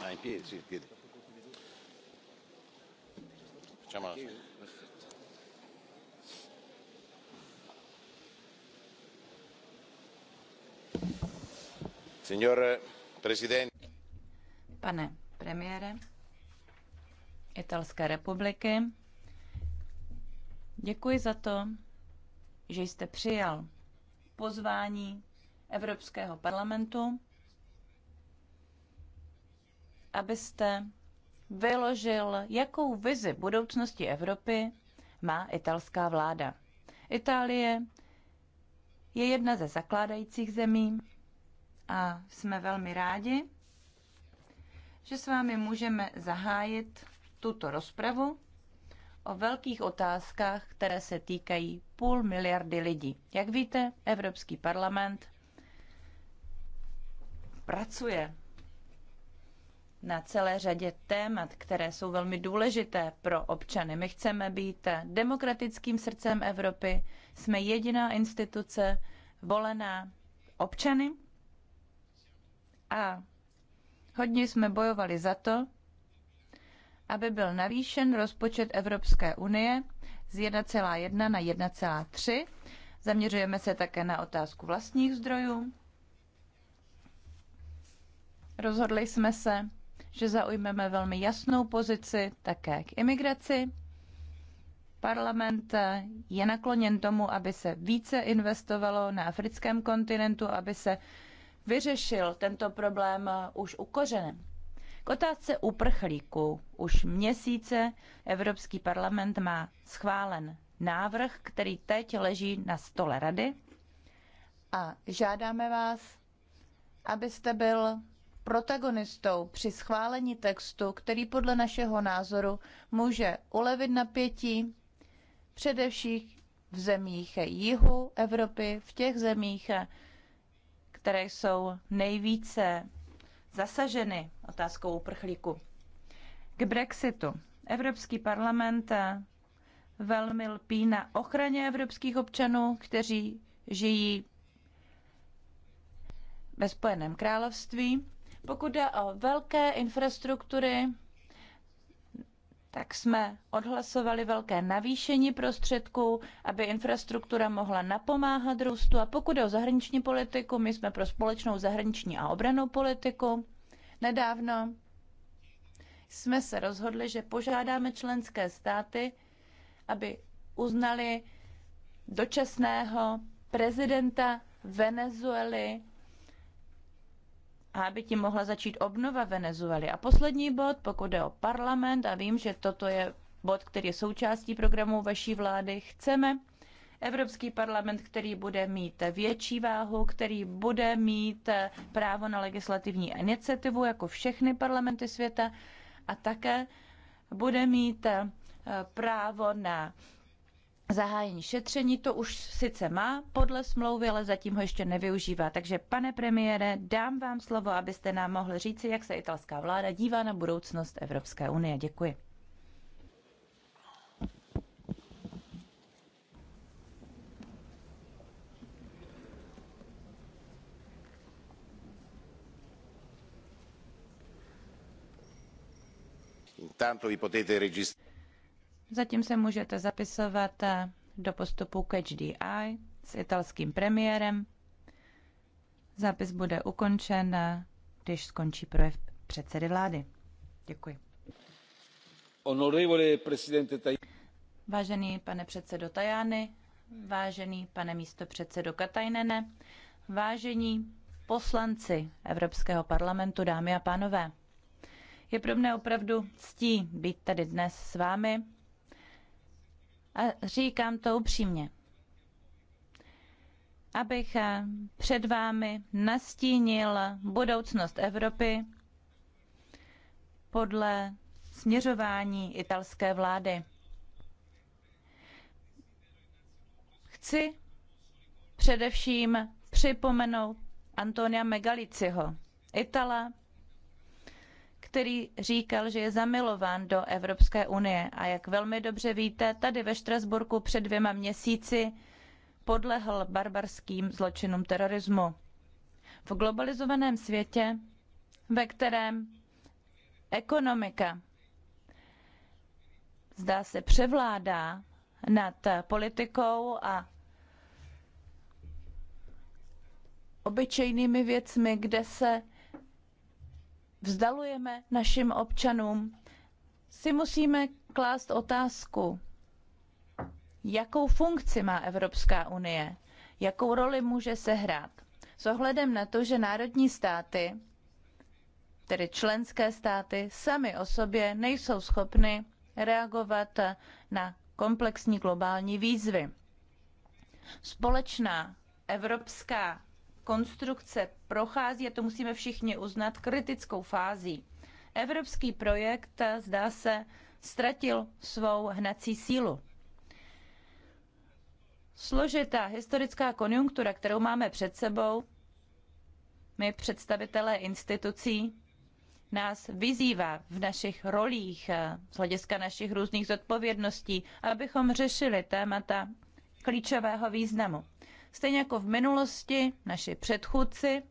Pane premiére Italské republiky, děkuji za to, že jste přijal pozvání Evropského parlamentu abyste vyložil, jakou vizi budoucnosti Evropy má italská vláda. Itálie je jedna ze zakládajících zemí a jsme velmi rádi, že s vámi můžeme zahájit tuto rozpravu o velkých otázkách, které se týkají půl miliardy lidí. Jak víte, Evropský parlament pracuje na celé řadě témat, které jsou velmi důležité pro občany. My chceme být demokratickým srdcem Evropy, jsme jediná instituce volená občany a hodně jsme bojovali za to, aby byl navýšen rozpočet Evropské unie z 1,1 na 1,3. Zaměřujeme se také na otázku vlastních zdrojů. Rozhodli jsme se, že zaujmeme velmi jasnou pozici také k imigraci. Parlament je nakloněn tomu, aby se více investovalo na africkém kontinentu, aby se vyřešil tento problém už u kořene. K otázce uprchlíků už měsíce Evropský parlament má schválen návrh, který teď leží na stole rady a žádáme vás, abyste byl protagonistou při schválení textu, který podle našeho názoru může ulevit napětí především v zemích jihu Evropy, v těch zemích, které jsou nejvíce zasaženy otázkou uprchlíku. K Brexitu. Evropský parlament velmi lpí na ochraně evropských občanů, kteří žijí ve Spojeném království. Pokud jde o velké infrastruktury, tak jsme odhlasovali velké navýšení prostředků, aby infrastruktura mohla napomáhat růstu. A pokud jde o zahraniční politiku, my jsme pro společnou zahraniční a obranou politiku. Nedávno jsme se rozhodli, že požádáme členské státy, aby uznali dočasného prezidenta Venezuely a aby tím mohla začít obnova Venezuely. A poslední bod, pokud jde o parlament, a vím, že toto je bod, který je součástí programu vaší vlády, chceme Evropský parlament, který bude mít větší váhu, který bude mít právo na legislativní iniciativu, jako všechny parlamenty světa, a také bude mít eh, právo na zahájení šetření, to už sice má podle smlouvy, ale zatím ho ještě nevyužívá. Takže pane premiére, dám vám slovo, abyste nám mohl říci, jak se italská vláda dívá na budoucnost Evropské unie. Děkuji. Intanto vi potete registrare. Zatím se můžete zapisovat eh, do postupu Catch the Eye s italským premiérem. Zápis bude ukončen, eh, když skončí projev předsedy vlády. Děkuji. Vážený pane předsedo Tajány, vážený pane místo předsedo Katajnene, vážení poslanci Evropského parlamentu, dámy a pánové. Je pro mne opravdu ctí být tady dnes s vámi a říkám to upřímně. Abych eh, před vámi nastínil budoucnost Evropy podle směřování italské vlády. Chci především připomenout Antonia Megaliciho, Itala, který říkal, že je zamilován do Evropské unie. A jak velmi dobře víte, tady ve Štrasburku před dvěma měsíci podlehl barbarským zločinům terorismu. V globalizovaném světě, ve kterém ekonomika zdá se převládá nad politikou a obyčejnými věcmi, kde se vzdalujeme našim občanům, si musíme klást otázku, jakou funkci má Evropská unie, jakou roli může sehrát. S ohledem na to, že národní státy, tedy členské státy, sami o sobě nejsou schopny reagovat na komplexní globální výzvy. Společná evropská konstrukce prochází, a to musíme všichni uznat, kritickou fází. Evropský projekt, zdá se, ztratil svou hnací sílu. Složitá historická konjunktura, kterou máme před sebou, my představitelé institucí, nás vyzývá v našich rolích, z hlediska našich různých zodpovědností, abychom řešili témata klíčového významu. Stejně jako v minulosti naši předchůdci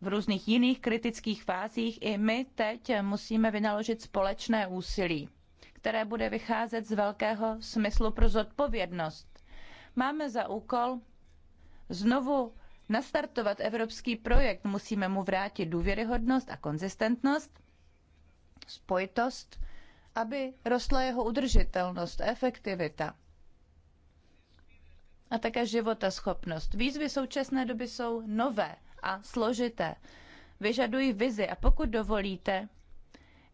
v různých jiných kritických fázích i my teď musíme vynaložit společné úsilí, které bude vycházet z velkého smyslu pro zodpovědnost. Máme za úkol znovu nastartovat evropský projekt, musíme mu vrátit důvěryhodnost a konzistentnost, spojitost, aby rostla jeho udržitelnost, efektivita a také životaschopnost. Výzvy současné doby jsou nové a složité. Vyžadují vizi a pokud dovolíte,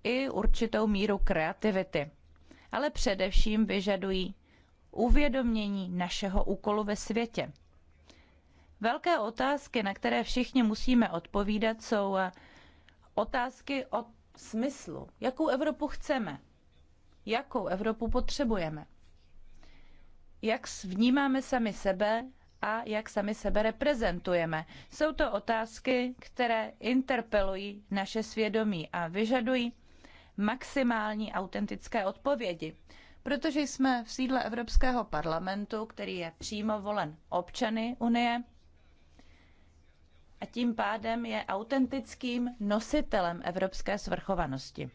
i určitou míru kreativity. Ale především vyžadují uvědomění našeho úkolu ve světě. Velké otázky, na které všichni musíme odpovídat, jsou otázky o smyslu. Jakou Evropu chceme? Jakou Evropu potřebujeme? jak vnímáme sami sebe a jak sami sebe reprezentujeme. Jsou to otázky, které interpelují naše svědomí a vyžadují maximální autentické odpovědi. Protože jsme v sídle Evropského parlamentu, který je přímo volen občany Unie, a tím pádem je autentickým nositelem evropské svrchovanosti.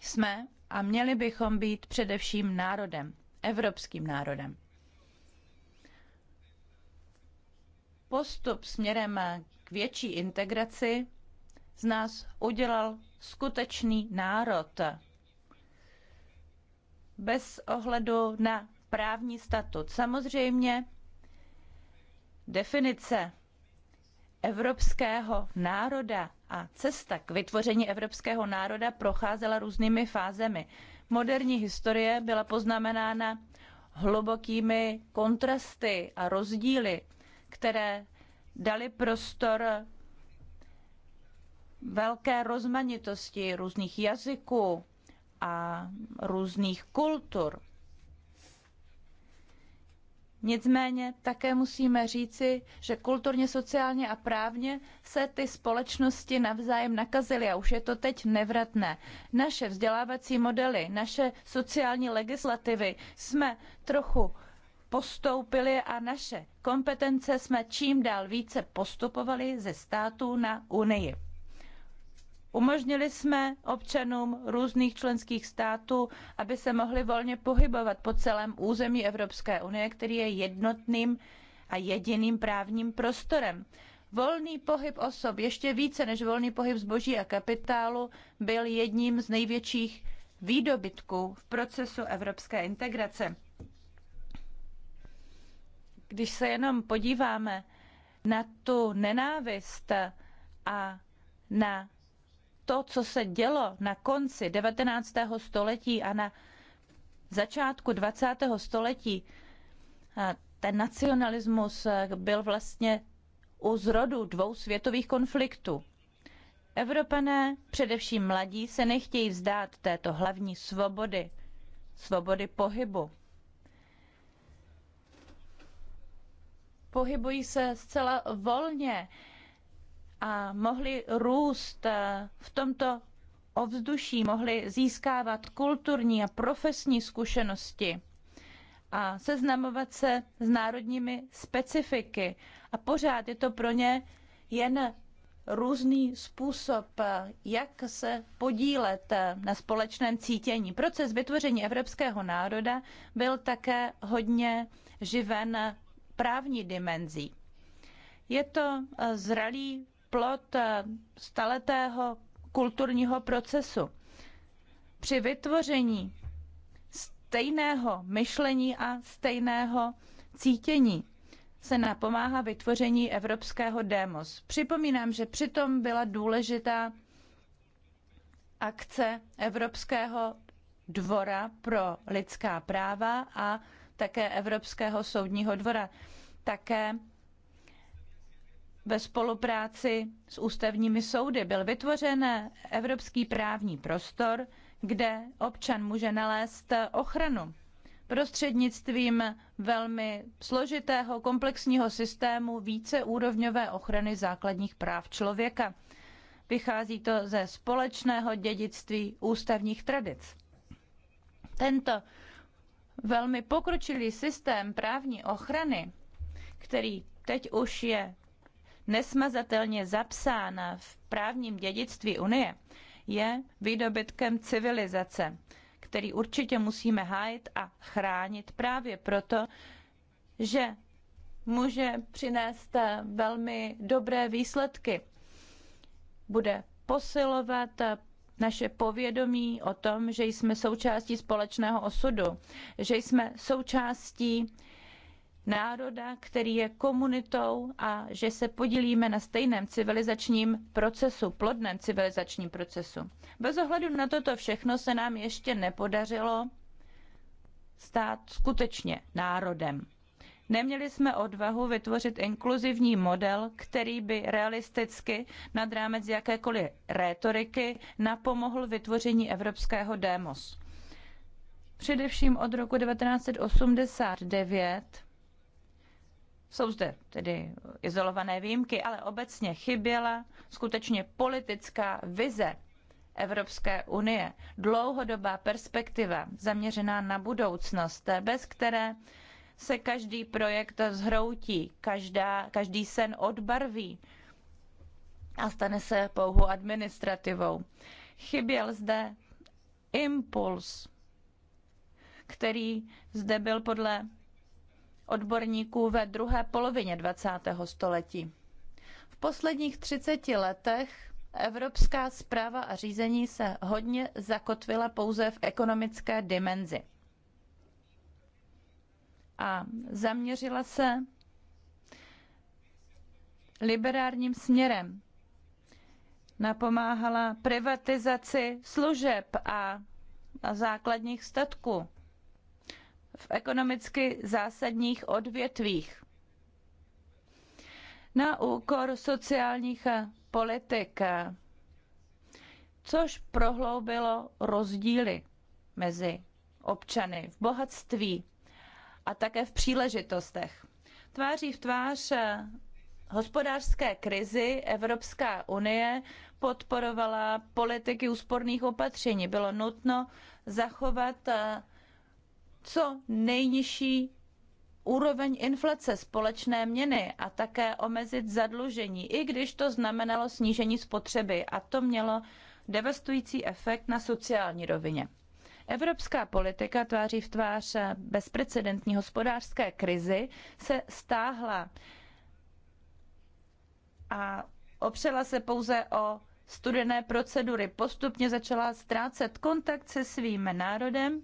Jsme a měli bychom být především národem evropským národem. Postup směrem k větší integraci z nás udělal skutečný národ. Bez ohledu na právní statut. Samozřejmě definice evropského národa a cesta k vytvoření evropského národa procházela různými fázemi moderní historie byla poznamenána hlubokými kontrasty a rozdíly, které dali prostor velké rozmanitosti různých jazyků a různých kultur. Nicméně také musíme říci, že kulturně, sociálně a právně se ty společnosti navzájem nakazily a už je to teď nevratné. Naše vzdělávací modely, naše sociální legislativy jsme trochu postoupili a naše kompetence jsme čím dál více postupovali ze států na Unii. Umožnili jsme občanům různých členských států, aby se mohli volně pohybovat po celém území Evropské unie, který je jednotným a jediným právním prostorem. Volný pohyb osob, ještě více než volný pohyb zboží a kapitálu, byl jedním z největších výdobytků v procesu evropské integrace. Když se jenom podíváme na tu nenávist a na to, co se dělo na konci 19. století a na začátku 20. století, ten nacionalismus eh, byl vlastně u zrodu dvou světových konfliktů. Evropané, především mladí, se nechtějí vzdát této hlavní svobody, svobody pohybu. Pohybují se zcela volně, a mohli růst eh, v tomto ovzduší, mohli získávat kulturní a profesní zkušenosti a seznamovat se s národními specifiky. A pořád je to pro ně jen různý způsob, jak se podílet eh, na společném cítění. Proces vytvoření evropského národa byl také hodně živen právní dimenzí. Je to eh, zralý plod eh, staletého kulturního procesu. Při vytvoření stejného myšlení a stejného cítění se napomáhá vytvoření evropského demos. Připomínám, že přitom byla důležitá akce Evropského dvora pro lidská práva a také Evropského soudního dvora. Také ve spolupráci s ústavními soudy byl vytvořen evropský právní prostor, kde občan může nalézt ochranu prostřednictvím velmi složitého komplexního systému víceúrovňové ochrany základních práv člověka. Vychází to ze společného dědictví ústavních tradic. Tento velmi pokročilý systém právní ochrany, který teď už je nesmazatelně zapsána v právním dědictví Unie, je výdobytkem civilizace, který určitě musíme hájit a chránit právě proto, že může přinést velmi dobré výsledky. Bude posilovat naše povědomí o tom, že jsme součástí společného osudu, že jsme součástí národa, který je komunitou a že se podílíme na stejném civilizačním procesu, plodném civilizačním procesu. Bez ohledu na toto všechno se nám ještě nepodařilo stát skutečně národem. Neměli jsme odvahu vytvořit inkluzivní model, který by realisticky nad rámec jakékoliv rétoriky napomohl vytvoření evropského démos. Především od roku 1989 jsou zde tedy izolované výjimky, ale obecně chyběla skutečně politická vize Evropské unie, dlouhodobá perspektiva zaměřená na budoucnost, bez které se každý projekt zhroutí, každá, každý sen odbarví a stane se pouhou administrativou. Chyběl zde impuls, který zde byl podle odborníků ve druhé polovině 20. století. V posledních 30 letech evropská zpráva a řízení se hodně zakotvila pouze v ekonomické dimenzi a zaměřila se liberárním směrem. Napomáhala privatizaci služeb a základních statků v ekonomicky zásadních odvětvích na úkor sociálních politik, což prohloubilo rozdíly mezi občany v bohatství a také v příležitostech. Tváří v tvář hospodářské krizi Evropská unie podporovala politiky úsporných opatření. Bylo nutno zachovat co nejnižší úroveň inflace společné měny a také omezit zadlužení, i když to znamenalo snížení spotřeby a to mělo devastující efekt na sociální rovině. Evropská politika tváří v tvář bezprecedentní hospodářské krizi se stáhla a opřela se pouze o studené procedury. Postupně začala ztrácet kontakt se svým národem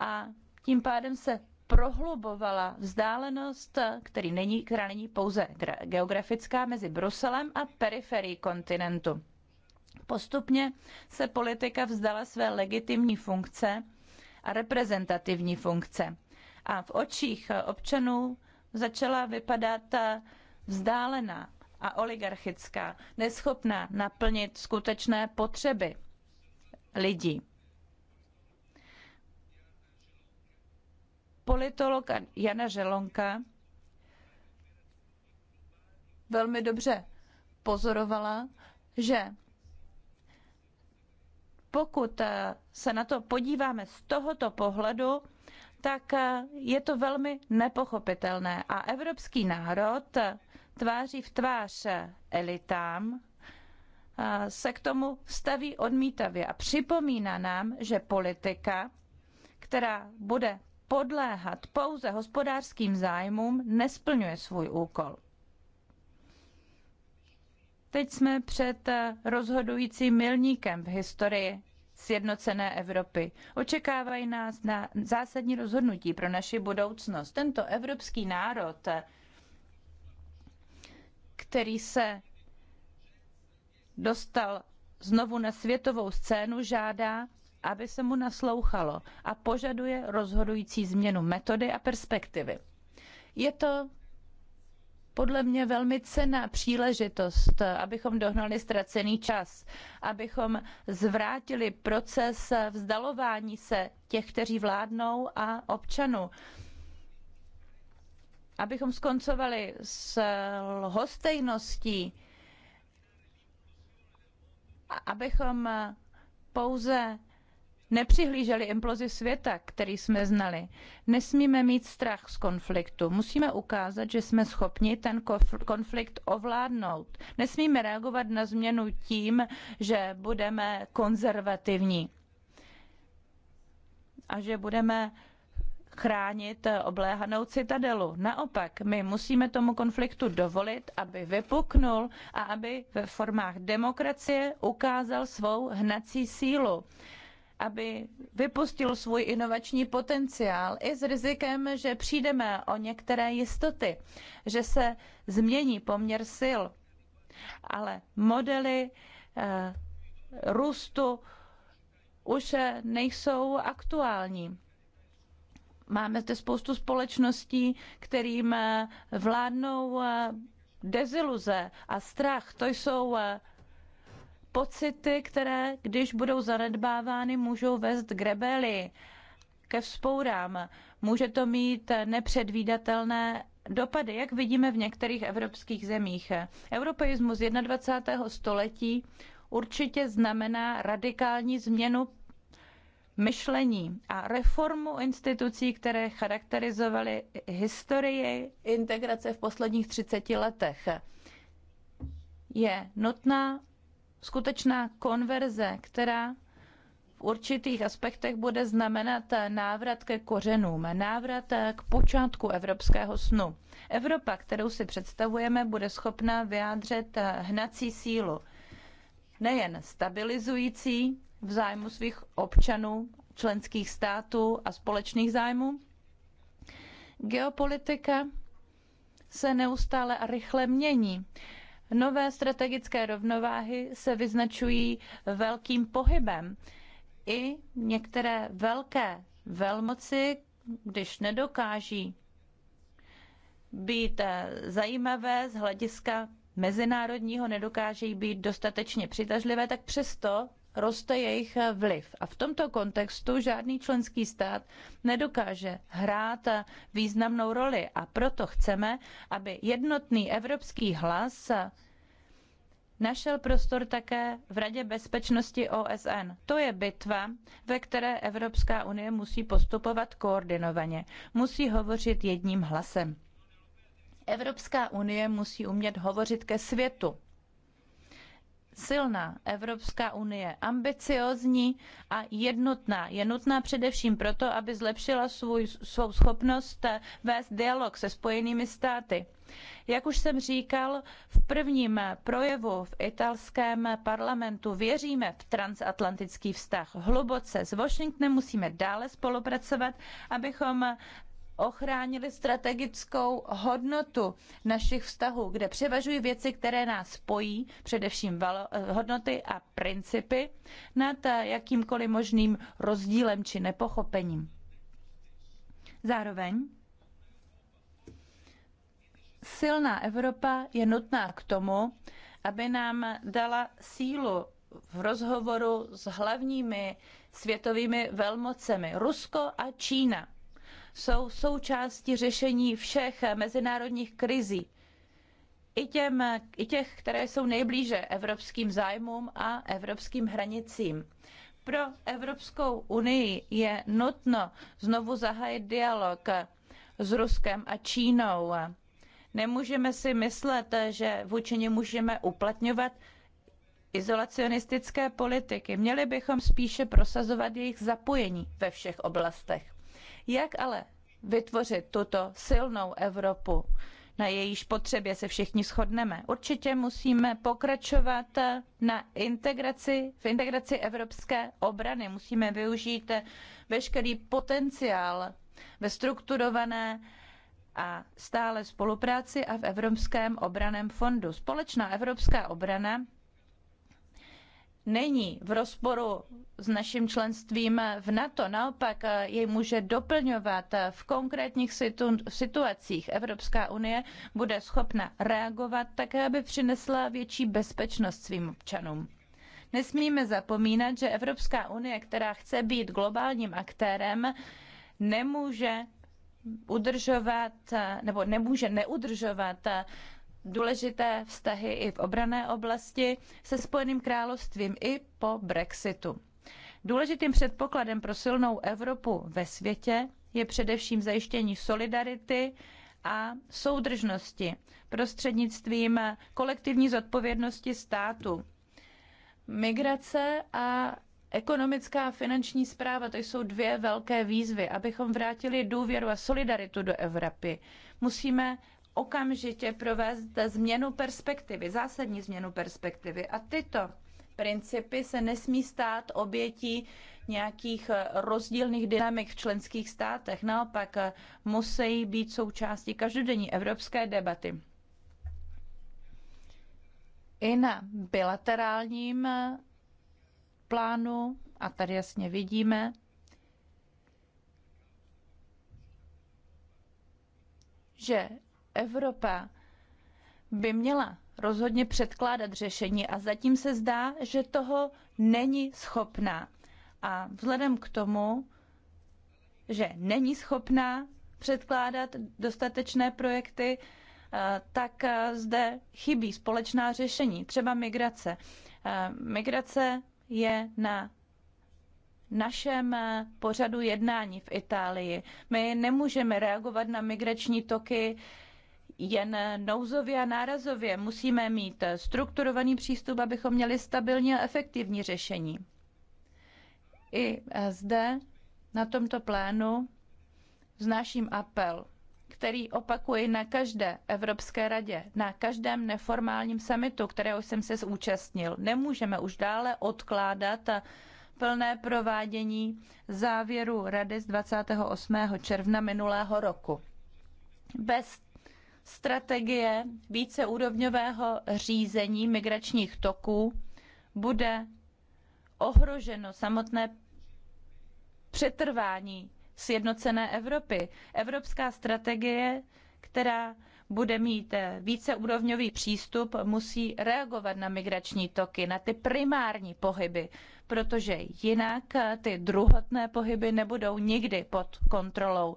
a tím pádem se prohlubovala vzdálenost, který není, která není pouze geografická, mezi Bruselem a periferií kontinentu. Postupně se politika vzdala své legitimní funkce a reprezentativní funkce. A v očích občanů začala vypadat vzdálená a oligarchická, neschopná naplnit skutečné potřeby lidí. politolog Jana Želonka velmi dobře pozorovala, že pokud eh, se na to podíváme z tohoto pohledu, tak eh, je to velmi nepochopitelné. A evropský národ eh, tváří v tvář elitám se k tomu staví odmítavě a připomíná nám, že politika, která bude podléhat pouze hospodářským zájmům, nesplňuje svůj úkol. Teď jsme před rozhodujícím milníkem v historii sjednocené Evropy. Očekávají nás na zásadní rozhodnutí pro naši budoucnost. Tento evropský národ, který se dostal znovu na světovou scénu, žádá aby se mu naslouchalo a požaduje rozhodující změnu metody a perspektivy. Je to podle mě velmi cená příležitost, abychom dohnali ztracený čas, abychom zvrátili proces vzdalování se těch, kteří vládnou a občanů. Abychom skoncovali s lhostejností, abychom pouze nepřihlíželi implozi světa, který jsme znali. Nesmíme mít strach z konfliktu. Musíme ukázat, že jsme schopni ten konflikt ovládnout. Nesmíme reagovat na změnu tím, že budeme konzervativní a že budeme chránit obléhanou citadelu. Naopak, my musíme tomu konfliktu dovolit, aby vypuknul a aby ve formách demokracie ukázal svou hnací sílu aby vypustil svůj inovační potenciál i s rizikem, že přijdeme o některé jistoty, že se změní poměr sil. Ale modely eh, růstu už nejsou aktuální. Máme zde spoustu společností, kterým eh, vládnou eh, deziluze a strach. To jsou eh, pocity, které, když budou zanedbávány, můžou vést k rebeli, ke vzpourám. Může to mít nepředvídatelné dopady, jak vidíme v některých evropských zemích. Europeismus 21. století určitě znamená radikální změnu myšlení a reformu institucí, které charakterizovaly historii integrace v posledních 30 letech. Je nutná skutečná konverze, která v určitých aspektech bude znamenat návrat ke kořenům, návrat k počátku evropského snu. Evropa, kterou si představujeme, bude schopná vyjádřit hnací sílu, nejen stabilizující v zájmu svých občanů, členských států a společných zájmů. Geopolitika se neustále a rychle mění Nové strategické rovnováhy se vyznačují velkým pohybem. I některé velké velmoci, když nedokáží být eh, zajímavé z hlediska mezinárodního, nedokáží být dostatečně přitažlivé, tak přesto roste jejich vliv. A v tomto kontextu žádný členský stát nedokáže hrát významnou roli a proto chceme, aby jednotný evropský hlas našel prostor také v Radě bezpečnosti OSN. To je bitva, ve které Evropská unie musí postupovat koordinovaně, musí hovořit jedním hlasem. Evropská unie musí umět hovořit ke světu, silná Evropská unie, ambiciozní a jednotná. Je nutná především proto, aby zlepšila svůj, svou schopnost eh, vést dialog se spojenými státy. Jak už jsem říkal v prvním projevu v italském parlamentu, věříme v transatlantický vztah hluboce. S Washingtonem musíme dále spolupracovat, abychom ochránili strategickou hodnotu našich vztahů, kde převažují věci, které nás spojí, především eh, hodnoty a principy, nad eh, jakýmkoliv možným rozdílem či nepochopením. Zároveň silná Evropa je nutná k tomu, aby nám dala sílu v rozhovoru s hlavními světovými velmocemi Rusko a Čína jsou součástí řešení všech mezinárodních krizí. I, těm, I těch, které jsou nejblíže evropským zájmům a evropským hranicím. Pro Evropskou unii je nutno znovu zahájit dialog s Ruskem a Čínou. Nemůžeme si myslet, že vůči ní můžeme uplatňovat izolacionistické politiky. Měli bychom spíše prosazovat jejich zapojení ve všech oblastech. Jak ale vytvořit tuto silnou Evropu, na jejíž potřebě se všichni shodneme? Určitě musíme pokračovat na integraci, v integraci evropské obrany. Musíme využít veškerý potenciál ve strukturované a stále spolupráci a v Evropském obraném fondu. Společná evropská obrana není v rozporu s naším členstvím v NATO, naopak eh, jej může doplňovat v konkrétních situ- situacích. Evropská unie bude schopna reagovat také, aby přinesla větší bezpečnost svým občanům. Nesmíme zapomínat, že Evropská unie, která chce být globálním aktérem, nemůže udržovat eh, nebo nemůže neudržovat eh, důležité vztahy i v obrané oblasti se Spojeným královstvím i po Brexitu. Důležitým předpokladem pro silnou Evropu ve světě je především zajištění solidarity a soudržnosti prostřednictvím kolektivní zodpovědnosti státu. Migrace a ekonomická a finanční zpráva, to jsou dvě velké výzvy. Abychom vrátili důvěru a solidaritu do Evropy, musíme okamžitě provést změnu perspektivy, zásadní změnu perspektivy. A tyto principy se nesmí stát obětí nějakých rozdílných dynamik v členských státech. Naopak musí být součástí každodenní evropské debaty. I na bilaterálním plánu, a tady jasně vidíme, že Evropa by měla rozhodně předkládat řešení a zatím se zdá, že toho není schopná. A vzhledem k tomu, že není schopná předkládat dostatečné projekty, eh, tak eh, zde chybí společná řešení, třeba migrace. Eh, migrace je na našem pořadu jednání v Itálii. My nemůžeme reagovat na migrační toky jen nouzově a nárazově. Musíme mít strukturovaný přístup, abychom měli stabilní a efektivní řešení. I zde na tomto plénu vznáším apel, který opakuji na každé Evropské radě, na každém neformálním summitu, kterého jsem se zúčastnil. Nemůžeme už dále odkládat a plné provádění závěru Rady z 28. června minulého roku. Bez strategie víceúrovňového řízení migračních toků bude ohroženo samotné přetrvání sjednocené Evropy. Evropská strategie, která bude mít víceúrovňový přístup, musí reagovat na migrační toky, na ty primární pohyby, protože jinak ty druhotné pohyby nebudou nikdy pod kontrolou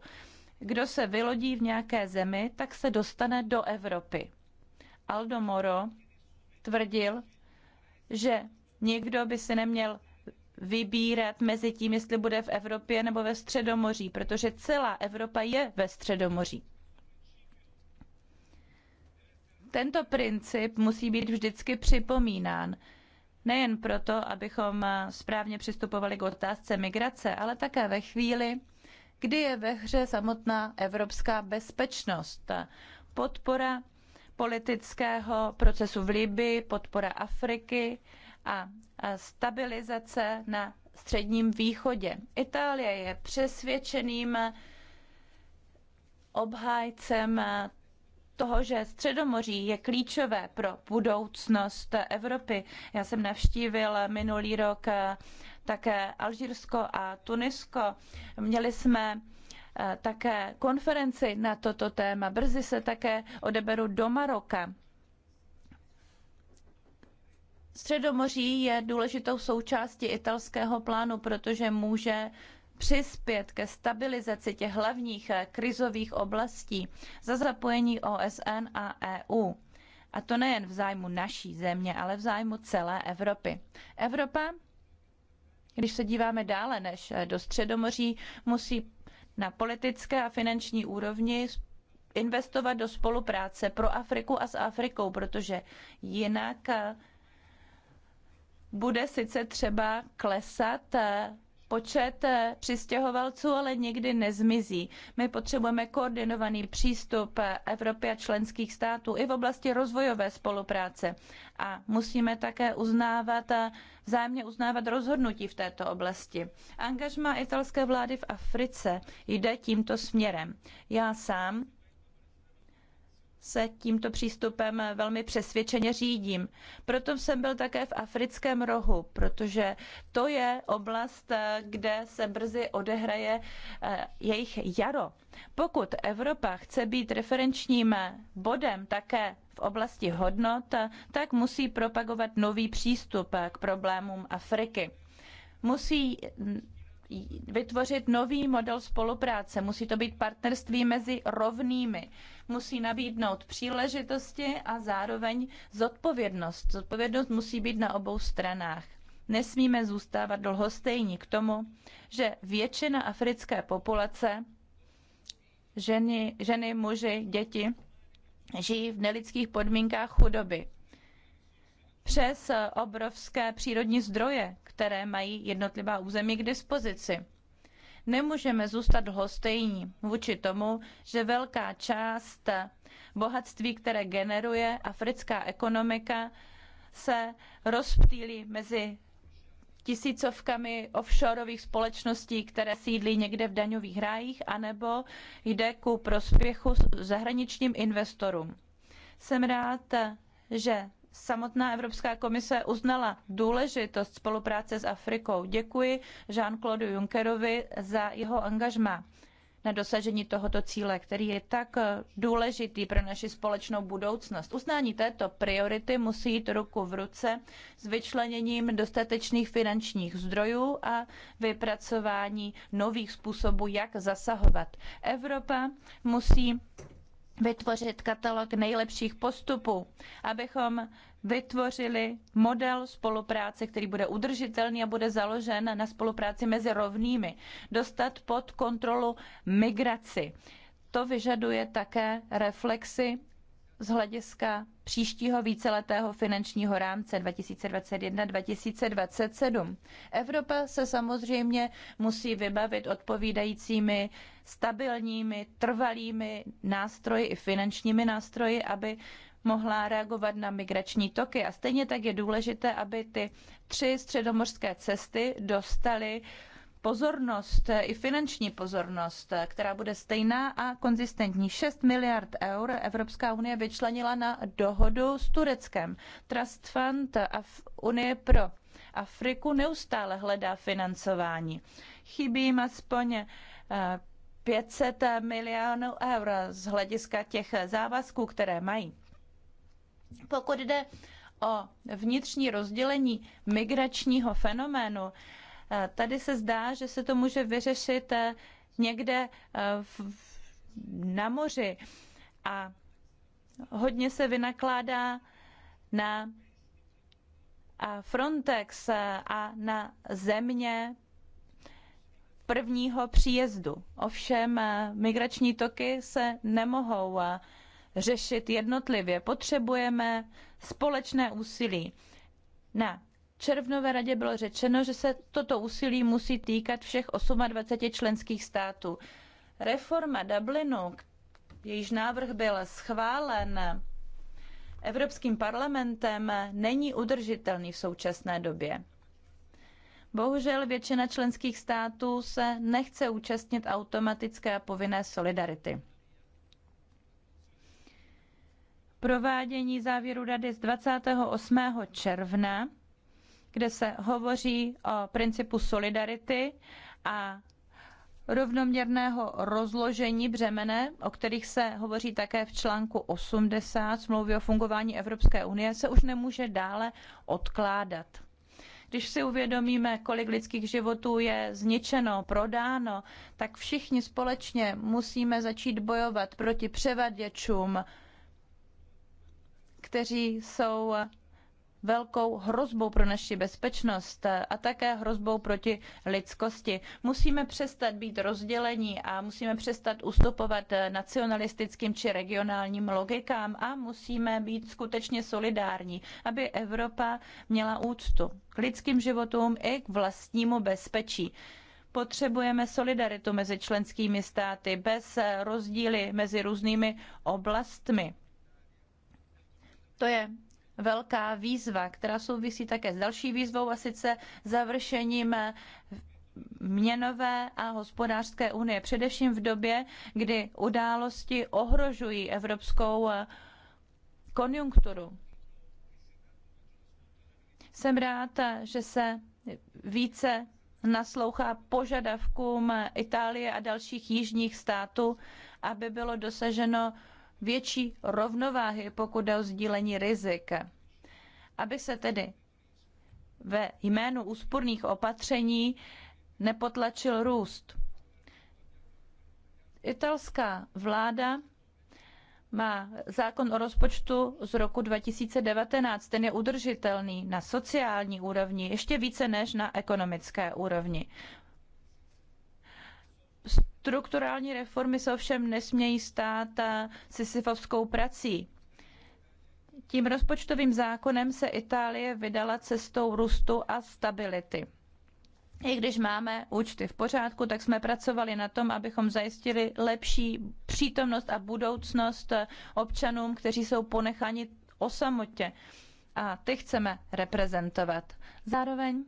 kdo se vylodí v nějaké zemi, tak se dostane do Evropy. Aldo Moro tvrdil, že nikdo by si neměl vybírat mezi tím, jestli bude v Evropě nebo ve Středomoří, protože celá Evropa je ve Středomoří. Tento princip musí být vždycky připomínán. Nejen proto, abychom správně přistupovali k otázce migrace, ale také ve chvíli, kdy je ve hře samotná evropská bezpečnost. Podpora politického procesu v Libii, podpora Afriky a stabilizace na Středním východě. Itálie je přesvědčeným obhájcem toho, že Středomoří je klíčové pro budoucnost Evropy. Já jsem navštívil minulý rok také Alžírsko a Tunisko. Měli jsme eh, také konferenci na toto téma. Brzy se také odeberu do Maroka. Středomoří je důležitou součástí italského plánu, protože může přispět ke stabilizaci těch hlavních eh, krizových oblastí za zapojení OSN a EU. A to nejen v zájmu naší země, ale v zájmu celé Evropy. Evropa když se díváme dále než eh, do Středomoří, musí na politické a finanční úrovni investovat do spolupráce pro Afriku a s Afrikou, protože jinak eh, bude sice třeba klesat eh, počet eh, přistěhovalců ale nikdy nezmizí. My potřebujeme koordinovaný přístup eh, Evropy a členských států i v oblasti rozvojové spolupráce a musíme také uznávat a eh, vzájemně uznávat rozhodnutí v této oblasti. Angažma italské vlády v Africe jde tímto směrem. Já sám se tímto přístupem velmi přesvědčeně řídím. Proto jsem byl také v africkém rohu, protože to je oblast, kde se brzy odehraje eh, jejich jaro. Pokud Evropa chce být referenčním bodem také v oblasti hodnot, tak musí propagovat nový přístup k problémům Afriky. Musí vytvořit nový model spolupráce. Musí to být partnerství mezi rovnými. Musí nabídnout příležitosti a zároveň zodpovědnost. Zodpovědnost musí být na obou stranách. Nesmíme zůstávat dlhostejní k tomu, že většina africké populace, ženy, ženy muži, děti, žijí v nelidských podmínkách chudoby. Přes obrovské přírodní zdroje, které mají jednotlivá území k dispozici. Nemůžeme zůstat hostejní vůči tomu, že velká část bohatství, které generuje africká ekonomika, se rozptýlí mezi tisícovkami offshoreových společností, které sídlí někde v daňových rájích, anebo jde ku prospěchu zahraničním investorům. Jsem rád, že samotná Evropská komise uznala důležitost spolupráce s Afrikou. Děkuji Jean-Claude Junckerovi za jeho angažmá na dosažení tohoto cíle, který je tak důležitý pro naši společnou budoucnost. Uznání této priority musí jít ruku v ruce s vyčleněním dostatečných finančních zdrojů a vypracování nových způsobů, jak zasahovat. Evropa musí vytvořit katalog nejlepších postupů, abychom vytvořili model spolupráce, který bude udržitelný a bude založen na spolupráci mezi rovnými. Dostat pod kontrolu migraci. To vyžaduje také reflexy z hlediska příštího víceletého finančního rámce 2021-2027. Evropa se samozřejmě musí vybavit odpovídajícími stabilními, trvalými nástroji i finančními nástroji, aby mohla reagovat na migrační toky. A stejně tak je důležité, aby ty tři středomořské cesty dostaly pozornost, eh, i finanční pozornost, eh, která bude stejná a konzistentní. 6 miliard eur Evropská unie vyčlenila na dohodu s Tureckem. Trust Fund a Unie pro Afriku neustále hledá financování. Chybí jim aspoň 500 eh, milionů eur z hlediska těch závazků, které mají. Pokud jde o vnitřní rozdělení migračního fenoménu, Eh, tady se zdá, že se to může vyřešit eh, někde eh, na moři a hodně se vynakládá na Frontex a na země prvního příjezdu. Ovšem migrační toky se nemohou řešit jednotlivě. Potřebujeme společné úsilí na červnové radě bylo řečeno, že se toto úsilí musí týkat všech 28 členských států. Reforma Dublinu, jejíž návrh byl schválen Evropským parlamentem, není udržitelný v současné době. Bohužel většina členských států se nechce účastnit automatické a povinné solidarity. Provádění závěru Rady z 28. června kde se hovoří o principu solidarity a rovnoměrného rozložení břemene, o kterých se hovoří také v článku 80 smlouvy o fungování Evropské unie, se už nemůže dále odkládat. Když si uvědomíme, kolik lidských životů je zničeno, prodáno, tak všichni společně musíme začít bojovat proti převaděčům, kteří jsou velkou hrozbou pro naši bezpečnost a také hrozbou proti lidskosti. Musíme přestat být rozdělení a musíme přestat ustupovat nacionalistickým či regionálním logikám a musíme být skutečně solidární, aby Evropa měla úctu k lidským životům i k vlastnímu bezpečí. Potřebujeme solidaritu mezi členskými státy bez rozdíly mezi různými oblastmi. To je velká výzva, která souvisí také s další výzvou a sice završením měnové a hospodářské unie, především v době, kdy události ohrožují evropskou eh, konjunkturu. Jsem rád, že se více naslouchá požadavkům Itálie a dalších jižních států, aby bylo dosaženo větší rovnováhy, pokud jde o sdílení rizik. Aby se tedy ve jménu úsporných opatření nepotlačil růst. Italská vláda má zákon o rozpočtu z roku 2019. Ten je udržitelný na sociální úrovni ještě více než na ekonomické úrovni. Strukturální reformy se ovšem nesmějí stát eh, sisyfovskou prací. Tím rozpočtovým zákonem se Itálie vydala cestou růstu a stability. I když máme účty v pořádku, tak jsme pracovali na tom, abychom zajistili lepší přítomnost a budoucnost eh, občanům, kteří jsou ponechani o samotě. A ty chceme reprezentovat. Zároveň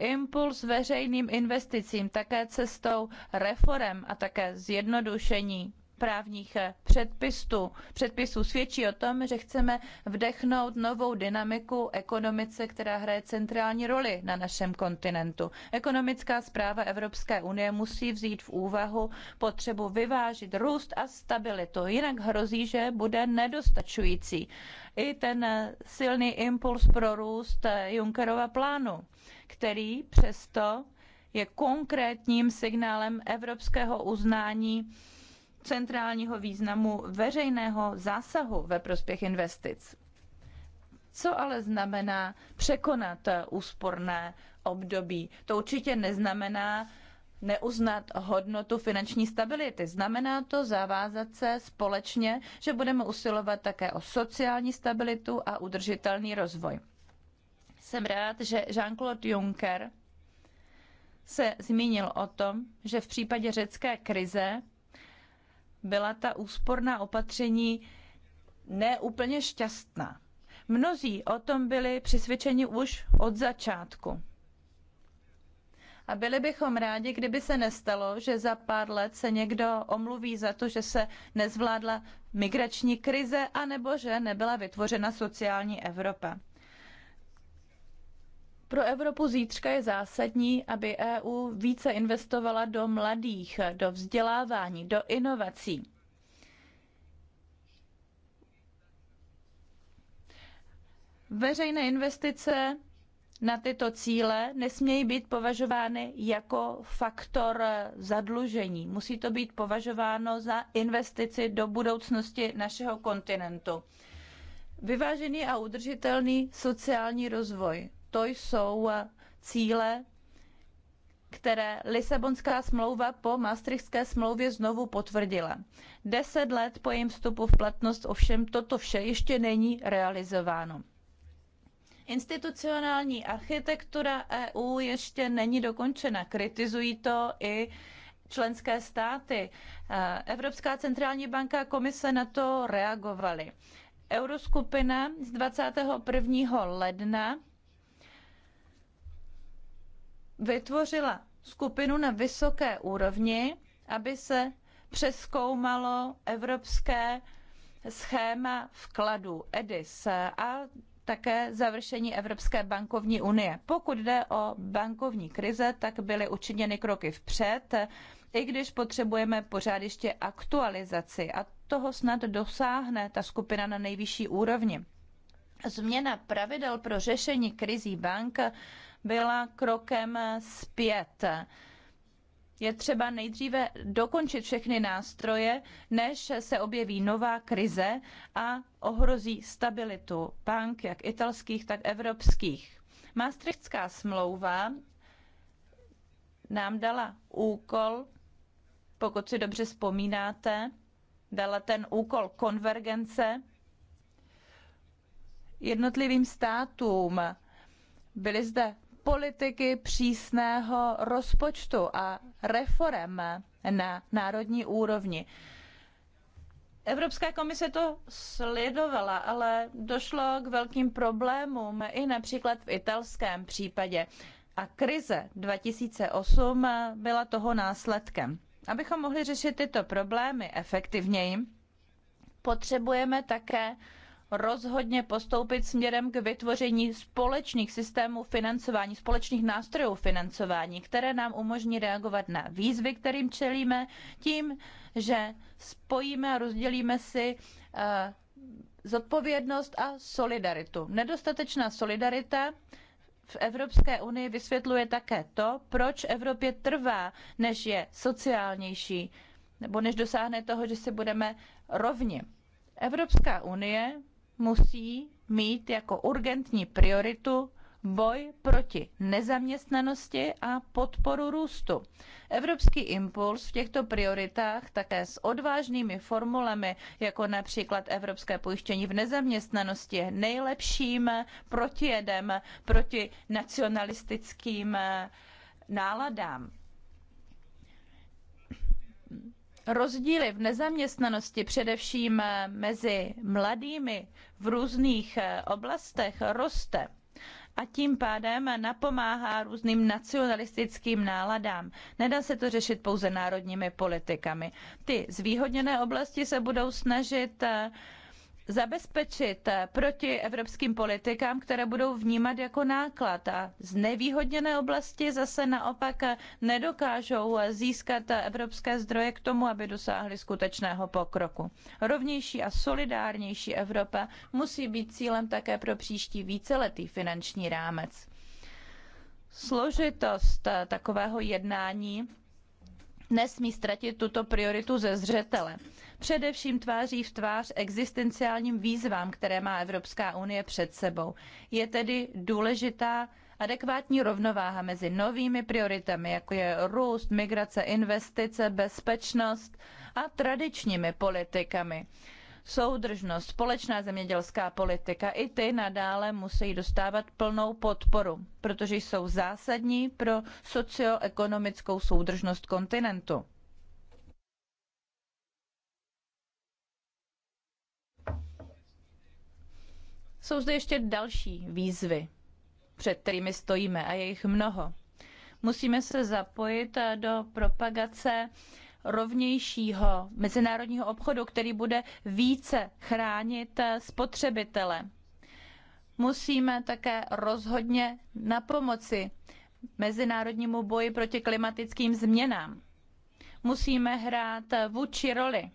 impuls veřejným investicím také cestou reforem a také zjednodušení právních eh, předpisů, předpisů svědčí o tom, že chceme vdechnout novou dynamiku ekonomice, která hraje centrální roli na našem kontinentu. Ekonomická zpráva Evropské unie musí vzít v úvahu potřebu vyvážit růst a stabilitu, jinak hrozí, že bude nedostačující. I ten eh, silný impuls pro růst eh, Junckerova plánu, který přesto je konkrétním signálem evropského uznání centrálního významu veřejného zásahu ve prospěch investic. Co ale znamená překonat úsporné období? To určitě neznamená neuznat hodnotu finanční stability. Znamená to zavázat se společně, že budeme usilovat také o sociální stabilitu a udržitelný rozvoj. Jsem rád, že Jean-Claude Juncker se zmínil o tom, že v případě řecké krize byla ta úsporná opatření neúplně šťastná. Mnozí o tom byli přesvědčeni už od začátku. A byli bychom rádi, kdyby se nestalo, že za pár let se někdo omluví za to, že se nezvládla migrační krize, anebo že nebyla vytvořena sociální Evropa. Pro Evropu zítřka je zásadní, aby EU více investovala do mladých, do vzdělávání, do inovací. Veřejné investice na tyto cíle nesmějí být považovány jako faktor zadlužení. Musí to být považováno za investici do budoucnosti našeho kontinentu. Vyvážený a udržitelný sociální rozvoj to jsou eh, cíle, které Lisabonská smlouva po Maastrichtské smlouvě znovu potvrdila. Deset let po jejím vstupu v platnost ovšem toto vše ještě není realizováno. Institucionální architektura EU ještě není dokončena. Kritizují to i členské státy. Eh, Evropská centrální banka a komise na to reagovaly. Euroskupina z 21. ledna vytvořila skupinu na vysoké úrovni, aby se přeskoumalo evropské schéma vkladů EDIS a také završení Evropské bankovní unie. Pokud jde o bankovní krize, tak byly učiněny kroky vpřed, i když potřebujeme pořád ještě aktualizaci a toho snad dosáhne ta skupina na nejvyšší úrovni. Změna pravidel pro řešení krizí bank byla krokem zpět. Je třeba nejdříve dokončit všechny nástroje, než se objeví nová krize a ohrozí stabilitu bank, jak italských, tak evropských. Maastrichtská smlouva nám dala úkol, pokud si dobře vzpomínáte, dala ten úkol konvergence jednotlivým státům. Byly zde politiky přísného rozpočtu a reform na národní úrovni. Evropská komise to sledovala, ale došlo k velkým problémům i například v italském případě. A krize 2008 byla toho následkem. Abychom mohli řešit tyto problémy efektivněji, potřebujeme také rozhodně postoupit směrem k vytvoření společných systémů financování, společných nástrojů financování, které nám umožní reagovat na výzvy, kterým čelíme, tím, že spojíme a rozdělíme si eh, zodpovědnost a solidaritu. Nedostatečná solidarita v Evropské unii vysvětluje také to, proč Evropě trvá, než je sociálnější, nebo než dosáhne toho, že si budeme rovni. Evropská unie musí mít jako urgentní prioritu boj proti nezaměstnanosti a podporu růstu. Evropský impuls v těchto prioritách také s odvážnými formulemi, jako například Evropské pojištění v nezaměstnanosti, je nejlepším protijedem proti nacionalistickým náladám rozdíly v nezaměstnanosti, především eh, mezi mladými v různých eh, oblastech, roste a tím pádem napomáhá různým nacionalistickým náladám. Nedá se to řešit pouze národními politikami. Ty zvýhodněné oblasti se budou snažit eh, zabezpečit eh, proti evropským politikám, které budou vnímat jako náklad. A znevýhodněné oblasti zase naopak eh, nedokážou eh, získat evropské zdroje k tomu, aby dosáhly skutečného pokroku. Rovnější a solidárnější Evropa musí být cílem také pro příští víceletý finanční rámec. Složitost takového jednání nesmí ztratit tuto prioritu ze zřetele především tváří v tvář existenciálním výzvám, které má Evropská unie před sebou. Je tedy důležitá adekvátní rovnováha mezi novými prioritami, jako je růst, migrace, investice, bezpečnost a tradičními politikami soudržnost, společná zemědělská politika, i ty nadále musí dostávat plnou podporu, protože jsou zásadní pro socioekonomickou soudržnost kontinentu. Jsou zde ještě další výzvy, před kterými stojíme a je jich mnoho. Musíme se zapojit do propagace rovnějšího mezinárodního obchodu, který bude více chránit spotřebitele. Musíme také rozhodně na pomoci mezinárodnímu boji proti klimatickým změnám. Musíme hrát vůči roli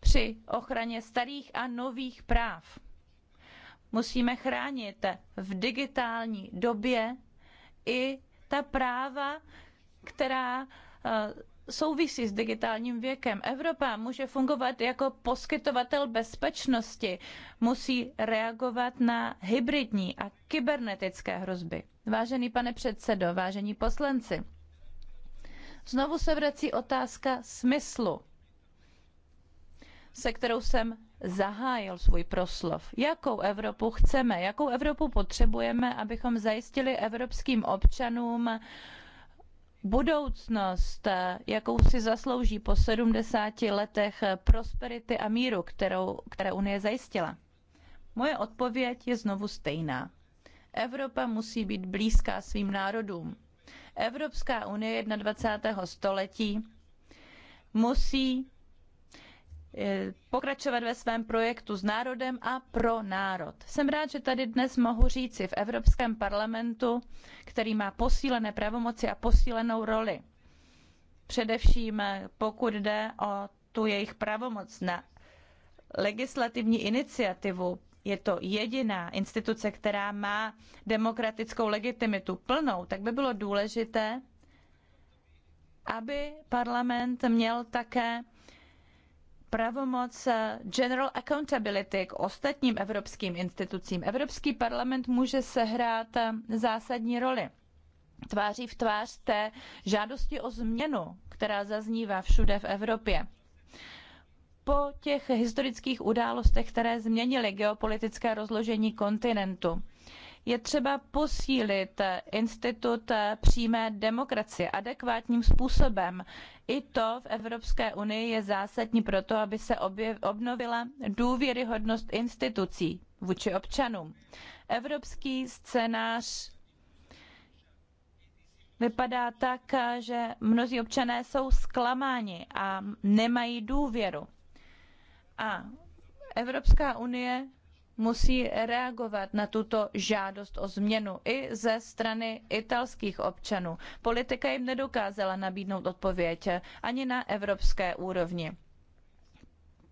při ochraně starých a nových práv musíme chránit v digitální době i ta práva, která eh, souvisí s digitálním věkem. Evropa může fungovat jako poskytovatel bezpečnosti, musí reagovat na hybridní a kybernetické hrozby. Vážený pane předsedo, vážení poslanci, znovu se vrací otázka smyslu, se kterou jsem zahájil svůj proslov. Jakou Evropu chceme, jakou Evropu potřebujeme, abychom zajistili evropským občanům budoucnost, jakou si zaslouží po 70 letech prosperity a míru, kterou, které Unie zajistila? Moje odpověď je znovu stejná. Evropa musí být blízká svým národům. Evropská unie 21. století musí Eh, pokračovat ve svém projektu s národem a pro národ. Jsem rád, že tady dnes mohu říci v Evropském parlamentu, který má posílené pravomoci a posílenou roli. Především eh, pokud jde o tu jejich pravomoc na legislativní iniciativu, je to jediná instituce, která má demokratickou legitimitu plnou, tak by bylo důležité, aby parlament měl také pravomoc General Accountability k ostatním evropským institucím. Evropský parlament může sehrát zásadní roli tváří v tvář té žádosti o změnu, která zaznívá všude v Evropě. Po těch historických událostech, které změnily geopolitické rozložení kontinentu, je třeba posílit institut přímé demokracie adekvátním způsobem. I to v Evropské unii je zásadní proto, aby se obnovila důvěryhodnost institucí vůči občanům. Evropský scénář vypadá tak, že mnozí občané jsou zklamáni a nemají důvěru. A Evropská unie musí reagovat na tuto žádost o změnu i ze strany italských občanů. Politika jim nedokázala nabídnout odpověď ani na evropské úrovni.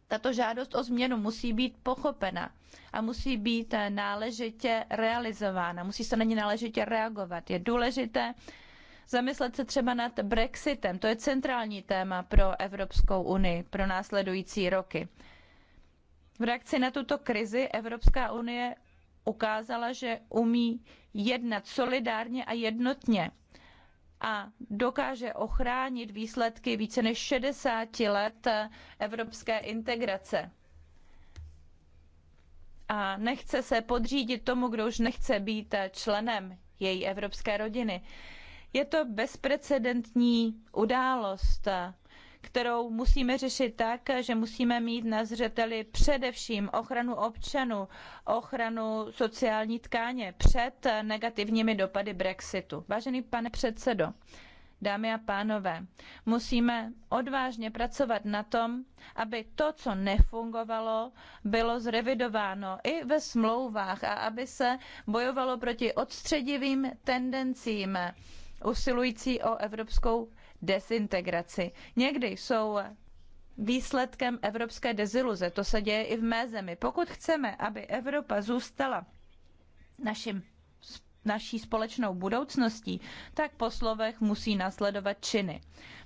Tato žádost o změnu musí být pochopena a musí být náležitě realizována, musí se na ní náležitě reagovat. Je důležité zamyslet se třeba nad Brexitem. To je centrální téma pro Evropskou unii pro následující roky. V reakci na tuto krizi Evropská unie ukázala, že umí jednat solidárně a jednotně a dokáže ochránit výsledky více než 60 let evropské integrace. A nechce se podřídit tomu, kdo už nechce být členem její evropské rodiny. Je to bezprecedentní událost kterou musíme řešit tak, že musíme mít na zřeteli především ochranu občanů, ochranu sociální tkáně před negativními dopady Brexitu. Vážený pane předsedo, dámy a pánové, musíme odvážně pracovat na tom, aby to, co nefungovalo, bylo zrevidováno i ve smlouvách a aby se bojovalo proti odstředivým tendencím usilující o evropskou desintegraci. Někdy jsou výsledkem evropské deziluze. To se děje i v mé zemi. Pokud chceme, aby Evropa zůstala naším naší společnou budoucností, tak po slovech musí nasledovat činy.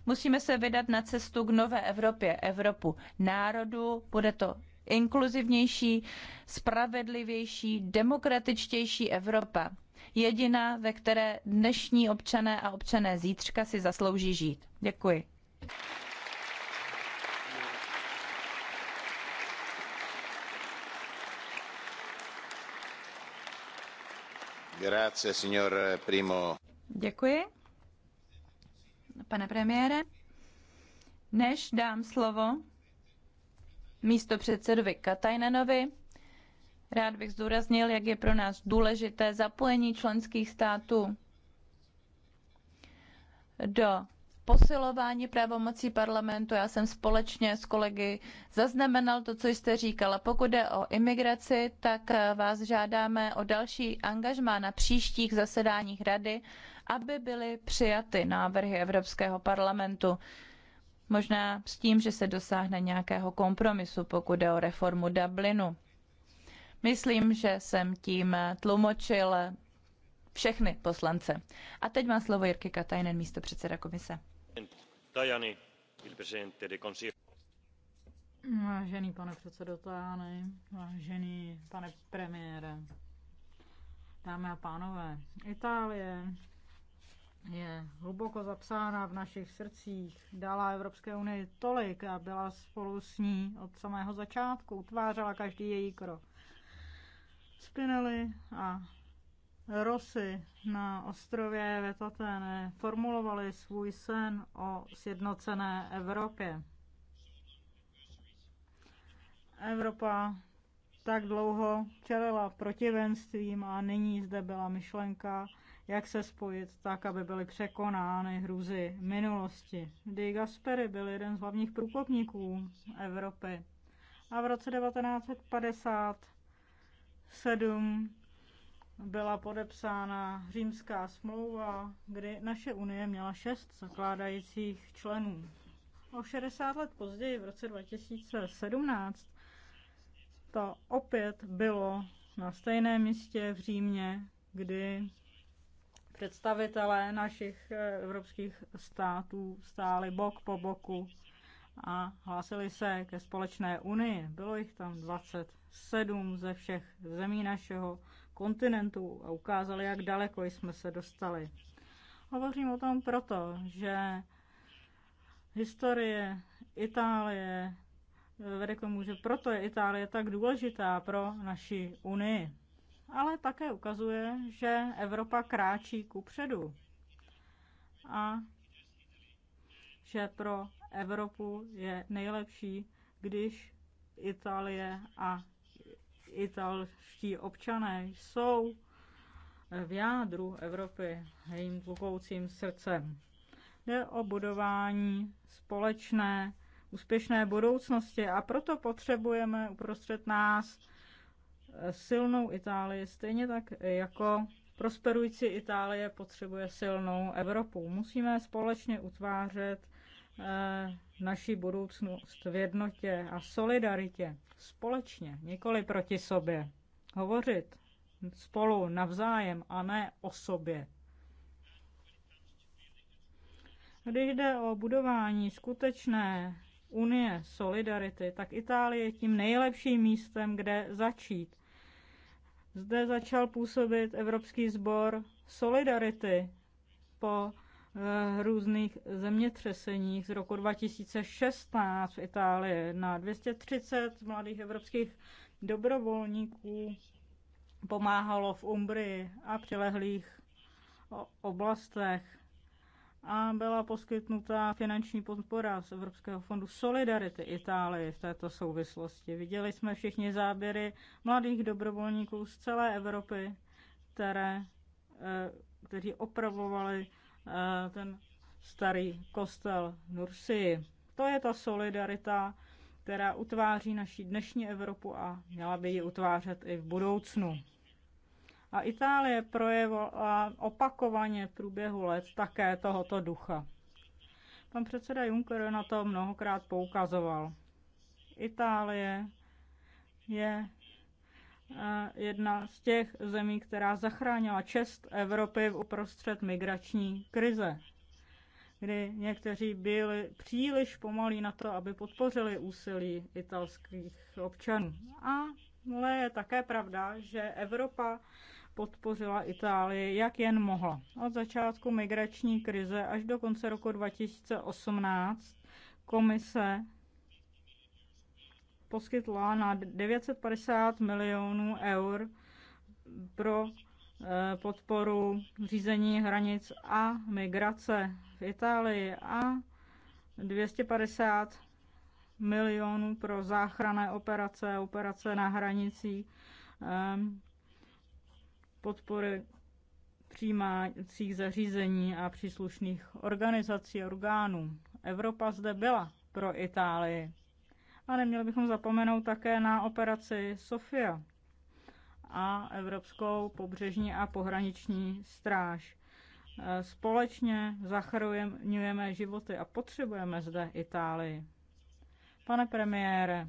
Musíme se vydat na cestu k nové Evropě, Evropu národu, bude to inkluzivnější, spravedlivější, demokratičtější Evropa jediná, ve které dnešní občané a občané zítřka si zaslouží žít. Děkuji. Grazie, signor Primo. Děkuji. Pane premiére, než dám slovo místo předsedovi Katajnenovi, Rád bych zdůraznil, jak je pro nás důležité zapojení členských států do posilování pravomocí parlamentu. Já jsem společně s kolegy zaznamenal to, co jste říkala. Pokud jde o imigraci, tak vás žádáme o další angažmá na příštích zasedáních rady, aby byly přijaty návrhy Evropského parlamentu. Možná s tím, že se dosáhne nějakého kompromisu, pokud jde o reformu Dublinu. Myslím, že jsem tím tlumočil všechny poslance. A teď má slovo Jirky Katajnen, místo předseda komise. Tajani, Vážený pane předsedo Tajany, vážený pane premiére, dámy a pánové, Itálie je hluboko zapsána v našich srdcích, dala Evropské unii tolik a byla spolu s ní od samého začátku, utvářela každý její krok. Spinelli a Rosy na ostrově Vetatene formulovali svůj sen o sjednocené Evropě. Evropa tak dlouho čelila protivenstvím a nyní zde byla myšlenka, jak se spojit tak, aby byly překonány hrůzy minulosti. Di Gasperi byl jeden z hlavních průkopníků Evropy a v roce 1950 7 byla podepsána římská smlouva, kdy naše unie měla šest zakládajících členů. O 60 let později, v roce 2017, to opět bylo na stejném místě v Římě, kdy představitelé našich eh, evropských států stáli bok po boku a hlásili se ke společné unii. Bylo jich tam 20 sedm ze všech zemí našeho kontinentu a ukázali, jak daleko jsme se dostali. Hovořím o tom proto, že historie Itálie eh, vede k tomu, že proto je Itálie tak důležitá pro naši Unii. Ale také ukazuje, že Evropa kráčí ku předu a že pro Evropu je nejlepší, když Itálie a italští občané jsou v jádru Evropy, jejím tlukoucím srdcem. Jde o budování společné, úspěšné budoucnosti a proto potřebujeme uprostřed nás silnou Itálii, stejně tak jako prosperující Itálie potřebuje silnou Evropu. Musíme společně utvářet eh, naši budoucnost v jednotě a solidaritě společně, nikoli proti sobě. Hovořit spolu navzájem a ne o sobě. Když jde o budování skutečné unie solidarity, tak Itálie je tím nejlepším místem, kde začít. Zde začal působit Evropský sbor Solidarity po v eh, různých zemětřeseních z roku 2016 v Itálii na 230 mladých evropských dobrovolníků pomáhalo v Umbrii a přilehlých oblastech a byla poskytnuta finanční podpora z Evropského fondu Solidarity Itálii v této souvislosti. Viděli jsme všichni záběry mladých dobrovolníků z celé Evropy, které, eh, kteří opravovali Eh, ten starý kostel Nursi. To je ta solidarita, která utváří naši dnešní Evropu a měla by ji utvářet i v budoucnu. A Itálie projevila opakovaně v průběhu let také tohoto ducha. Pan předseda Juncker na to mnohokrát poukazoval. Itálie je jedna z těch zemí, která zachránila čest Evropy v uprostřed migrační krize, kdy někteří byli příliš pomalí na to, aby podpořili úsilí italských občanů. A Ale je také pravda, že Evropa podpořila Itálii, jak jen mohla. Od začátku migrační krize až do konce roku 2018 komise poskytla na 950 milionů eur pro eh, podporu řízení hranic a migrace v Itálii a 250 milionů pro záchranné operace, operace na hranicích, ehm, podpory přijímacích zařízení a příslušných organizací a orgánů. Evropa zde byla pro Itálii. A neměli bychom zapomenout také na operaci Sofia a Evropskou pobřežní a pohraniční stráž. E, společně zachraňujeme životy a potřebujeme zde Itálii. Pane premiére,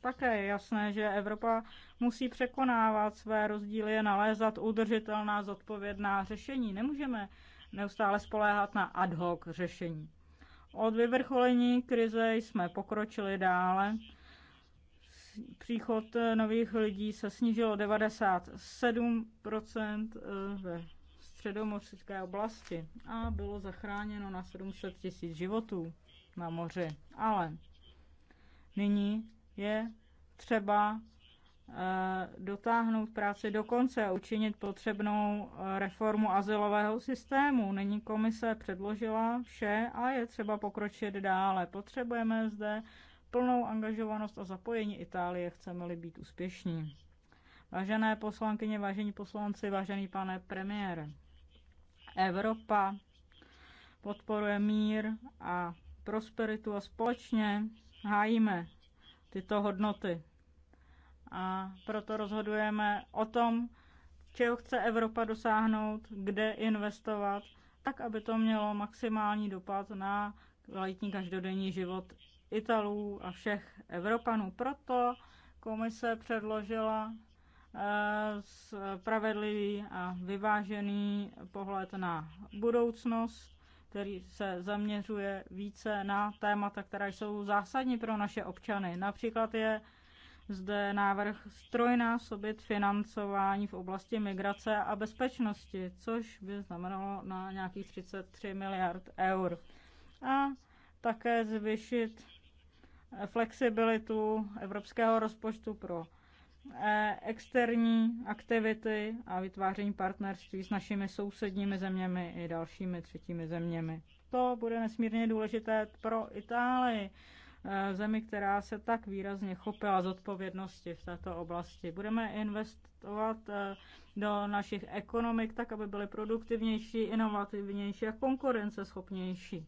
také je jasné, že Evropa musí překonávat své rozdíly a nalézat udržitelná, zodpovědná řešení. Nemůžeme neustále spoléhat na ad hoc řešení. Od vyvrcholení krize jsme pokročili dále. Příchod nových lidí se snížil o 97% eh, ve středomořské oblasti a bylo zachráněno na 700 tisíc životů na moři. Ale nyní je třeba Eh, dotáhnout práci do konce a učinit potřebnou eh, reformu asilového systému. Není komise předložila vše a je třeba pokročit dále. Potřebujeme zde plnou angažovanost a zapojení Itálie, chceme-li být úspěšní. Vážené poslankyně, vážení poslanci, vážený pane premiér. Evropa podporuje mír a prosperitu a společně hájíme tyto hodnoty. A proto rozhodujeme o tom, čeho chce Evropa dosáhnout, kde investovat, tak aby to mělo maximální dopad na kvalitní každodenní život Italů a všech Evropanů. Proto komise předložila eh, spravedlivý a vyvážený pohled na budoucnost, který se zaměřuje více na témata, která jsou zásadní pro naše občany. Například je zde návrh strojnásobit financování v oblasti migrace a bezpečnosti, což by znamenalo na nějakých 33 miliard eur. A také zvyšit flexibilitu evropského rozpočtu pro eh, externí aktivity a vytváření partnerství s našimi sousedními zeměmi i dalšími třetími zeměmi. To bude nesmírně důležité pro Itálii v zemi, která se tak výrazně chopila z odpovědnosti v této oblasti. Budeme investovat eh, do našich ekonomik tak, aby byly produktivnější, inovativnější a konkurenceschopnější.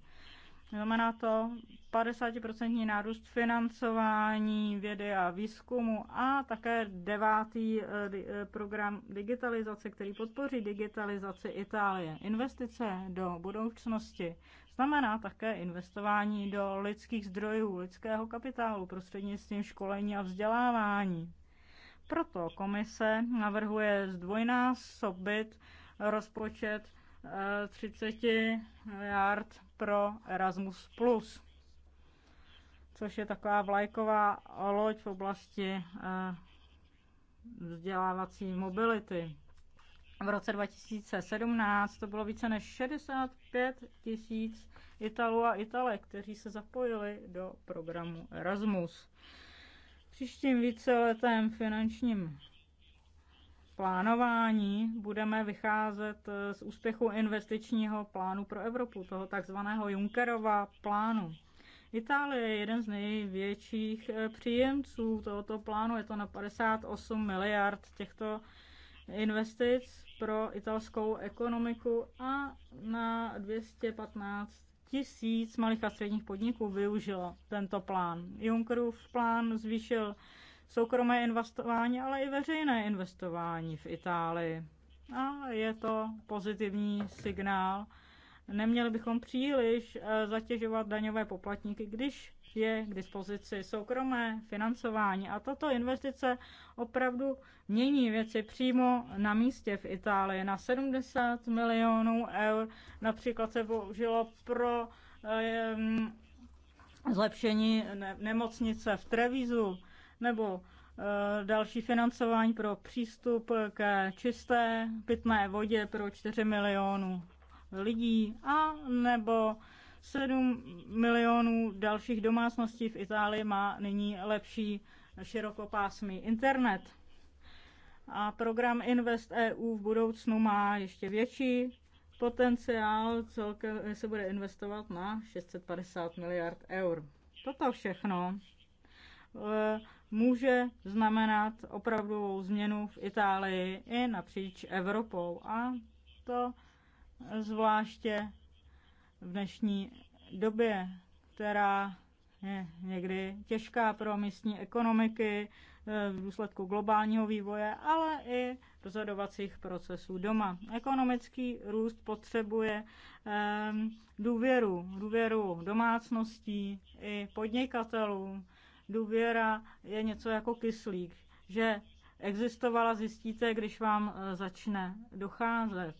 Znamená to 50% nárůst financování vědy a výzkumu a také devátý eh, eh, program digitalizace, který podpoří digitalizaci Itálie. Investice do budoucnosti Znamená také investování do lidských zdrojů, lidského kapitálu prostřednictvím školení a vzdělávání. Proto komise navrhuje zdvojnásobit rozpočet 30 eh, miliard pro Erasmus+, což je taková vlajková loď v oblasti eh, vzdělávací mobility. V roce 2017 to bylo více než 65 tisíc Italů a Italek, kteří se zapojili do programu Erasmus. příštím víceletém finančním plánování budeme vycházet z úspěchu investičního plánu pro Evropu, toho takzvaného Junckerova plánu. Itálie je jeden z největších eh, příjemců tohoto plánu, je to na 58 miliard těchto investic pro italskou ekonomiku a na 215 tisíc malých a středních podniků využilo tento plán. Junckerův plán zvýšil soukromé investování, ale i veřejné investování v Itálii. A je to pozitivní signál. Neměli bychom příliš eh, zatěžovat daňové poplatníky, když je k dispozici soukromé financování. A tato investice opravdu mění věci přímo na místě v Itálii. Na 70 milionů eur například se použilo pro um, zlepšení nemocnice v Trevizu nebo eh, další financování pro přístup k čisté pitné vodě pro 4 milionů lidí a nebo 7 milionů dalších domácností v Itálii má nyní lepší širokopásmý internet. A program Invest EU v budoucnu má ještě větší potenciál, celkem se bude investovat na 650 miliard eur. Toto všechno eh, může znamenat opravdovou změnu v Itálii i napříč Evropou. A to zvláště v dnešní době, která je někdy těžká pro místní ekonomiky eh, v důsledku globálního vývoje, ale i rozhodovacích procesů doma. Ekonomický růst potřebuje ehm, důvěru, důvěru domácností i podnikatelů. Důvěra je něco jako kyslík, že existovala zjistíte, když vám eh, začne docházet.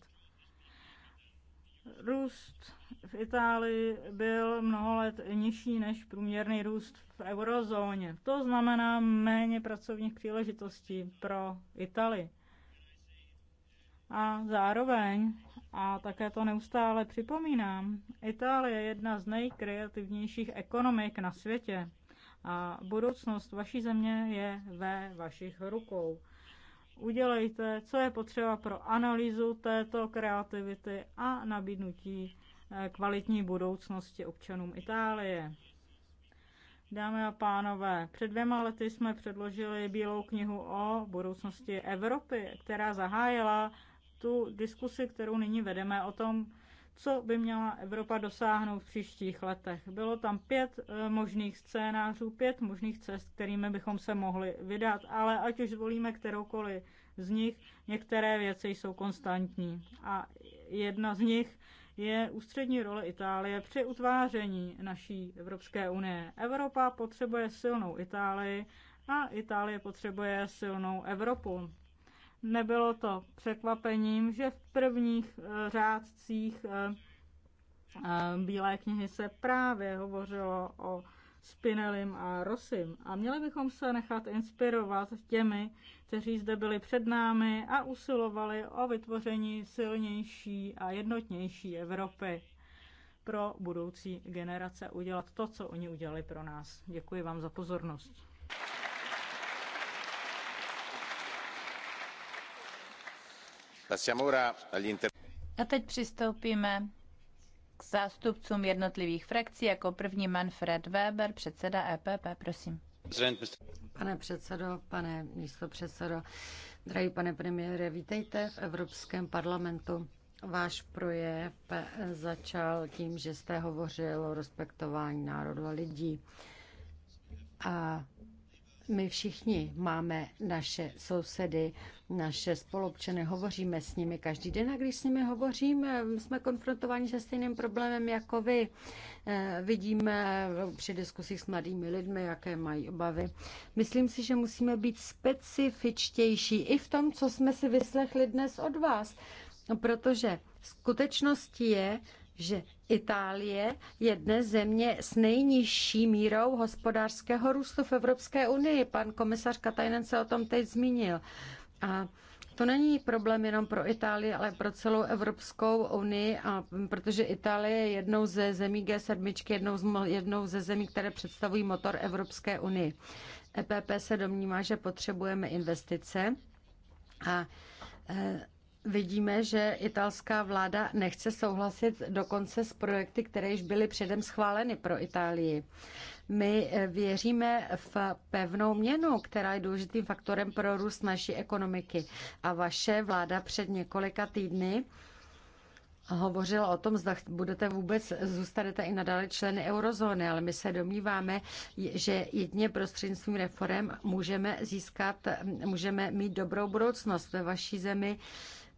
Růst v Itálii byl mnoho let nižší než průměrný růst v eurozóně. To znamená méně pracovních příležitostí pro Italii. A zároveň, a také to neustále připomínám, Itálie je jedna z nejkreativnějších ekonomik na světě a budoucnost vaší země je ve vašich rukou udělejte, co je potřeba pro analýzu této kreativity a nabídnutí eh, kvalitní budoucnosti občanům Itálie. Dámy a pánové, před dvěma lety jsme předložili Bílou knihu o budoucnosti Evropy, která zahájila tu diskusi, kterou nyní vedeme o tom, co by měla Evropa dosáhnout v příštích letech. Bylo tam pět eh, možných scénářů, pět možných cest, kterými bychom se mohli vydat, ale ať už zvolíme kteroukoliv z nich, některé věci jsou konstantní. A jedna z nich je ústřední role Itálie při utváření naší Evropské unie. Evropa potřebuje silnou Itálii a Itálie potřebuje silnou Evropu. Nebylo to překvapením, že v prvních eh, řádcích eh, eh, Bílé knihy se právě hovořilo o Spinelim a Rosim. A měli bychom se nechat inspirovat těmi, kteří zde byli před námi a usilovali o vytvoření silnější a jednotnější Evropy pro budoucí generace udělat to, co oni udělali pro nás. Děkuji vám za pozornost. A teď přistoupíme k zástupcům jednotlivých frakcí. Jako první Manfred Weber, předseda EPP, prosím. Pane předsedo, pane místopředsedo, drahý pane premiére, vítejte v Evropském parlamentu. Váš projev začal tím, že jste hovořil o respektování národů a lidí. A my všichni máme naše sousedy, naše spolupčany, hovoříme s nimi každý den a když s nimi hovořím, eh, jsme konfrontováni se stejným problémem jako vy. Eh, vidíme eh, při diskusích s mladými lidmi, jaké mají obavy. Myslím si, že musíme být specifičtější i v tom, co jsme si vyslechli dnes od vás, no, protože skutečností je, že Itálie je dnes země s nejnižší mírou hospodářského růstu v Evropské unii. Pan komisař Katajnen se o tom teď zmínil. A to není problém jenom pro Itálii, ale pro celou Evropskou unii, a protože Itálie je jednou ze zemí G7, jednou, z, jednou ze zemí, které představují motor Evropské unii. EPP se domnívá, že potřebujeme investice a e, vidíme, že italská vláda nechce souhlasit dokonce s projekty, které již byly předem schváleny pro Itálii. My eh, věříme v pevnou měnu, která je důležitým faktorem pro růst naší ekonomiky. A vaše vláda před několika týdny hovořila o tom, zda budete vůbec, zůstanete i nadále členy eurozóny, ale my se domníváme, že jedně prostřednictvím reform můžeme získat, můžeme mít dobrou budoucnost ve vaší zemi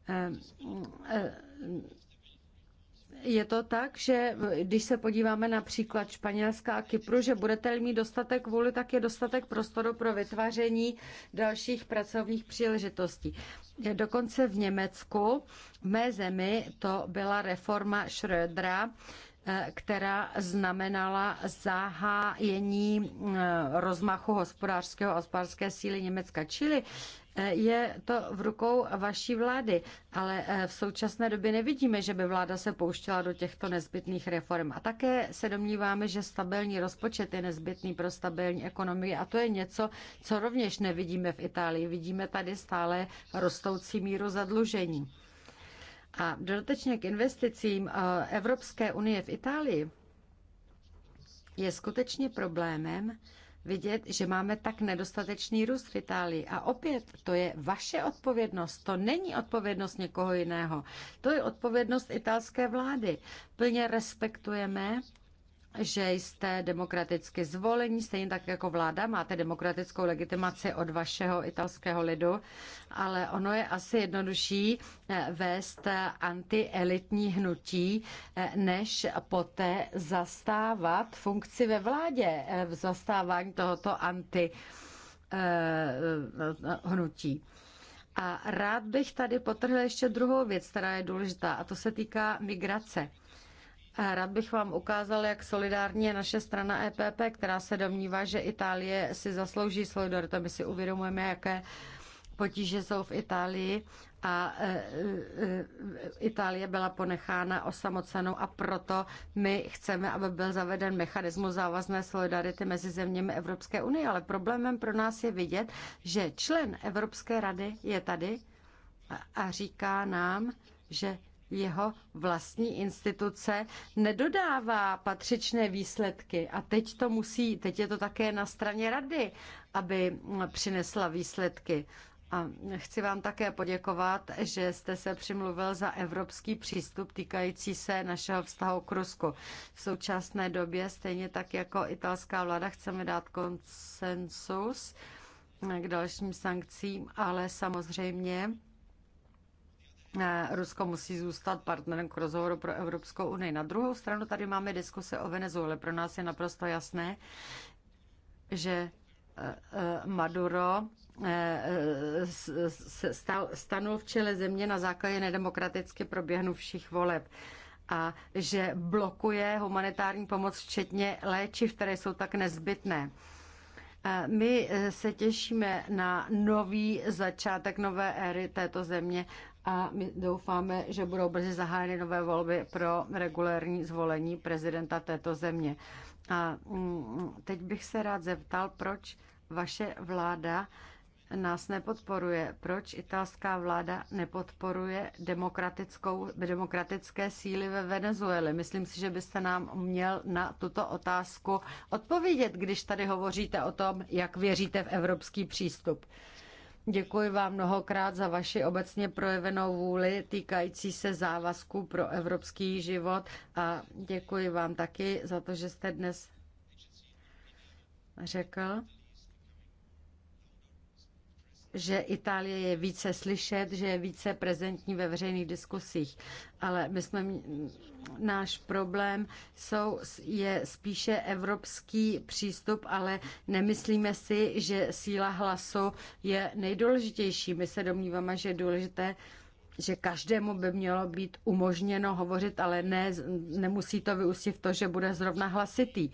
Eh, eh, je to tak, že když se podíváme na příklad Španělská a Kypru, že budete mít dostatek vůli, tak je dostatek prostoru pro vytváření dalších pracovních příležitostí. Dokonce v Německu, v mé zemi, to byla reforma Schrödera, eh, která znamenala zahájení rozmachu hospodářského a hospodářské síly Německa. Čili je to v rukou vaší vlády, ale eh, v současné době nevidíme, že by vláda se pouštěla do těchto nezbytných reform. A také se domníváme, že stabilní rozpočet je nezbytný pro stabilní ekonomii a to je něco, co rovněž nevidíme v Itálii. Vidíme tady stále rostoucí míru zadlužení. A dodatečně k investicím eh, Evropské unie v Itálii je skutečně problémem, vidět, že máme tak nedostatečný růst v Itálii. A opět, to je vaše odpovědnost, to není odpovědnost někoho jiného. To je odpovědnost italské vlády. Plně respektujeme že jste demokraticky zvolení, stejně tak jako vláda, máte demokratickou legitimaci od vašeho italského lidu, ale ono je asi jednodušší eh, vést antielitní hnutí, eh, než poté zastávat funkci ve vládě eh, v zastávání tohoto anti hnutí. A rád bych tady potrhl ještě druhou věc, která je důležitá, a to se týká migrace. Rád bych vám ukázal, jak solidární je naše strana EPP, která se domnívá, že Itálie si zaslouží solidaritu. My si uvědomujeme, jaké potíže jsou v Itálii a e, e, e, Itálie byla ponechána osamocenou a proto my chceme, aby byl zaveden mechanismus závazné solidarity mezi zeměmi Evropské unie. Ale problémem pro nás je vidět, že člen Evropské rady je tady a říká nám, že jeho vlastní instituce nedodává patřičné výsledky. A teď to musí, teď je to také na straně rady, aby přinesla výsledky. A chci vám také poděkovat, že jste se přimluvil za evropský přístup týkající se našeho vztahu k Rusku. V současné době, stejně tak jako italská vláda, chceme dát konsensus k dalším sankcím, ale samozřejmě Eh, Rusko musí zůstat partnerem k rozhovoru pro Evropskou unii. Na druhou stranu tady máme diskuse o Venezuele. Pro nás je naprosto jasné, že eh, eh, Maduro stanul v čele země na základě nedemokraticky proběhnuvších voleb a že blokuje humanitární pomoc, včetně léčiv, které jsou tak nezbytné. My se těšíme na nový začátek nové éry této země a my doufáme, že budou brzy zahájeny nové volby pro regulérní zvolení prezidenta této země. A mm, teď bych se rád zeptal, proč vaše vláda nás nepodporuje, proč italská vláda nepodporuje demokratickou, demokratické síly ve Venezuele. Myslím si, že byste nám měl na tuto otázku odpovědět, když tady hovoříte o tom, jak věříte v evropský přístup. Děkuji vám mnohokrát za vaši obecně projevenou vůli týkající se závazku pro evropský život a děkuji vám taky za to, že jste dnes řekl, že Itálie je více slyšet, že je více prezentní ve veřejných diskusích. Ale my jsme, náš problém jsou, je spíše evropský přístup, ale nemyslíme si, že síla hlasu je nejdůležitější. My se domníváme, že je důležité že každému by mělo být umožněno hovořit, ale ne, nemusí to vyústit v to, že bude zrovna hlasitý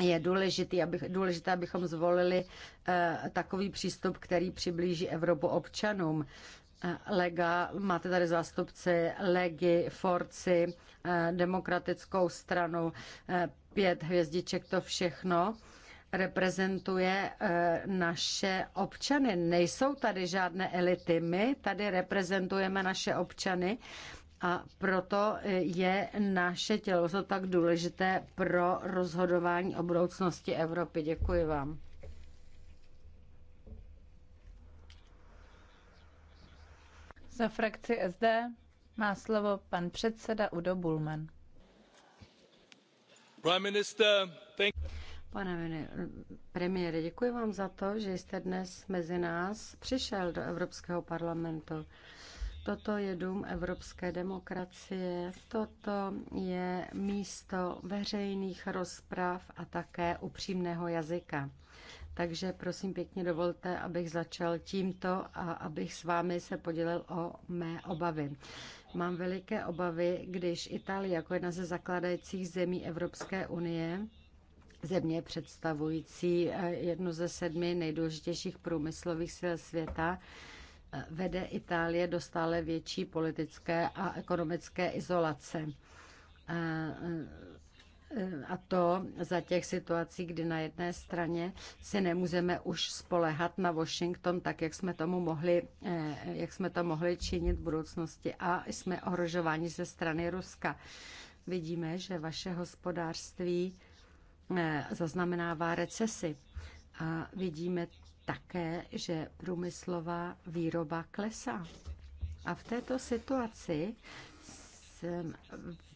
je důležitý, abych, důležité, abychom zvolili eh, takový přístup, který přiblíží Evropu občanům. Eh, Lega, máte tady zástupci Legi, Forci, eh, demokratickou stranu, eh, pět hvězdiček, to všechno reprezentuje eh, naše občany. Nejsou tady žádné elity, my tady reprezentujeme naše občany a proto e, je naše tělo to tak důležité pro rozhodování o budoucnosti Evropy. Děkuji vám. Za frakci SD má slovo pan předseda Udo Bulman. Pane premiére, děkuji vám za to, že jste dnes mezi nás přišel do Evropského parlamentu. Toto je dům evropské demokracie, toto je místo veřejných rozprav a také upřímného jazyka. Takže prosím pěkně dovolte, abych začal tímto a abych s vámi se podělil o mé obavy. Mám veliké obavy, když Itálie jako jedna ze zakládajících zemí Evropské unie země představující eh, jednu ze sedmi nejdůležitějších průmyslových sil světa, vede Itálie do stále větší politické a ekonomické izolace. A to za těch situací, kdy na jedné straně se nemůžeme už spolehat na Washington tak, jak jsme, tomu mohli, eh, jak jsme to mohli činit v budoucnosti a jsme ohrožováni ze strany Ruska. Vidíme, že vaše hospodářství eh, zaznamenává recesi. A vidíme také, že průmyslová výroba klesá. A v této situaci jsem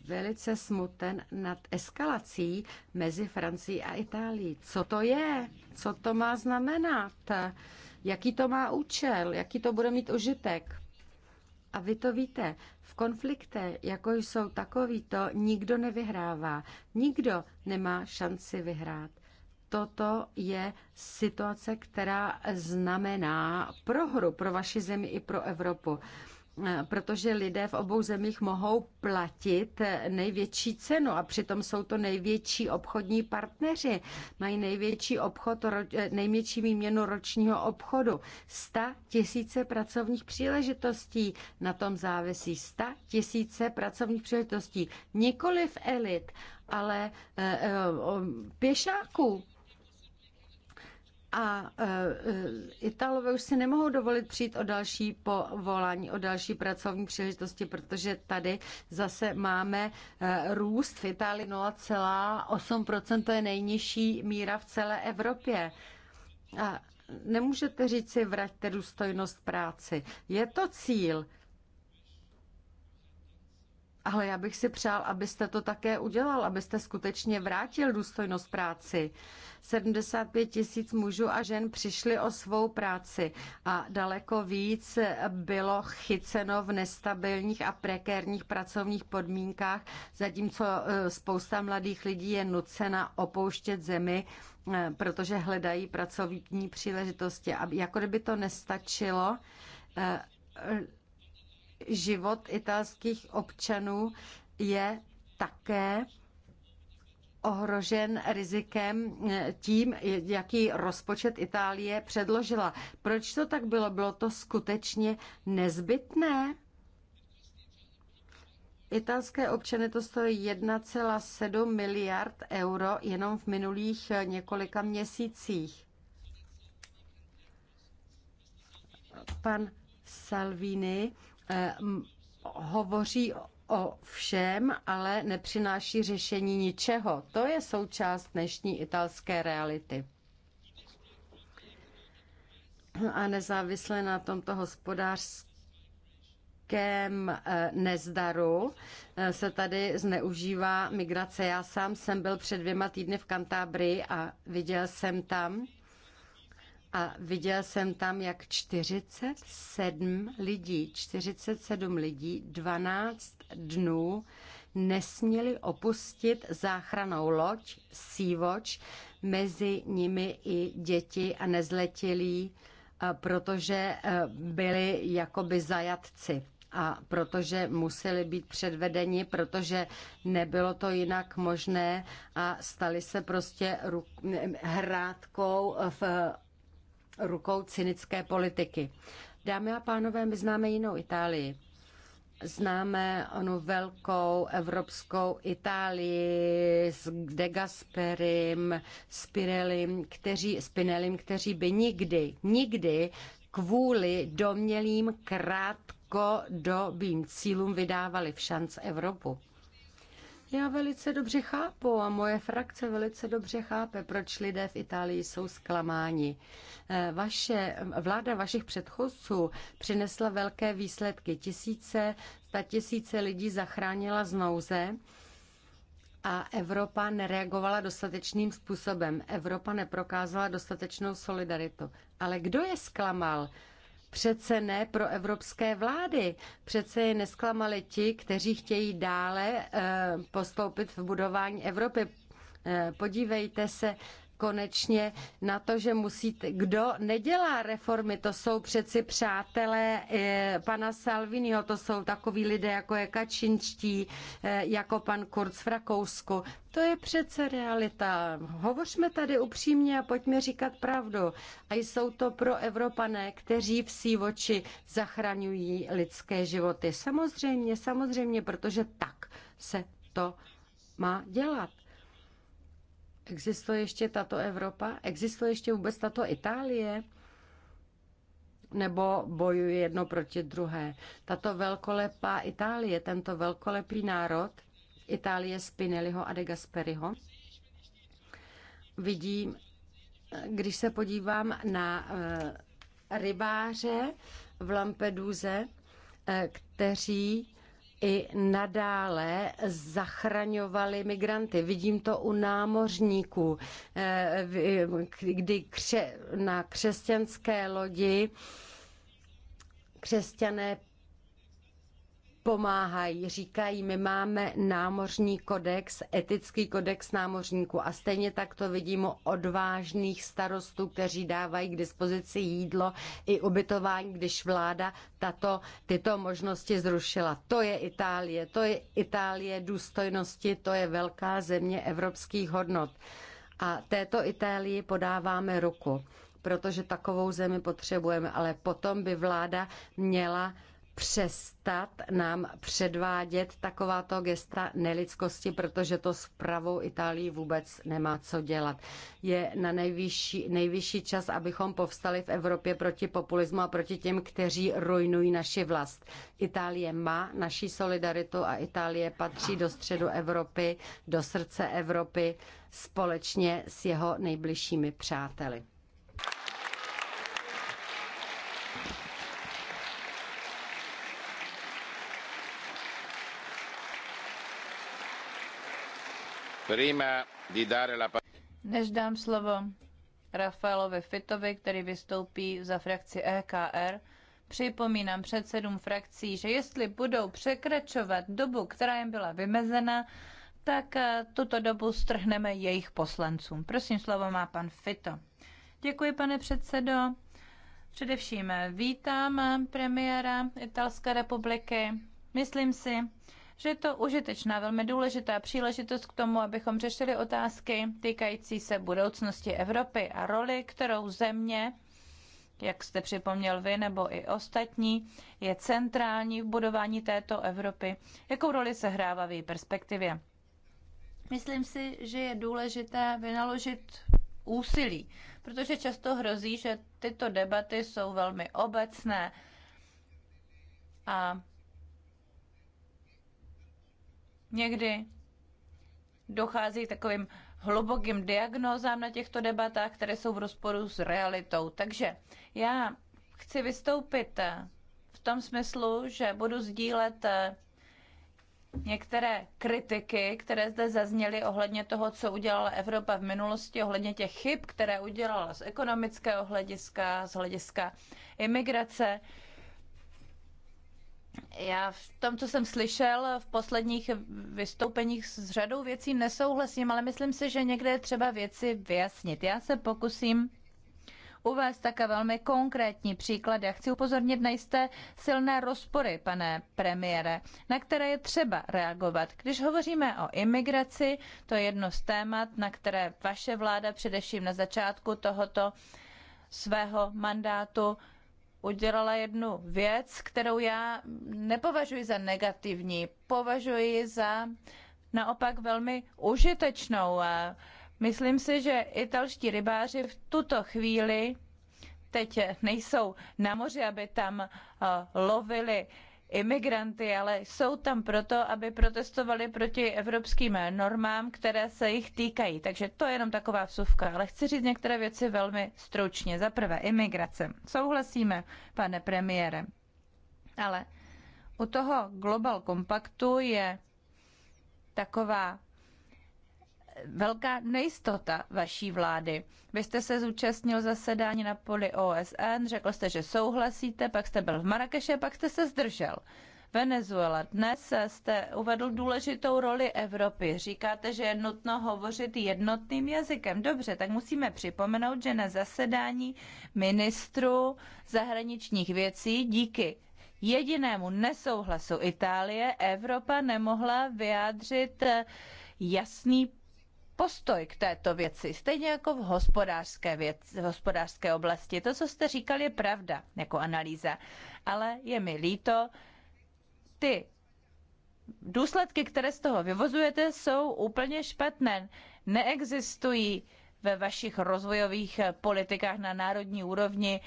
velice smuten nad eskalací mezi Francií a Itálií. Co to je? Co to má znamenat? Jaký to má účel? Jaký to bude mít užitek? A vy to víte, v konflikte, jako jsou takovýto, nikdo nevyhrává. Nikdo nemá šanci vyhrát toto je situace, která znamená prohru pro vaši zemi i pro Evropu eh, protože lidé v obou zemích mohou platit eh, největší cenu a přitom jsou to největší obchodní partneři. Mají největší obchod, eh, největší výměnu ročního obchodu. 100 tisíce pracovních příležitostí. Na tom závisí 100 tisíce pracovních příležitostí. Nikoliv elit, ale pěšáků a eh, eh, Italové už si nemohou dovolit přijít o další povolání, o další pracovní příležitosti, protože tady zase máme eh, růst v Itálii 0,8%, to je nejnižší míra v celé Evropě. A nemůžete říct si vraťte důstojnost práci. Je to cíl, ale já bych si přál, abyste to také udělal, abyste skutečně vrátil důstojnost práci. 75 tisíc mužů a žen přišli o svou práci a daleko víc bylo chyceno v nestabilních a prekérních pracovních podmínkách, zatímco eh, spousta mladých lidí je nucena opouštět zemi, eh, protože hledají pracovní příležitosti. A jako kdyby to nestačilo, eh, život italských občanů je také ohrožen rizikem eh, tím, jaký rozpočet Itálie předložila. Proč to tak bylo? Bylo to skutečně nezbytné? Italské občany to stojí 1,7 miliard euro jenom v minulých eh, několika měsících. Pan Salvini Ehm, hovoří o všem, ale nepřináší řešení ničeho. To je součást dnešní italské reality. A nezávisle na tomto hospodářském eh, nezdaru eh, se tady zneužívá migrace. Já sám jsem byl před dvěma týdny v Kantábrii a viděl jsem tam, a viděl jsem tam, jak 47 lidí, 47 lidí, 12 dnů nesměli opustit záchranou loď, sívoč, mezi nimi i děti a nezletilí, eh, protože eh, byli jakoby zajatci a protože museli být předvedeni, protože nebylo to jinak možné a stali se prostě hrádkou hrátkou v rukou cynické politiky. Dámy a pánové, my známe jinou Itálii. Známe onu velkou evropskou Itálii s De Gasperim, Spirelim, kteří, Spinelim, kteří by nikdy, nikdy kvůli domělým krátkodobým cílům vydávali v šanc Evropu. Já velice dobře chápu a moje frakce velice dobře chápe, proč lidé v Itálii jsou zklamáni. Eh, vaše, vláda vašich předchůdců přinesla velké výsledky. Tisíce, sta tisíce lidí zachránila z nouze a Evropa nereagovala dostatečným způsobem. Evropa neprokázala dostatečnou solidaritu. Ale kdo je zklamal? Přece ne pro evropské vlády. Přece je nesklamali ti, kteří chtějí dále eh, postoupit v budování Evropy. Eh, podívejte se, konečně na to, že musíte, kdo nedělá reformy, to jsou přeci přátelé e, pana Salviniho, to jsou takoví lidé, jako je Kačinčtí, e, eh, jako pan Kurz v Rakousku. To je přece realita. Hovořme tady upřímně a pojďme říkat pravdu. A jsou to pro Evropané, kteří v sívoči zachraňují lidské životy. Samozřejmě, samozřejmě, protože tak se to má dělat. Existuje ještě tato Evropa? Existuje ještě vůbec tato Itálie? Nebo bojuje jedno proti druhé? Tato velkolepá Itálie, tento velkolepý národ, Itálie Spinelliho a de Gasperiho, vidím, když se podívám na eh, rybáře v Lampeduze, eh, kteří i nadále zachraňovali migranty. Vidím to u námořníků, eh, kdy na křesťanské lodi křesťané pomáhají, říkají, my máme námořní kodex, etický kodex námořníků a stejně tak to vidím u odvážných starostů, kteří dávají k dispozici jídlo i ubytování, když vláda tato, tyto možnosti zrušila. To je Itálie, to je Itálie důstojnosti, to je velká země evropských hodnot. A této Itálii podáváme ruku, protože takovou zemi potřebujeme, ale potom by vláda měla přestat nám předvádět takováto gesta nelidskosti, protože to s pravou Itálií vůbec nemá co dělat. Je na nejvyšší, nejvyšší čas, abychom povstali v Evropě proti populismu a proti těm, kteří rujnují naši vlast. Itálie má naší solidaritu a Itálie patří do středu Evropy, do srdce Evropy společně s jeho nejbližšími přáteli. Než dám slovo Rafaelovi Fitovi, který vystoupí za frakci EKR, připomínám předsedům frakcí, že jestli budou překračovat dobu, která jim byla vymezena, tak eh, tuto dobu strhneme jejich poslancům. Prosím, slovo má pan Fito. Děkuji, pane předsedo. Především vítám eh, premiéra Italské republiky. Myslím si, že je to užitečná, velmi důležitá příležitost k tomu, abychom řešili otázky týkající se budoucnosti Evropy a roli, kterou země, jak jste připomněl vy nebo i ostatní, je centrální v budování této Evropy. Jakou roli se hrává v její perspektivě? Myslím si, že je důležité vynaložit úsilí, protože často hrozí, že tyto debaty jsou velmi obecné a Někdy dochází k takovým hlubokým diagnózám na těchto debatách, které jsou v rozporu s realitou. Takže já chci vystoupit eh, v tom smyslu, že budu sdílet eh, některé kritiky, které zde zazněly ohledně toho, co udělala Evropa v minulosti, ohledně těch chyb, které udělala z ekonomického hlediska, z hlediska imigrace. Já v tom, co jsem slyšel v posledních vystoupeních s řadou věcí nesouhlasím, ale myslím si, že někde je třeba věci vyjasnit. Já se pokusím uvést také velmi konkrétní příklady. Já chci upozornit na jisté silné rozpory, pane premiére, na které je třeba reagovat. Když hovoříme o imigraci, to je jedno z témat, na které vaše vláda především na začátku tohoto svého mandátu udělala jednu věc, kterou já nepovažuji za negativní, považuji za naopak velmi užitečnou. A myslím si, že italští rybáři v tuto chvíli teď nejsou na moři, aby tam eh, lovili imigranty, ale jsou tam proto, aby protestovali proti evropským normám, které se jich týkají. Takže to je jenom taková vsuvka, ale chci říct některé věci velmi stručně. Za prvé, imigrace. Souhlasíme, pane premiére, ale u toho Global Compactu je taková velká nejistota vaší vlády. Vy jste se zúčastnil zasedání na poli OSN, řekl jste, že souhlasíte, pak jste byl v Marrakeše, pak jste se zdržel. Venezuela. Dnes jste uvedl důležitou roli Evropy. Říkáte, že je nutno hovořit jednotným jazykem. Dobře, tak musíme připomenout, že na zasedání ministru zahraničních věcí díky jedinému nesouhlasu Itálie Evropa nemohla vyjádřit jasný postoj k této věci, stejně jako v hospodářské, věc, v hospodářské oblasti. To, co jste říkal, je pravda jako analýza, ale je mi líto, ty důsledky, které z toho vyvozujete, jsou úplně špatné. Neexistují ve vašich rozvojových politikách na národní úrovni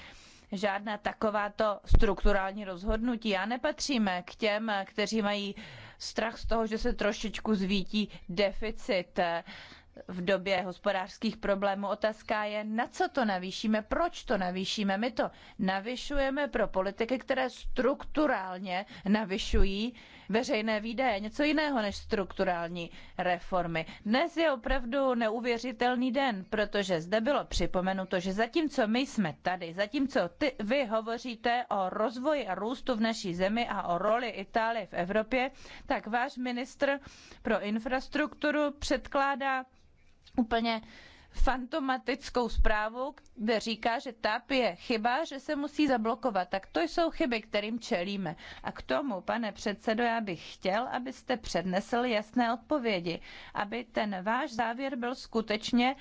žádná takováto strukturální rozhodnutí. Já nepatříme k těm, kteří mají strach z toho, že se trošičku zvítí deficit v době hospodářských problémů. Otázka je, na co to navýšíme, proč to navýšíme. My to navyšujeme pro politiky, které strukturálně navyšují veřejné výdaje. Něco jiného než strukturální reformy. Dnes je opravdu neuvěřitelný den, protože zde bylo připomenuto, že zatímco my jsme tady, zatímco ty, vy hovoříte o rozvoji a růstu v naší zemi a o roli Itálie v Evropě, tak váš ministr pro infrastrukturu předkládá úplně fantomatickou zprávu, kde říká, že TAP je chyba, že se musí zablokovat. Tak to jsou chyby, kterým čelíme. A k tomu, pane předsedo, já bych chtěl, abyste přednesl jasné odpovědi, aby ten váš závěr byl skutečně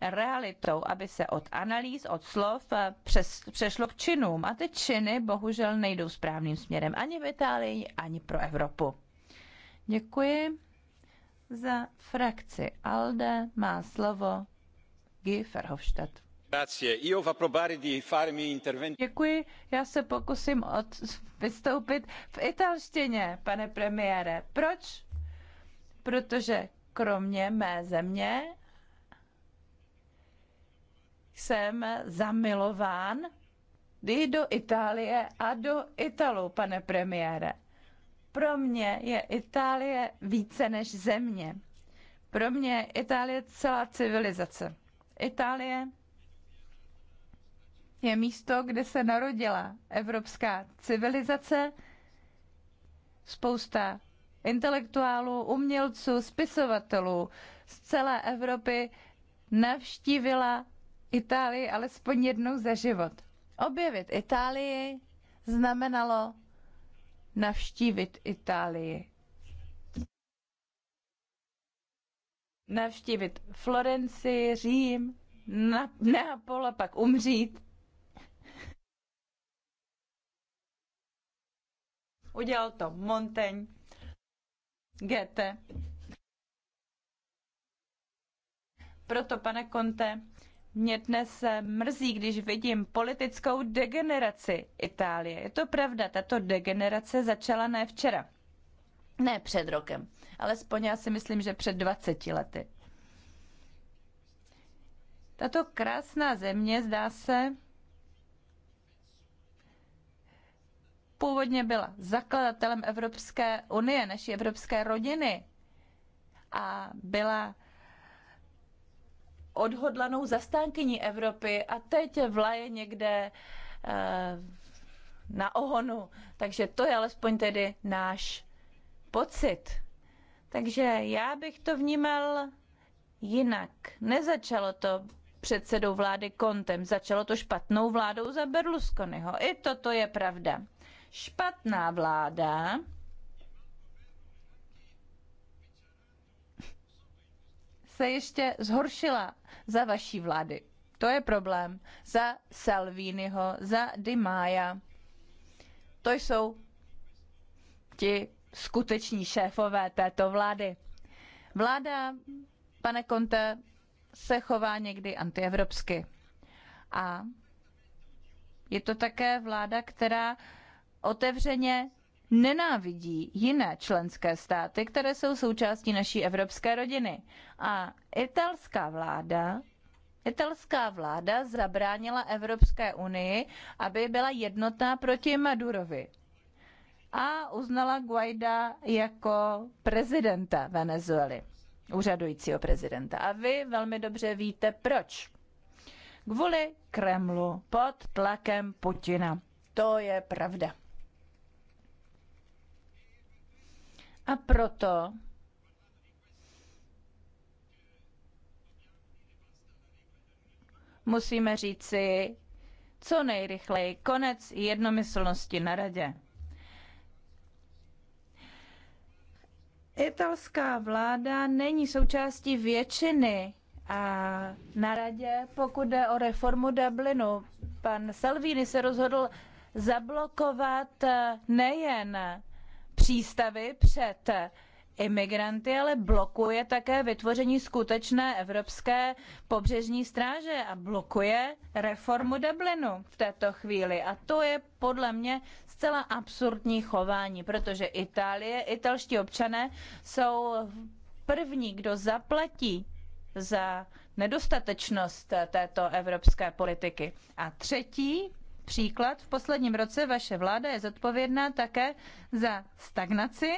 realitou, aby se od analýz, od slov eh, přes, přešlo k činům. A ty činy bohužel nejdou správným směrem ani v Itálii, ani pro Evropu. Děkuji. Za frakci ALDE má slovo Guy Verhofstadt. Děkuji, já se pokusím od, vystoupit v italštině, pane premiére. Proč? Protože kromě mé země jsem zamilován i do Itálie a do Italu, pane premiére. Pro mě je Itálie více než země. Pro mě je Itálie celá civilizace. Itálie je místo, kde se narodila evropská civilizace, spousta intelektuálů, umělců, spisovatelů z celé Evropy navštívila Itálii alespoň jednou za život. Objevit Itálii znamenalo navštívit Itálii. Navštívit Florenci, Řím, na, Neapol a pak umřít. Udělal to Monteň, Gete. Proto, pane Conte, mě dnes mrzí, když vidím politickou degeneraci Itálie. Je to pravda, tato degenerace začala ne včera. Ne před rokem, Ale já si myslím, že před 20 lety. Tato krásná země, zdá se, původně byla zakladatelem Evropské unie, naší evropské rodiny a byla odhodlanou zastánkyní Evropy a teď vlaje někde eh, na ohonu. Takže to je alespoň tedy náš pocit. Takže já bych to vnímal jinak. Nezačalo to předsedou vlády Kontem, začalo to špatnou vládou za Berlusconiho. I toto je pravda. Špatná vláda se ještě zhoršila za vaší vlády. To je problém. Za Salviniho, za Di Maia. To jsou ti skuteční šéfové této vlády. Vláda, pane Conte, se chová někdy antievropsky. A je to také vláda, která otevřeně nenávidí jiné členské státy, které jsou součástí naší evropské rodiny. A italská vláda Italská vláda zabránila Evropské unii, aby byla jednotná proti Madurovi a uznala Guaida jako prezidenta Venezuely, úřadujícího prezidenta. A vy velmi dobře víte, proč. Kvůli Kremlu pod tlakem Putina. To je pravda. A proto musíme říci co nejrychleji konec jednomyslnosti na radě. Italská vláda není součástí většiny a na radě, pokud jde o reformu Dublinu, pan Salvini se rozhodl zablokovat nejen přístavy před imigranty, ale blokuje také vytvoření skutečné evropské pobřežní stráže a blokuje reformu Dublinu v této chvíli. A to je podle mě zcela absurdní chování, protože Itálie, italští občané jsou první, kdo zaplatí za nedostatečnost této evropské politiky. A třetí příklad. V posledním roce vaše vláda je zodpovědná také za stagnaci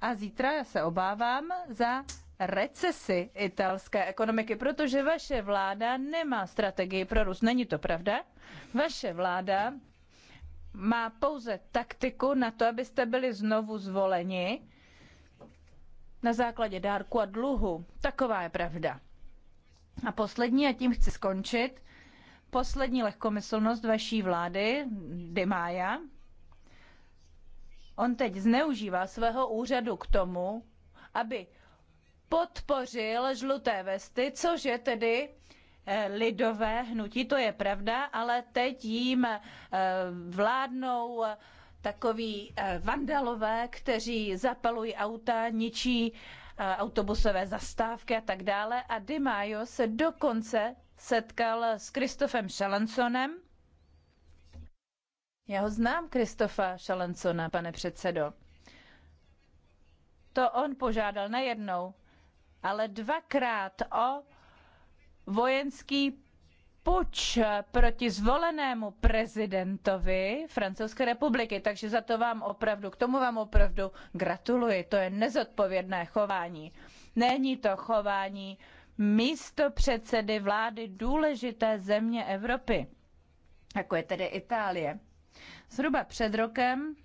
a zítra, já se obávám, za recesi italské ekonomiky, protože vaše vláda nemá strategii pro růst. Není to pravda? Vaše vláda má pouze taktiku na to, abyste byli znovu zvoleni na základě dárku a dluhu. Taková je pravda. A poslední, a tím chci skončit, poslední lehkomyslnost vaší vlády, Dimája. On teď zneužívá svého úřadu k tomu, aby podpořil žluté vesty, což je tedy eh, lidové hnutí, to je pravda, ale teď jim eh, vládnou eh, takoví vandalové, kteří zapalují auta, ničí autobusové zastávky a tak dále. A Di se dokonce setkal s Kristofem Šalansonem. Já ho znám, Kristofa Šalansona, pane předsedo. To on požádal nejednou, ale dvakrát o vojenský puč proti zvolenému prezidentovi Francouzské republiky, takže za to vám opravdu, k tomu vám opravdu gratuluji. To je nezodpovědné chování. Není to chování místo předsedy vlády důležité země Evropy, jako je tedy Itálie. Zhruba před rokem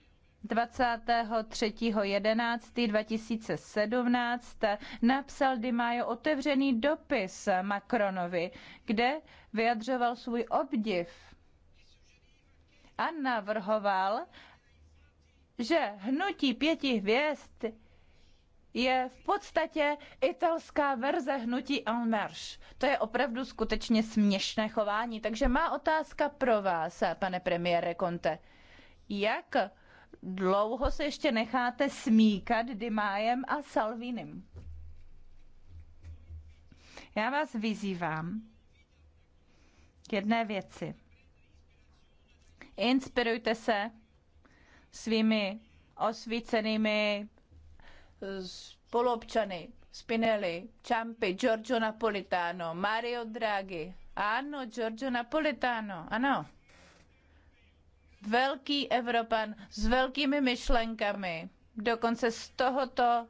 23.11.2017 napsal Di Maio otevřený dopis Macronovi, kde vyjadřoval svůj obdiv a navrhoval, že hnutí pěti hvězd je v podstatě italská verze hnutí En Marche. To je opravdu skutečně směšné chování. Takže má otázka pro vás, pane premiére Conte. Jak dlouho se ještě necháte smíkat Dimájem a Salvinem? Já vás vyzývám k jedné věci. Inspirujte se svými osvícenými spoluobčany Spinelli, Ciampi, Giorgio Napolitano, Mario Draghi. Ano, Giorgio Napolitano, ano. Velký Evropan s velkými myšlenkami, dokonce z tohoto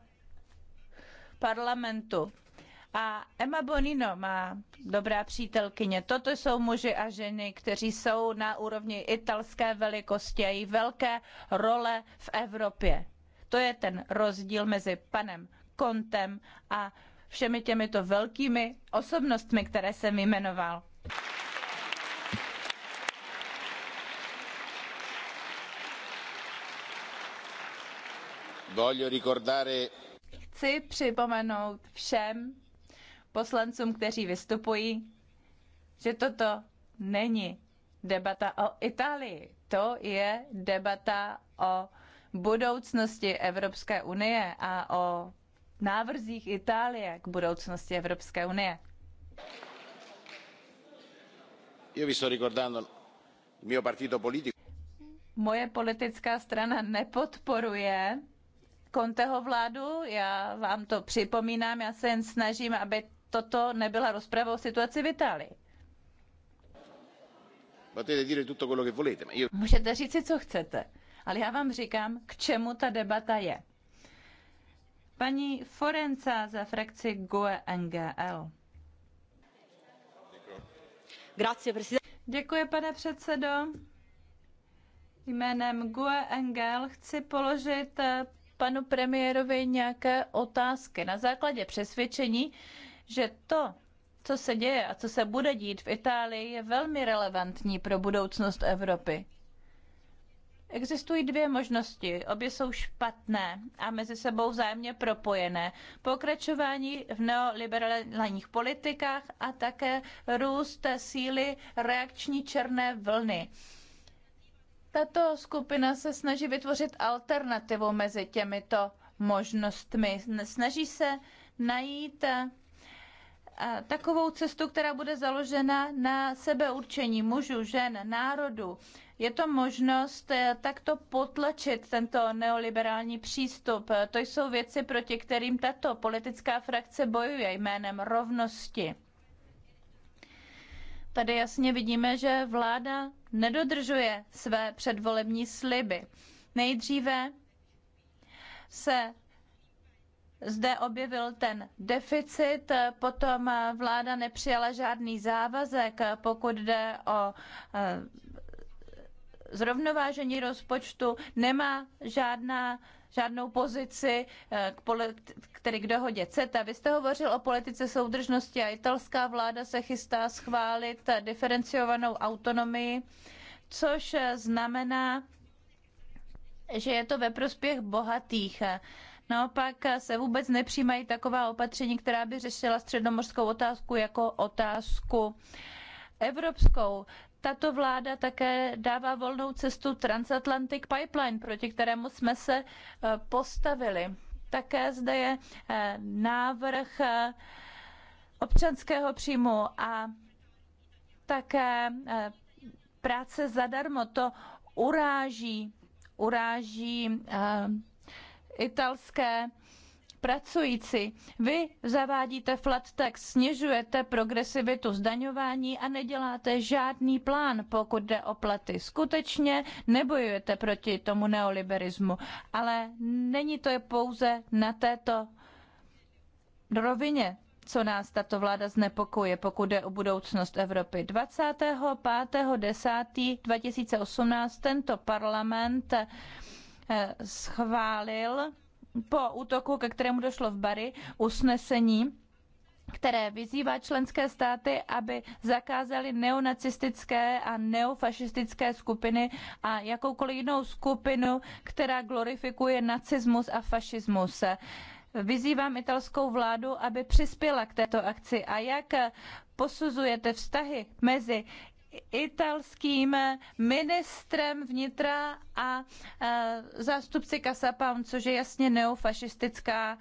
parlamentu. A Emma Bonino má dobrá přítelkyně. Toto jsou muži a ženy, kteří jsou na úrovni italské velikosti a její velké role v Evropě. To je ten rozdíl mezi panem Kontem a všemi těmito velkými osobnostmi, které jsem jmenoval. Chci připomenout všem poslancům, kteří vystupují, že toto není debata o Itálii. To je debata o budoucnosti Evropské unie a o návrzích Itálie k budoucnosti Evropské unie. Moje politická strana nepodporuje Conteho vládu, já vám to připomínám, já se jen snažím, aby toto nebyla rozprava o situaci v Itálii. Můžete říct si, co chcete. Ale já vám říkám, k čemu ta debata je. Paní Forenca za frakci GUE NGL. Děkuji, pane předsedo. Jménem GUE NGL chci položit eh, panu premiérovi nějaké otázky na základě přesvědčení, že to, co se děje a co se bude dít v Itálii, je velmi relevantní pro budoucnost Evropy. Existují dvě možnosti, obě jsou špatné a mezi sebou vzájemně propojené. Pokračování v neoliberálních politikách a také růst síly reakční černé vlny. Tato skupina se snaží vytvořit alternativu mezi těmito možnostmi. Snaží se najít eh, takovou cestu, která bude založena na sebeurčení mužů, žen, národu. Je to možnost eh, takto potlačit tento neoliberální přístup. Eh, to jsou věci, proti kterým tato politická frakce bojuje jménem rovnosti. Tady jasně vidíme, že vláda nedodržuje své předvolební sliby. Nejdříve se zde objevil ten deficit, eh, potom vláda nepřijala žádný závazek, pokud jde o zrovnovážení rozpočtu, nemá žádná, žádnou pozici eh, k, politi- který k dohodě CETA. Vy jste hovořil o politice soudržnosti a italská vláda se chystá schválit eh, diferenciovanou autonomii, což eh, znamená, že je to ve prospěch bohatých. Naopak se vůbec nepřijímají taková opatření, která by řešila středomorskou otázku jako otázku evropskou. Tato vláda také dává volnou cestu Transatlantic Pipeline, proti kterému jsme se eh, postavili. Také zde je eh, návrh eh, občanského příjmu a také práce zadarmo. To uráží, uráží italské pracující. Vy zavádíte flat tax, snižujete progresivitu zdaňování a neděláte žádný plán, pokud jde o platy. Skutečně nebojujete proti tomu neoliberismu, ale není to je pouze na této rovině co nás tato vláda znepokuje, pokud jde o budoucnost Evropy. 25.10.2018 tento parlament eh, schválil po útoku, ke kterému došlo v Bari, usnesení, které vyzývá členské státy, aby zakázaly neonacistické a neofašistické skupiny a jakoukoliv jinou skupinu, která glorifikuje nacismus a fašismus. Vyzývám italskou vládu, aby přispěla k této akci. A jak posuzujete vztahy mezi italským ministrem vnitra a e, zástupci Kasapaun, což je jasně neofašistická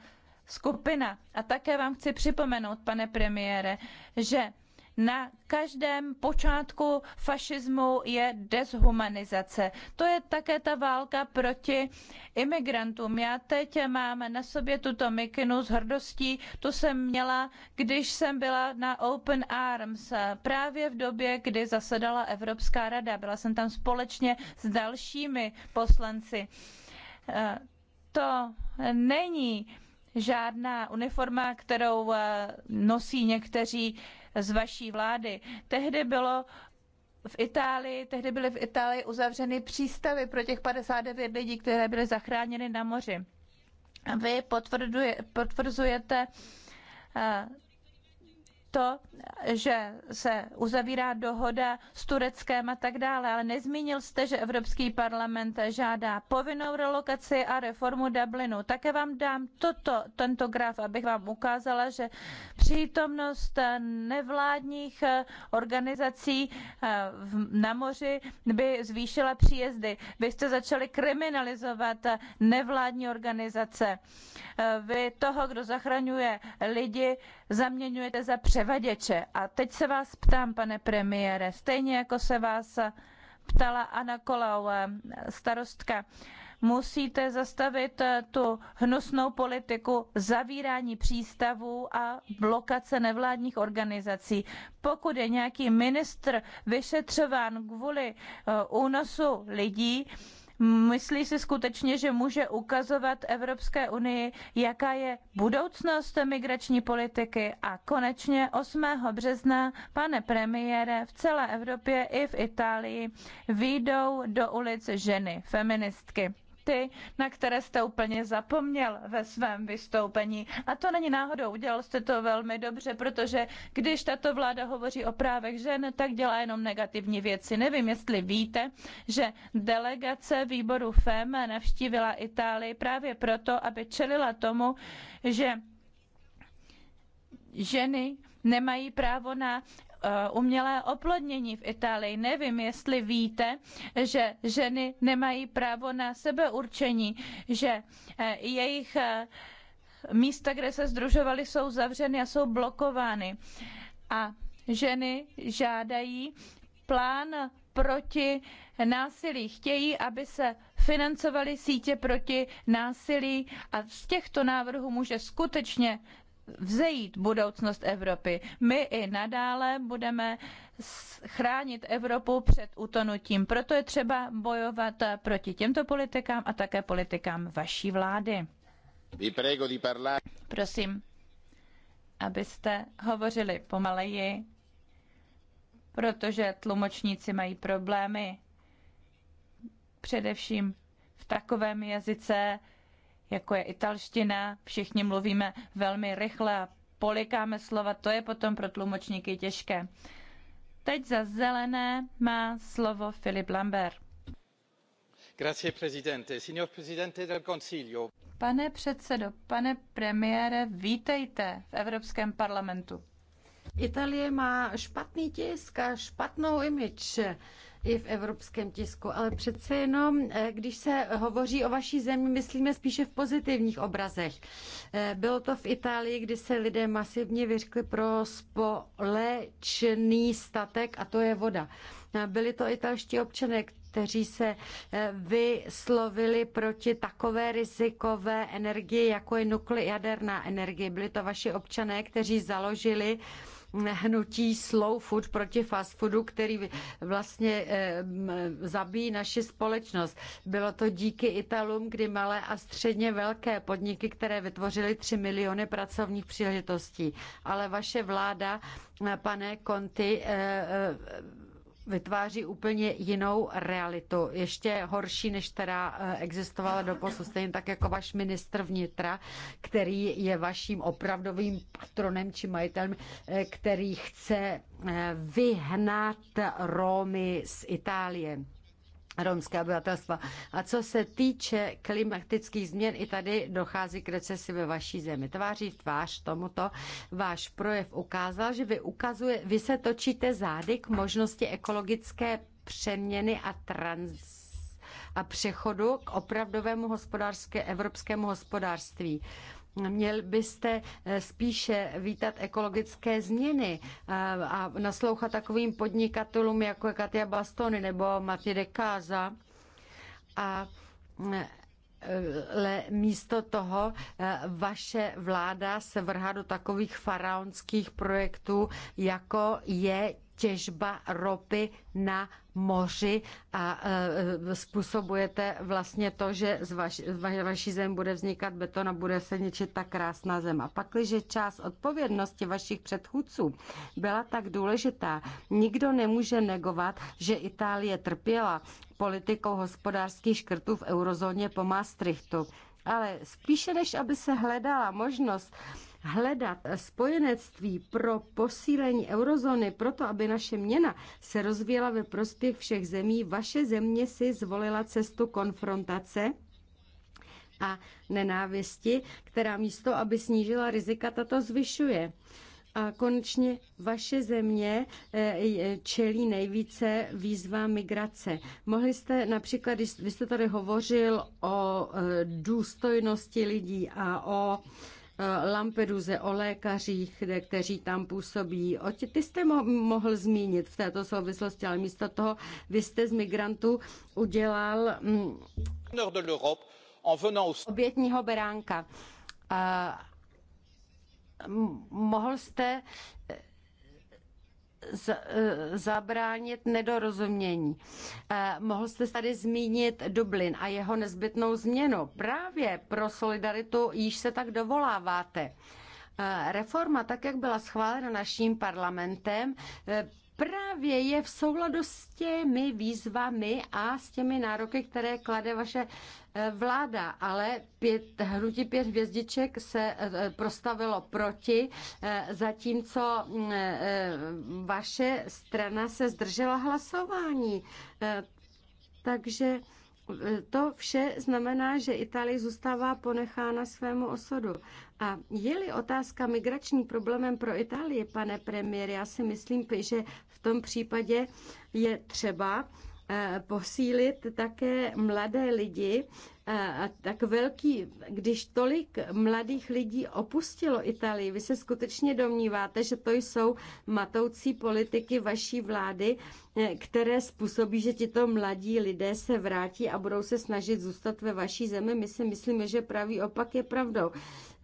skupina. A také vám chci připomenout, pane premiére, že na každém počátku fašismu je deshumanizace. To je také ta válka proti imigrantům. Já teď mám na sobě tuto mikinu s hrdostí. Tu jsem měla, když jsem byla na Open Arms, právě v době, kdy zasedala Evropská rada. Byla jsem tam společně s dalšími poslanci. Eh, to není žádná uniforma, kterou eh, nosí někteří z vaší vlády. Tehdy bylo v Itálii, tehdy byly v Itálii uzavřeny přístavy pro těch 59 lidí, které byly zachráněny na moři. Vy potvrduje, potvrzujete eh, to, že se uzavírá dohoda s Tureckem a tak dále, ale nezmínil jste, že Evropský parlament žádá povinnou relokaci a reformu Dublinu. Také vám dám toto, tento graf, abych vám ukázala, že přítomnost nevládních organizací eh, na moři by zvýšila příjezdy. Vy jste začali kriminalizovat nevládní organizace. Eh, vy toho, kdo zachraňuje lidi, zaměňujete za převaděče. A teď se vás ptám, pane premiére, stejně jako se vás ptala Anna Kolau, eh, starostka, musíte zastavit eh, tu hnusnou politiku zavírání přístavů a blokace nevládních organizací. Pokud je nějaký ministr vyšetřován kvůli eh, únosu lidí, Myslí si skutečně, že může ukazovat Evropské unii, jaká je budoucnost migrační politiky. A konečně 8. března, pane premiére, v celé Evropě i v Itálii výjdou do ulic ženy, feministky ty, na které jste úplně zapomněl ve svém vystoupení. A to není náhodou, udělal jste to velmi dobře, protože když tato vláda hovoří o právech žen, tak dělá jenom negativní věci. Nevím, jestli víte, že delegace výboru FEM navštívila Itálii právě proto, aby čelila tomu, že ženy nemají právo na Eh, umělé oplodnění v Itálii. Nevím, jestli víte, že ženy nemají právo na sebeurčení, že eh, jejich eh, místa, kde se združovaly, jsou zavřeny a jsou blokovány. A ženy žádají plán proti násilí. Chtějí, aby se financovaly sítě proti násilí a z těchto návrhů může skutečně vzejít budoucnost Evropy. My i nadále budeme chránit Evropu před utonutím. Proto je třeba bojovat proti těmto politikám a také politikám vaší vlády. Prosím, abyste hovořili pomaleji, protože tlumočníci mají problémy. Především v takovém jazyce, jako je italština, všichni mluvíme velmi rychle a polikáme slova, to je potom pro tlumočníky těžké. Teď za zelené má slovo Filip Lambert. Grazie, presidente. Signor presidente del Consiglio. Pane předsedo, pane premiére, vítejte v Evropském parlamentu. Itálie má špatný tisk a špatnou image i v evropském tisku, ale přece jenom, eh, když se hovoří o vaší zemi, myslíme spíše v pozitivních obrazech. Eh, bylo to v Itálii, kdy se lidé masivně vyřkli pro společný statek a to je voda. Eh, byli to italští občané, kteří se vyslovili proti takové rizikové energii, jako je nukleárná energie. Byli to vaši občané, kteří založili uh, hnutí slow food proti fast foodu, který vlastně eh, zabíjí naši společnost. Bylo to díky Italům, kdy malé a středně velké podniky, které vytvořily 3 miliony pracovních příležitostí. Ale vaše vláda, eh, pane Conti, eh, vytváří úplně jinou realitu, ještě horší, než která eh, existovala do posud. Stejně tak jako váš ministr vnitra, který je vaším opravdovým patronem či majitelem, eh, který chce eh, vyhnat Romy z Itálie romské obyvatelstva. A co se týče klimatických změn, i tady dochází k recesi ve vaší zemi. Tváří v tvář tomuto váš projev ukázal, že vy, ukazuje, vy se točíte zády k možnosti ekologické přeměny a trans a přechodu k opravdovému hospodářské, evropskému hospodářství. Měl byste eh, spíše vítat ekologické změny eh, a naslouchat takovým podnikatelům, jako je Katia Bastony nebo Mati de A ale eh, místo toho vaše vláda se vrhá do takových faraonských projektů, jako je těžba ropy na moři a e, způsobujete vlastně to, že z, vaš, vaší zem bude vznikat beton a bude se ničit ta krásná zem. A pak, když část odpovědnosti vašich předchůdců byla tak důležitá, nikdo nemůže negovat, že Itálie trpěla politikou hospodářských škrtů v eurozóně po Maastrichtu. Ale spíše než aby se hledala možnost hledat spojenectví pro posílení eurozóny, proto aby naše měna se rozvíjela ve prospěch všech zemí, vaše země si zvolila cestu konfrontace a nenávisti, která místo, aby snížila rizika, tato zvyšuje. A konečně vaše země eh, čelí nejvíce výzvám migrace. Mohli jste například, vy jste tady hovořil o eh, důstojnosti lidí a o Eh, Lampeduze, o lékařích, kteří tam působí. O tě, ty jste mo- mohl zmínit v této souvislosti, ale místo toho vy jste z migrantů udělal mm, obětního beránka. A, eh, mohl jste E, zabránit nedorozumění. E, mohl jste tady zmínit Dublin a jeho nezbytnou změnu. Právě pro solidaritu již se tak dovoláváte. E, reforma, tak jak byla schválena naším parlamentem, právě je v souladu s těmi výzvami a s těmi nároky, které klade vaše eh, vláda, ale pět, hnutí pět hvězdiček se eh, prostavilo proti, eh, zatímco mm, vaše strana se zdržela hlasování. Takže to vše znamená, že Itálie zůstává ponechána svému osudu. A je-li otázka migrační problémem pro Itálii, pane premiér, já si myslím, že v tom případě je třeba eh, posílit také mladé lidi. Eh, a tak velký, když tolik mladých lidí opustilo Itálii, vy se skutečně domníváte, že to jsou matoucí politiky vaší vlády, eh, které způsobí, že tito mladí lidé se vrátí a budou se snažit zůstat ve vaší zemi? My si myslíme, že pravý opak je pravdou.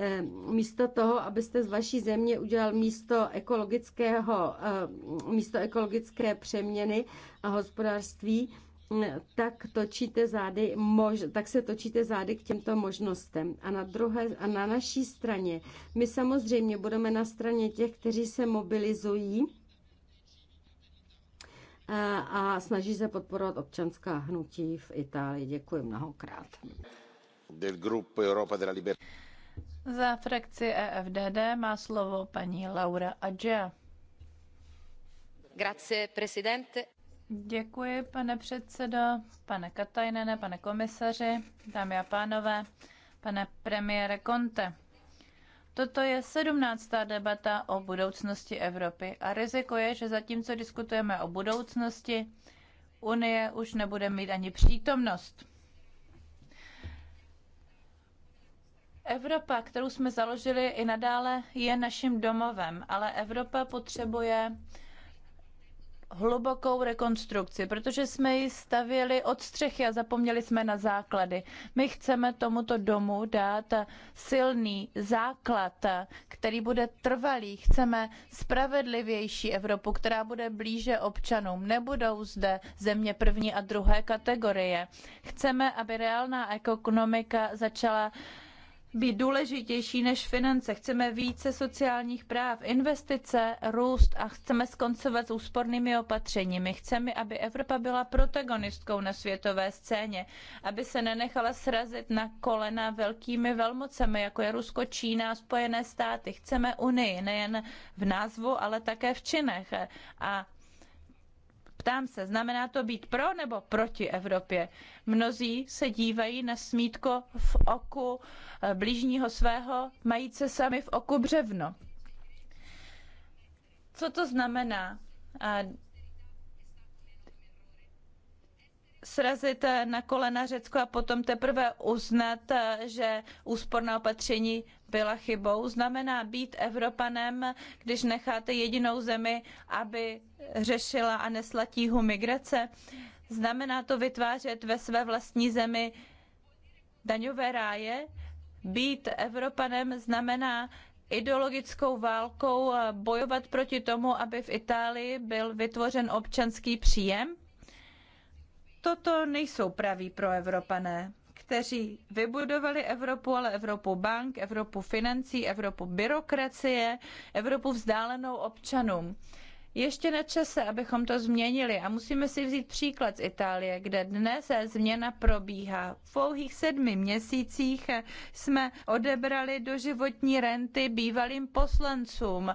Eh, místo toho, abyste z vaší země udělal místo ekologického, eh, místo ekologické přeměny a hospodářství, eh, tak, točíte zády, mož, tak se točíte zády k těmto možnostem. A na, druhé, a na naší straně, my samozřejmě budeme na straně těch, kteří se mobilizují a, a snaží se podporovat občanská hnutí v Itálii. Děkuji mnohokrát. Del Europa della Libertà. Za frakci EFDD má slovo paní Laura Adžia. Grazie, presidente. Děkuji, pane předsedo, pane Katajnene, pane komisaři, dámy a pánové, pane premiére Conte. Toto je sedmnáctá debata o budoucnosti Evropy a riziko je, že zatímco diskutujeme o budoucnosti, Unie už nebude mít ani přítomnost. Evropa, kterou jsme založili i nadále, je naším domovem, ale Evropa potřebuje hlubokou rekonstrukci, protože jsme ji stavěli od střechy a zapomněli jsme na základy. My chceme tomuto domu dát silný základ, který bude trvalý. Chceme spravedlivější Evropu, která bude blíže občanům. Nebudou zde země první a druhé kategorie. Chceme, aby reálná ekonomika začala být důležitější než finance. Chceme více sociálních práv, investice, růst a chceme skoncovat s úspornými opatřeními. Chceme, aby Evropa byla protagonistkou na světové scéně, aby se nenechala srazit na kolena velkými velmocemi, jako je Rusko, Čína a Spojené státy. Chceme Unii nejen v názvu, ale také v činech. A Ptám se, znamená to být pro nebo proti Evropě? Mnozí se dívají na smítko v oku eh, blížního svého, majíce sami v oku břevno. Co to znamená? srazit na kolena Řecko a potom teprve uznat, že úsporná opatření byla chybou. Znamená být Evropanem, když necháte jedinou zemi, aby řešila a nesla tíhu migrace. Znamená to vytvářet ve své vlastní zemi daňové ráje. Být Evropanem znamená ideologickou válkou bojovat proti tomu, aby v Itálii byl vytvořen občanský příjem Toto nejsou praví pro Evropané, kteří vybudovali Evropu, ale Evropu bank, Evropu financí, Evropu byrokracie, Evropu vzdálenou občanům. Ještě na čase, abychom to změnili a musíme si vzít příklad z Itálie, kde dnes změna probíhá. V pouhých sedmi měsících jsme odebrali doživotní renty bývalým poslancům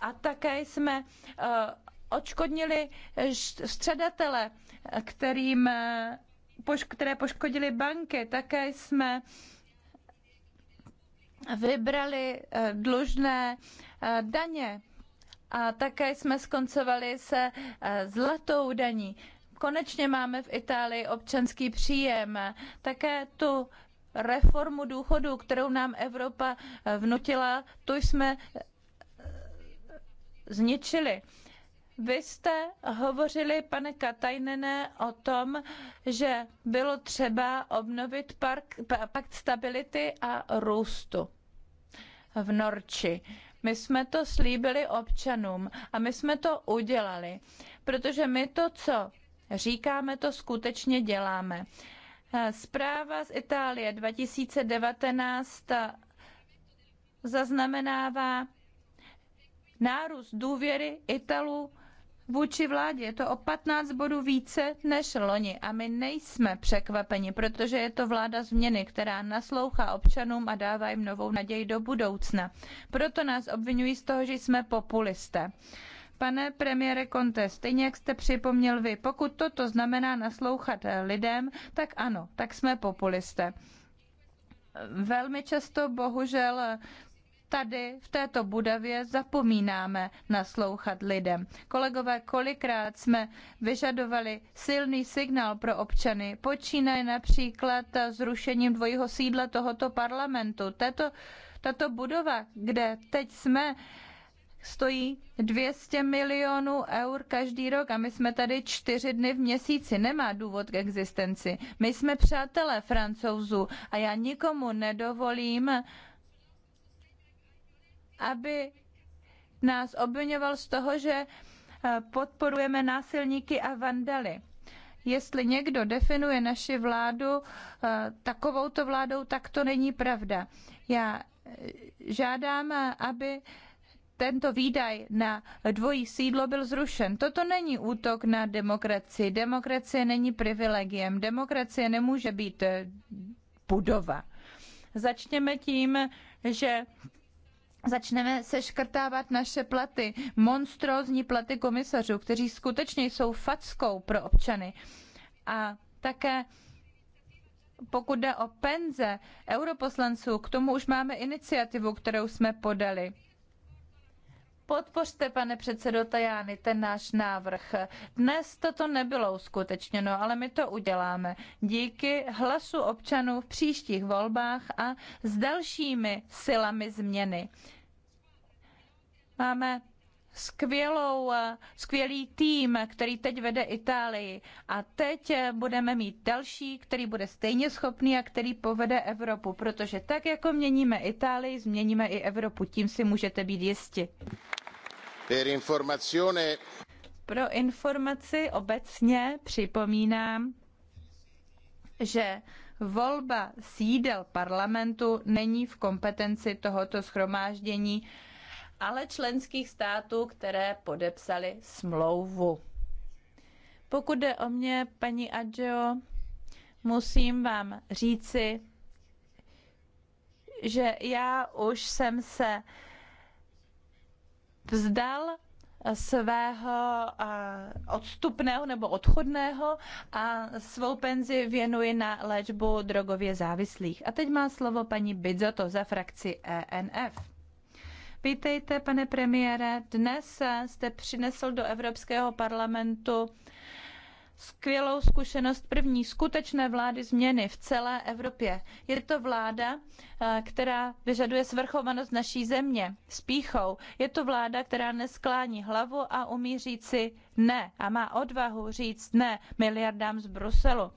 a také jsme uh, odškodnili eh, středatele, eh, kterým, eh, které poškodili banky. Také jsme vybrali dlužné daně a také jsme skoncovali se zlatou daní. Konečně máme v Itálii občanský příjem. Také tu reformu důchodu, kterou nám Evropa vnutila, tu jsme zničili. Vy jste hovořili, pane Katajnené o tom, že bylo třeba obnovit park, pakt stability a růstu v Norči. My jsme to slíbili občanům a my jsme to udělali, protože my to, co říkáme, to skutečně děláme. Zpráva z Itálie 2019 zaznamenává nárůst důvěry Italů vůči vládě. Je to o 15 bodů více než loni a my nejsme překvapeni, protože je to vláda změny, která naslouchá občanům a dává jim novou naději do budoucna. Proto nás obvinují z toho, že jsme populisté. Pane premiére Conte, stejně jak jste připomněl vy, pokud toto znamená naslouchat lidem, tak ano, tak jsme populisté. Velmi často bohužel tady v této budově zapomínáme naslouchat lidem. Kolegové, kolikrát jsme vyžadovali silný signál pro občany, počínaje například zrušením dvojího sídla tohoto parlamentu. Tato, tato budova, kde teď jsme, stojí 200 milionů eur každý rok a my jsme tady čtyři dny v měsíci. Nemá důvod k existenci. My jsme přátelé francouzů a já nikomu nedovolím aby nás obvinoval z toho, že eh, podporujeme násilníky a vandaly. Jestli někdo definuje naši vládu eh, takovouto vládou, tak to není pravda. Já eh, žádám, aby tento výdaj na dvojí sídlo byl zrušen. Toto není útok na demokracii. Demokracie není privilegiem. Demokracie nemůže být budova. Začněme tím, že začneme seškrtávat naše platy, monstrózní platy komisařů, kteří skutečně jsou fackou pro občany. A také pokud jde o penze europoslanců, k tomu už máme iniciativu, kterou jsme podali. Podpořte, pane předsedo Tajány, ten náš návrh. Dnes toto nebylo uskutečněno, ale my to uděláme díky hlasu občanů v příštích volbách a s dalšími silami změny. Máme skvělou, eh, skvělý tým, který teď vede Itálii. A teď eh, budeme mít další, který bude stejně schopný a který povede Evropu, protože tak, jako měníme Itálii, změníme i Evropu. Tím si můžete být jisti. Per informazione... Pro informaci obecně připomínám, že volba sídel parlamentu není v kompetenci tohoto schromáždění, ale členských států, které podepsali smlouvu. Pokud jde o mě, paní Adjo, musím vám říci, že já už jsem se vzdal svého odstupného nebo odchodného a svou penzi věnuji na léčbu drogově závislých. A teď má slovo paní Bidzoto za frakci ENF. Vítejte, pane premiére. Dnes jste přinesl do Evropského parlamentu skvělou zkušenost první skutečné vlády změny v celé Evropě. Je to vláda, eh, která vyžaduje svrchovanost naší země s píchou. Je to vláda, která nesklání hlavu a umí říci ne a má odvahu říct ne miliardám z Bruselu.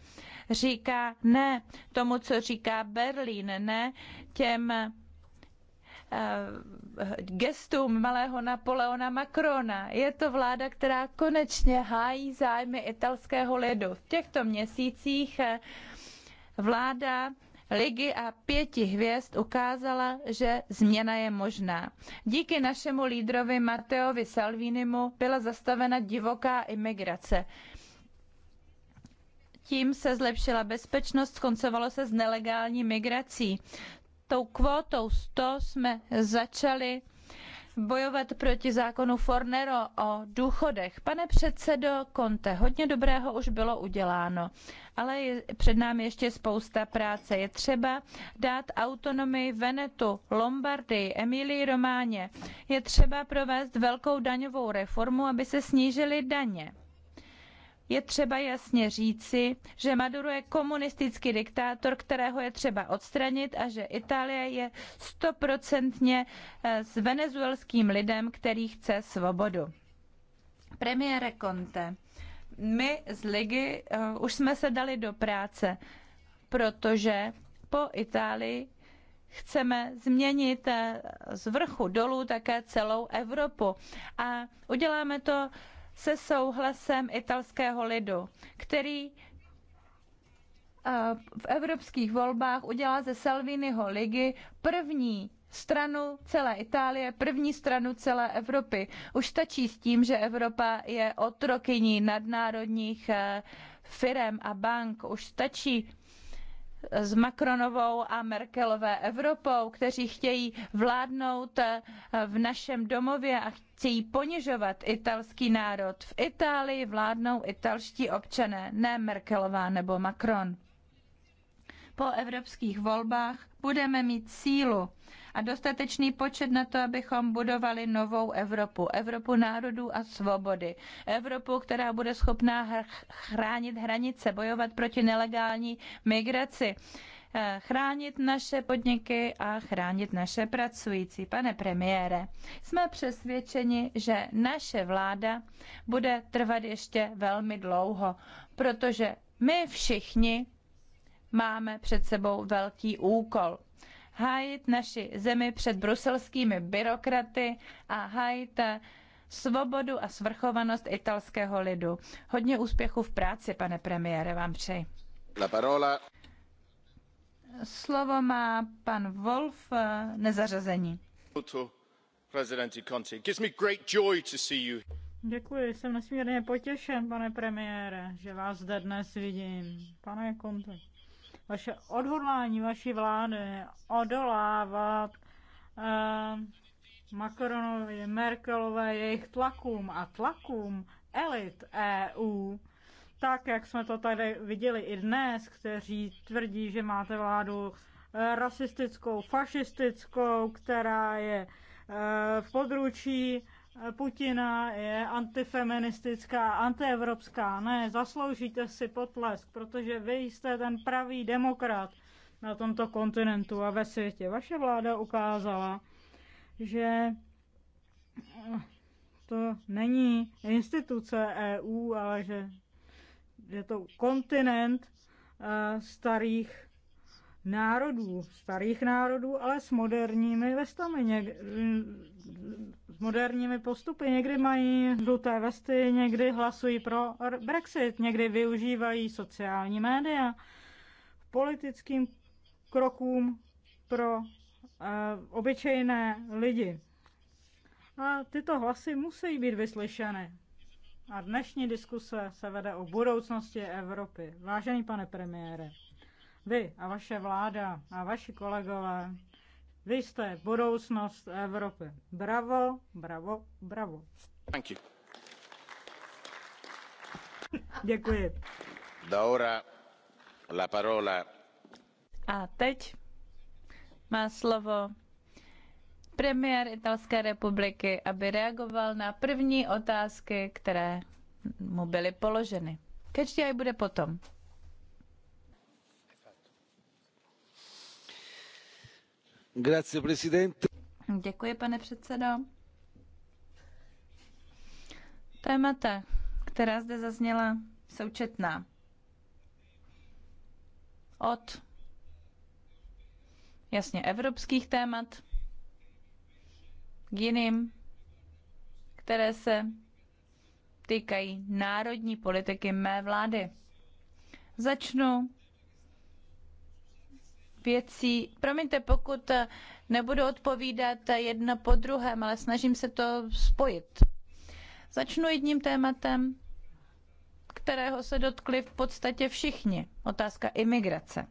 Říká ne tomu, co říká Berlín, ne těm Eh, gestům malého Napoleona Macrona. Je to vláda, která konečně hájí zájmy italského lidu. V těchto měsících eh, vláda ligy a pěti hvězd ukázala, že změna je možná. Díky našemu lídrovi Matteovi Salvinimu byla zastavena divoká imigrace. Tím se zlepšila bezpečnost, skoncovalo se s nelegální migrací tou kvótou 100 jsme začali bojovat proti zákonu Fornero o důchodech. Pane předsedo Conte, hodně dobrého už bylo uděláno, ale je před námi ještě spousta práce. Je třeba dát autonomii Venetu, Lombardii, Emilii Románě. Je třeba provést velkou daňovou reformu, aby se snížily daně je třeba jasně říci, že Maduro je komunistický diktátor, kterého je třeba odstranit a že Itálie je stoprocentně eh, s venezuelským lidem, který chce svobodu. Premiére Conte, my z Ligy uh, už jsme se dali do práce, protože po Itálii chceme změnit eh, z vrchu dolů také celou Evropu. A uděláme to se souhlasem italského lidu, který eh, v evropských volbách udělá ze Salviniho ligy první stranu celé Itálie, první stranu celé Evropy. Už stačí s tím, že Evropa je otrokyní nadnárodních eh, firem a bank. Už stačí s Macronovou a Merkelové Evropou, kteří chtějí vládnout eh, v našem domově a chtějí ponižovat italský národ. V Itálii vládnou italští občané, ne Merkelová nebo Macron. Po evropských volbách budeme mít sílu a dostatečný počet na to, abychom budovali novou Evropu. Evropu národů a svobody. Evropu, která bude schopná chránit hranice, bojovat proti nelegální migraci eh, chránit naše podniky a chránit naše pracující. Pane premiére, jsme přesvědčeni, že naše vláda bude trvat ještě velmi dlouho, protože my všichni máme před sebou velký úkol hájit naši zemi před bruselskými byrokraty a hájit eh, svobodu a svrchovanost italského lidu. Hodně úspěchu v práci, pane premiére, vám přeji. La parola. Slovo má pan Wolf, eh, nezařazení. Děkuji, jsem nesmírně potěšen, pane premiére, že vás zde dnes vidím. Pane Conte, vaše odhodlání vaší vlády odolávat eh, Macronovi, Merkelové, jejich tlakům a tlakům elit EU, tak jak jsme to tady viděli i dnes, kteří tvrdí, že máte vládu eh, rasistickou, fašistickou, která je eh, v područí Putina je antifeministická, antievropská. Ne, zasloužíte si potlesk, protože vy jste ten pravý demokrat na tomto kontinentu a ve světě. Vaše vláda ukázala, že eh, to není instituce EU, ale že je to kontinent eh, starých národů, starých národů, ale s moderními vestami moderními postupy. Někdy mají žluté vesty, někdy hlasují pro Brexit, někdy využívají sociální média v politickým krokům pro uh, obyčejné lidi. A tyto hlasy musí být vyslyšeny. A dnešní diskuse se vede o budoucnosti Evropy. Vážený pane premiére, vy a vaše vláda a vaši kolegové vy jste budoucnost Evropy. Bravo, bravo, bravo. Thank you. Děkuji. Da ora la parola. A teď má slovo premiér Italské republiky, aby reagoval na první otázky, které mu byly položeny. Catch bude potom. Děkuji, pane předsedo. Témata, která zde zazněla, jsou četná. Od jasně evropských témat k jiným, které se týkají národní politiky mé vlády. Začnu věcí. Promiňte, pokud nebudu odpovídat jedna po druhém, ale snažím se to spojit. Začnu jedním tématem, kterého se dotkli v podstatě všichni. Otázka imigrace.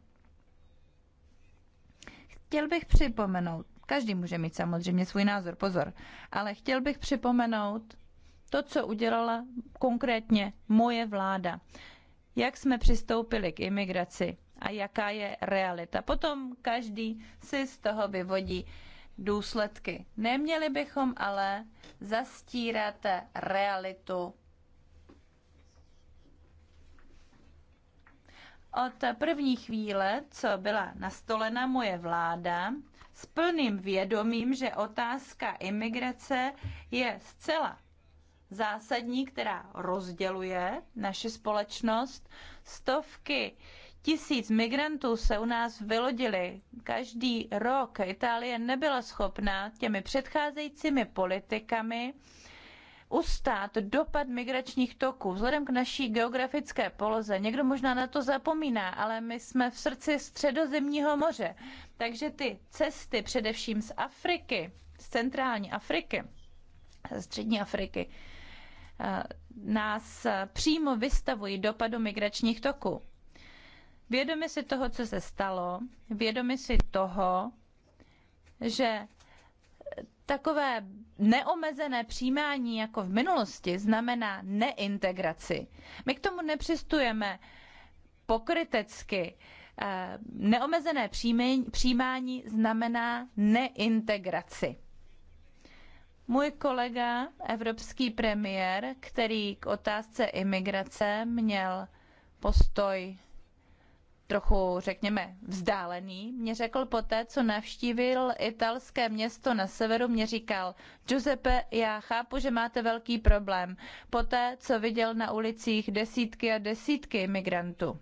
Chtěl bych připomenout, každý může mít samozřejmě svůj názor, pozor, ale chtěl bych připomenout to, co udělala konkrétně moje vláda. Jak jsme přistoupili k imigraci? a jaká je realita. Potom každý si z toho vyvodí důsledky. Neměli bychom ale zastírat realitu. Od první chvíle, co byla nastolena moje vláda, s plným vědomím, že otázka imigrace je zcela zásadní, která rozděluje naši společnost, stovky tisíc migrantů se u nás vylodili. Každý rok Itálie nebyla schopná těmi předcházejícími politikami ustát dopad migračních toků. Vzhledem k naší geografické poloze, někdo možná na to zapomíná, ale my jsme v srdci středozemního moře. Takže ty cesty především z Afriky, z centrální Afriky, ze střední Afriky, eh, nás přímo vystavují dopadu migračních toků. Vědomi si toho, co se stalo, vědomi si toho, že takové neomezené přijímání jako v minulosti znamená neintegraci. My k tomu nepřistujeme pokrytecky. Eh, neomezené přijímání znamená neintegraci. Můj kolega, evropský premiér, který k otázce imigrace měl postoj trochu, řekněme, vzdálený, mě řekl poté, co navštívil italské město na severu, mě říkal, Giuseppe, já chápu, že máte velký problém, poté, co viděl na ulicích desítky a desítky imigrantů.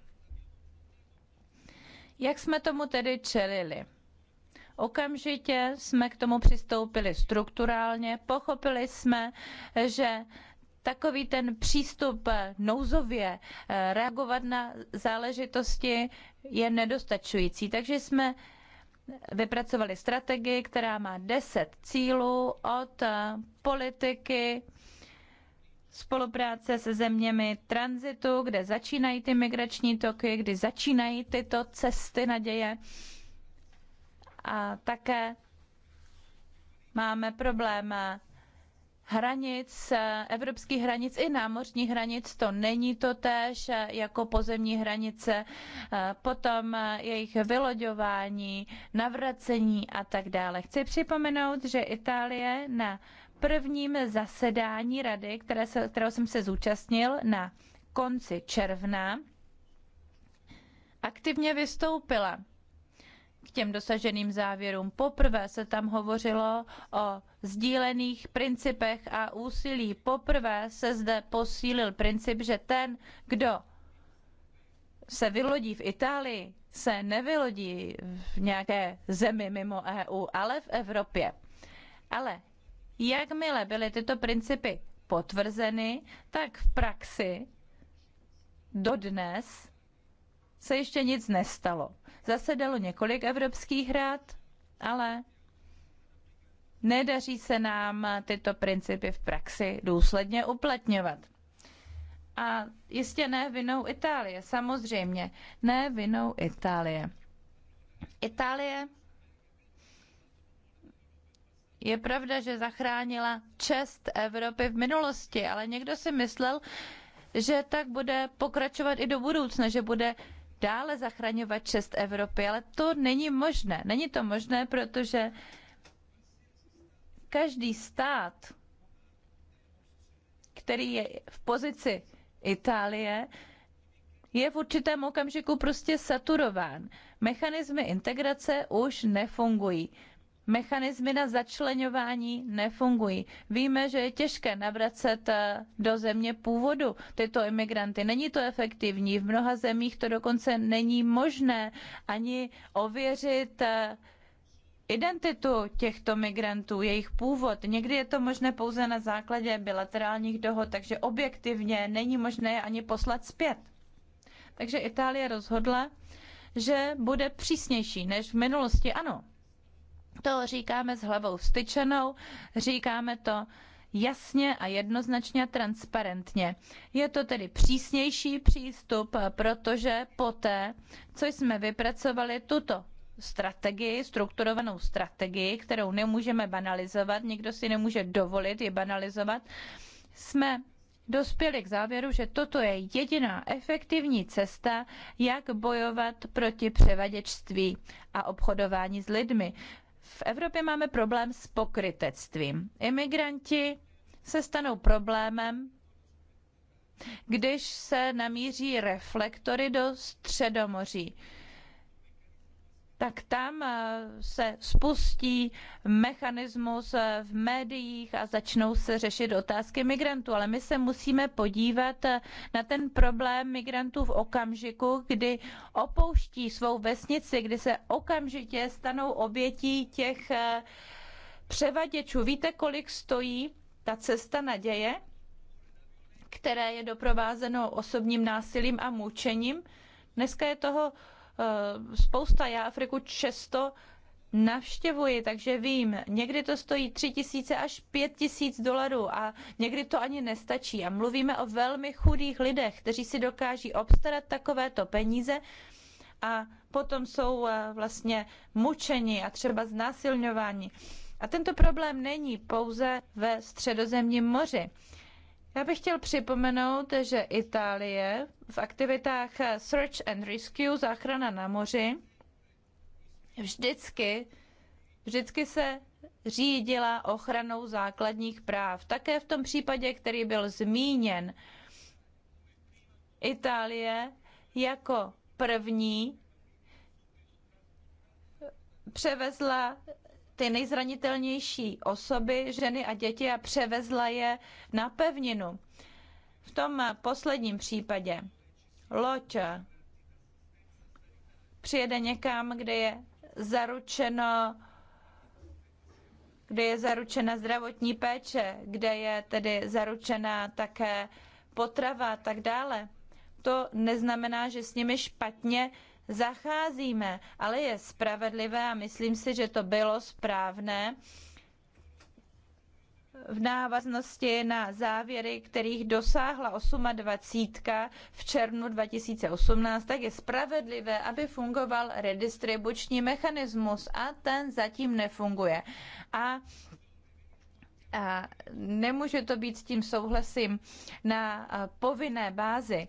Jak jsme tomu tedy čelili? Okamžitě jsme k tomu přistoupili strukturálně, pochopili jsme, že takový ten přístup eh, nouzově eh, reagovat na záležitosti je nedostačující. Takže jsme vypracovali strategii, která má deset cílů od eh, politiky, spolupráce se zeměmi tranzitu, kde začínají ty migrační toky, kdy začínají tyto cesty naděje. A také máme problém hranic, eh, evropských hranic i námořních hranic, to není to též eh, jako pozemní hranice, eh, potom jejich vyloďování, navracení a tak dále. Chci připomenout, že Itálie na prvním zasedání rady, které se, kterého jsem se zúčastnil na konci června, aktivně vystoupila k těm dosaženým závěrům. Poprvé se tam hovořilo o sdílených principech a úsilí. Poprvé se zde posílil princip, že ten, kdo se vylodí v Itálii, se nevylodí v nějaké zemi mimo EU, ale v Evropě. Ale jakmile byly tyto principy potvrzeny, tak v praxi dodnes se ještě nic nestalo zasedalo několik evropských rad, ale nedaří se nám tyto principy v praxi důsledně uplatňovat. A jistě ne vinou Itálie, samozřejmě. Ne vinou Itálie. Itálie je pravda, že zachránila čest Evropy v minulosti, ale někdo si myslel, že tak bude pokračovat i do budoucna, že bude dále zachraňovat čest Evropy, ale to není možné. Není to možné, protože každý stát, který je v pozici Itálie, je v určitém okamžiku prostě saturován. Mechanismy integrace už nefungují mechanismy na začlenování nefungují. Víme, že je těžké navracet eh, do země původu tyto imigranty. Není to efektivní, v mnoha zemích to dokonce není možné ani ověřit eh, identitu těchto migrantů, jejich původ. Někdy je to možné pouze na základě bilaterálních dohod, takže objektivně není možné je ani poslat zpět. Takže Itálie rozhodla, že bude přísnější než v minulosti. Ano, to říkáme s hlavou vstyčenou, říkáme to jasně a jednoznačně a transparentně. Je to tedy přísnější přístup, protože poté, co jsme vypracovali tuto strategii, strukturovanou strategii, kterou nemůžeme banalizovat, nikdo si nemůže dovolit ji banalizovat, jsme dospěli k závěru, že toto je jediná efektivní cesta, jak bojovat proti převaděčství a obchodování s lidmi. V Evropě máme problém s pokrytectvím. Imigranti se stanou problémem, když se namíří reflektory do Středomoří tak tam eh, se spustí mechanismus eh, v médiích a začnou se řešit otázky migrantů. Ale my se musíme podívat eh, na ten problém migrantů v okamžiku, kdy opouští svou vesnici, kdy se okamžitě stanou obětí těch převaděčů. Víte, kolik stojí ta cesta naděje, které je doprovázeno osobním násilím a mučením? Dneska je toho Eh, spousta. Já Afriku často navštěvuji, takže vím, někdy to stojí 3 tisíce až 5 tisíc dolarů a někdy to ani nestačí. A mluvíme o velmi chudých lidech, kteří si dokáží obstarat takovéto peníze a potom jsou eh, vlastně mučeni a třeba znásilňováni. A tento problém není pouze ve středozemním moři. Já bych chtěl připomenout, že Itálie v aktivitách Search and Rescue, záchrana na moři, vždycky, vždycky se řídila ochranou základních práv. Také v tom případě, který byl zmíněn, Itálie jako první převezla ty nejzranitelnější osoby, ženy a děti a převezla je na pevninu. V tom posledním případě loď přijede někam, kde je zaručeno kde je zaručena zdravotní péče, kde je tedy zaručena také potrava a tak dále. To neznamená, že s nimi špatně zacházíme, ale je spravedlivé a myslím si, že to bylo správné v návaznosti na závěry, kterých dosáhla 28. v červnu 2018, tak je spravedlivé, aby fungoval redistribuční mechanismus a ten zatím nefunguje. A a nemůže to být s tím souhlasím na povinné bázi.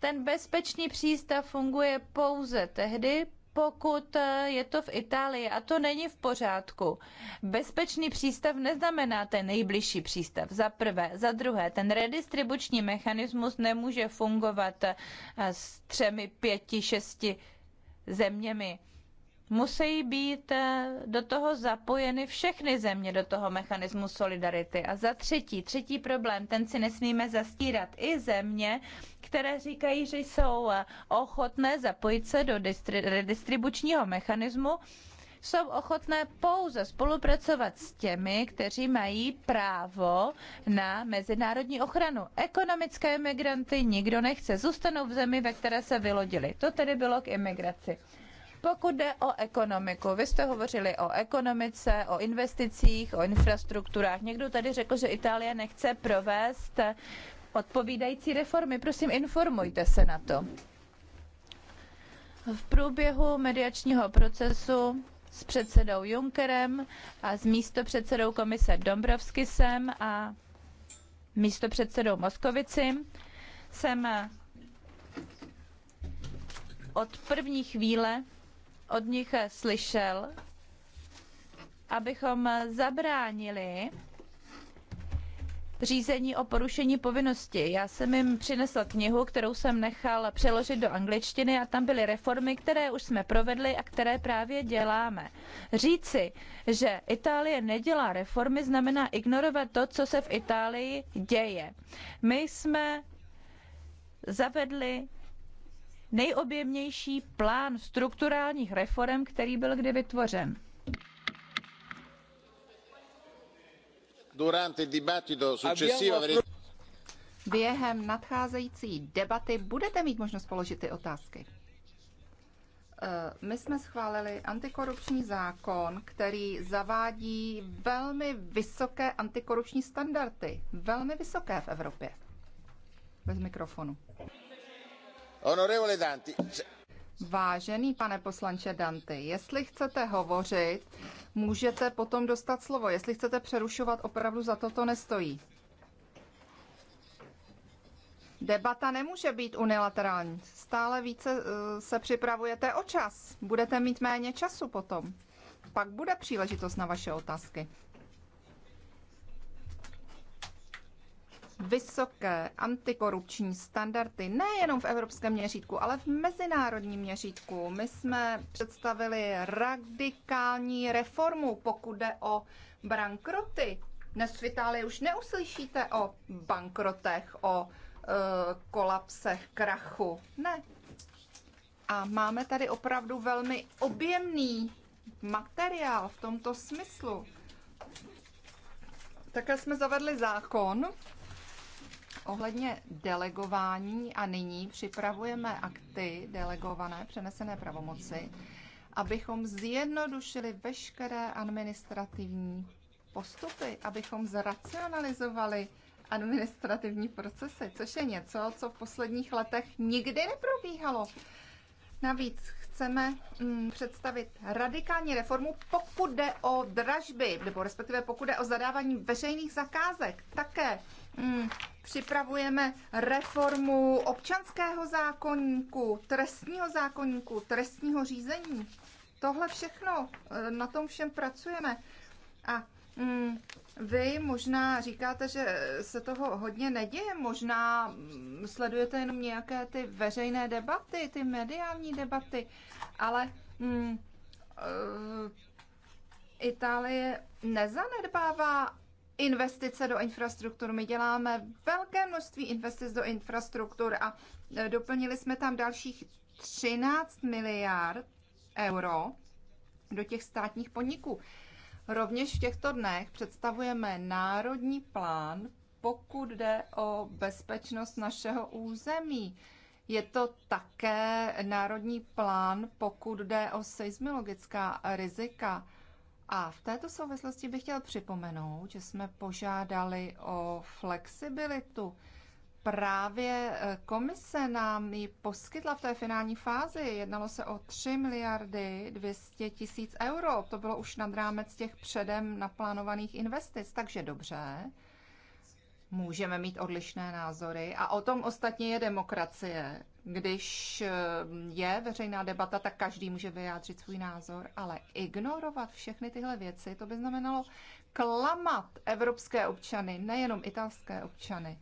Ten bezpečný přístav funguje pouze tehdy, pokud eh, je to v Itálii a to není v pořádku. Bezpečný přístav neznamená ten nejbližší přístav, za prvé. Za druhé, ten redistribuční mechanismus nemůže fungovat eh, s třemi, pěti, šesti zeměmi musí být eh, do toho zapojeny všechny země do toho mechanismu solidarity. A za třetí, třetí problém, ten si nesmíme zastírat. I země, které říkají, že jsou eh, ochotné zapojit se do redistribučního mechanismu, jsou ochotné pouze spolupracovat s těmi, kteří mají právo na mezinárodní ochranu. Ekonomické imigranty nikdo nechce, zůstanou v zemi, ve které se vylodili. To tedy bylo k imigraci. Pokud jde o ekonomiku, vy jste hovořili o ekonomice, o investicích, o infrastrukturách. Někdo tady řekl, že Itálie nechce provést odpovídající reformy. Prosím, informujte se na to. V průběhu mediačního procesu s předsedou Junckerem a s místopředsedou komise Dombrovskisem a místopředsedou Moskovicim jsem od první chvíle od nich slyšel, abychom zabránili řízení o porušení povinnosti. Já jsem jim přinesl knihu, kterou jsem nechal přeložit do angličtiny a tam byly reformy, které už jsme provedli a které právě děláme. Říci, že Itálie nedělá reformy, znamená ignorovat to, co se v Itálii děje. My jsme zavedli nejobjemnější plán strukturálních reform, který byl kdy vytvořen. Během nadcházející debaty budete mít možnost položit ty otázky. Eh, my jsme schválili antikorupční zákon, který zavádí velmi vysoké antikorupční standardy. Velmi vysoké v Evropě. Bez mikrofonu. Vážený pane poslanče Danty, jestli chcete hovořit, můžete potom dostat slovo. Jestli chcete přerušovat, opravdu za toto nestojí. Debata nemůže být unilaterální. Stále více eh, se připravujete o čas. Budete mít méně času potom. Pak bude příležitost na vaše otázky. vysoké antikorupční standardy, nejenom v evropském měřítku, ale v mezinárodním měřítku. My jsme představili radikální reformu, pokud jde o bankroty. Dnes v Itálii už neuslyšíte o bankrotech, o e, kolapsech, krachu. Ne. A máme tady opravdu velmi objemný materiál v tomto smyslu. Také jsme zavedli zákon, ohledně delegování a nyní připravujeme akty delegované přenesené pravomoci, abychom zjednodušili veškeré administrativní postupy, abychom zracionalizovali administrativní procesy, což je něco, co v posledních letech nikdy neprobíhalo. Navíc chceme mm, představit radikální reformu, pokud jde o dražby, nebo respektive pokud jde o zadávání veřejných zakázek. Také mm, připravujeme reformu občanského zákonníku, trestního zákonníku, trestního řízení. Tohle všechno, eh, na tom všem pracujeme. A Mm, vy možná říkáte, že se toho hodně neděje, možná mm, sledujete jenom nějaké ty veřejné debaty, ty mediální debaty, ale mm, uh, Itálie nezanedbává investice do infrastruktur. My děláme velké množství investic do infrastruktur a eh, doplnili jsme tam dalších 13 miliard euro do těch státních podniků. Rovněž v těchto dnech představujeme národní plán, pokud jde o bezpečnost našeho území. Je to také národní plán, pokud jde o seismologická rizika. A v této souvislosti bych chtěl připomenout, že jsme požádali o flexibilitu právě eh, komise nám ji poskytla v té finální fázi. Jednalo se o 3 miliardy 200 tisíc euro. To bylo už nad rámec těch předem naplánovaných investic, takže dobře. Můžeme mít odlišné názory a o tom ostatně je demokracie. Když eh, je veřejná debata, tak každý může vyjádřit svůj názor, ale ignorovat všechny tyhle věci, to by znamenalo klamat evropské občany, nejenom italské občany.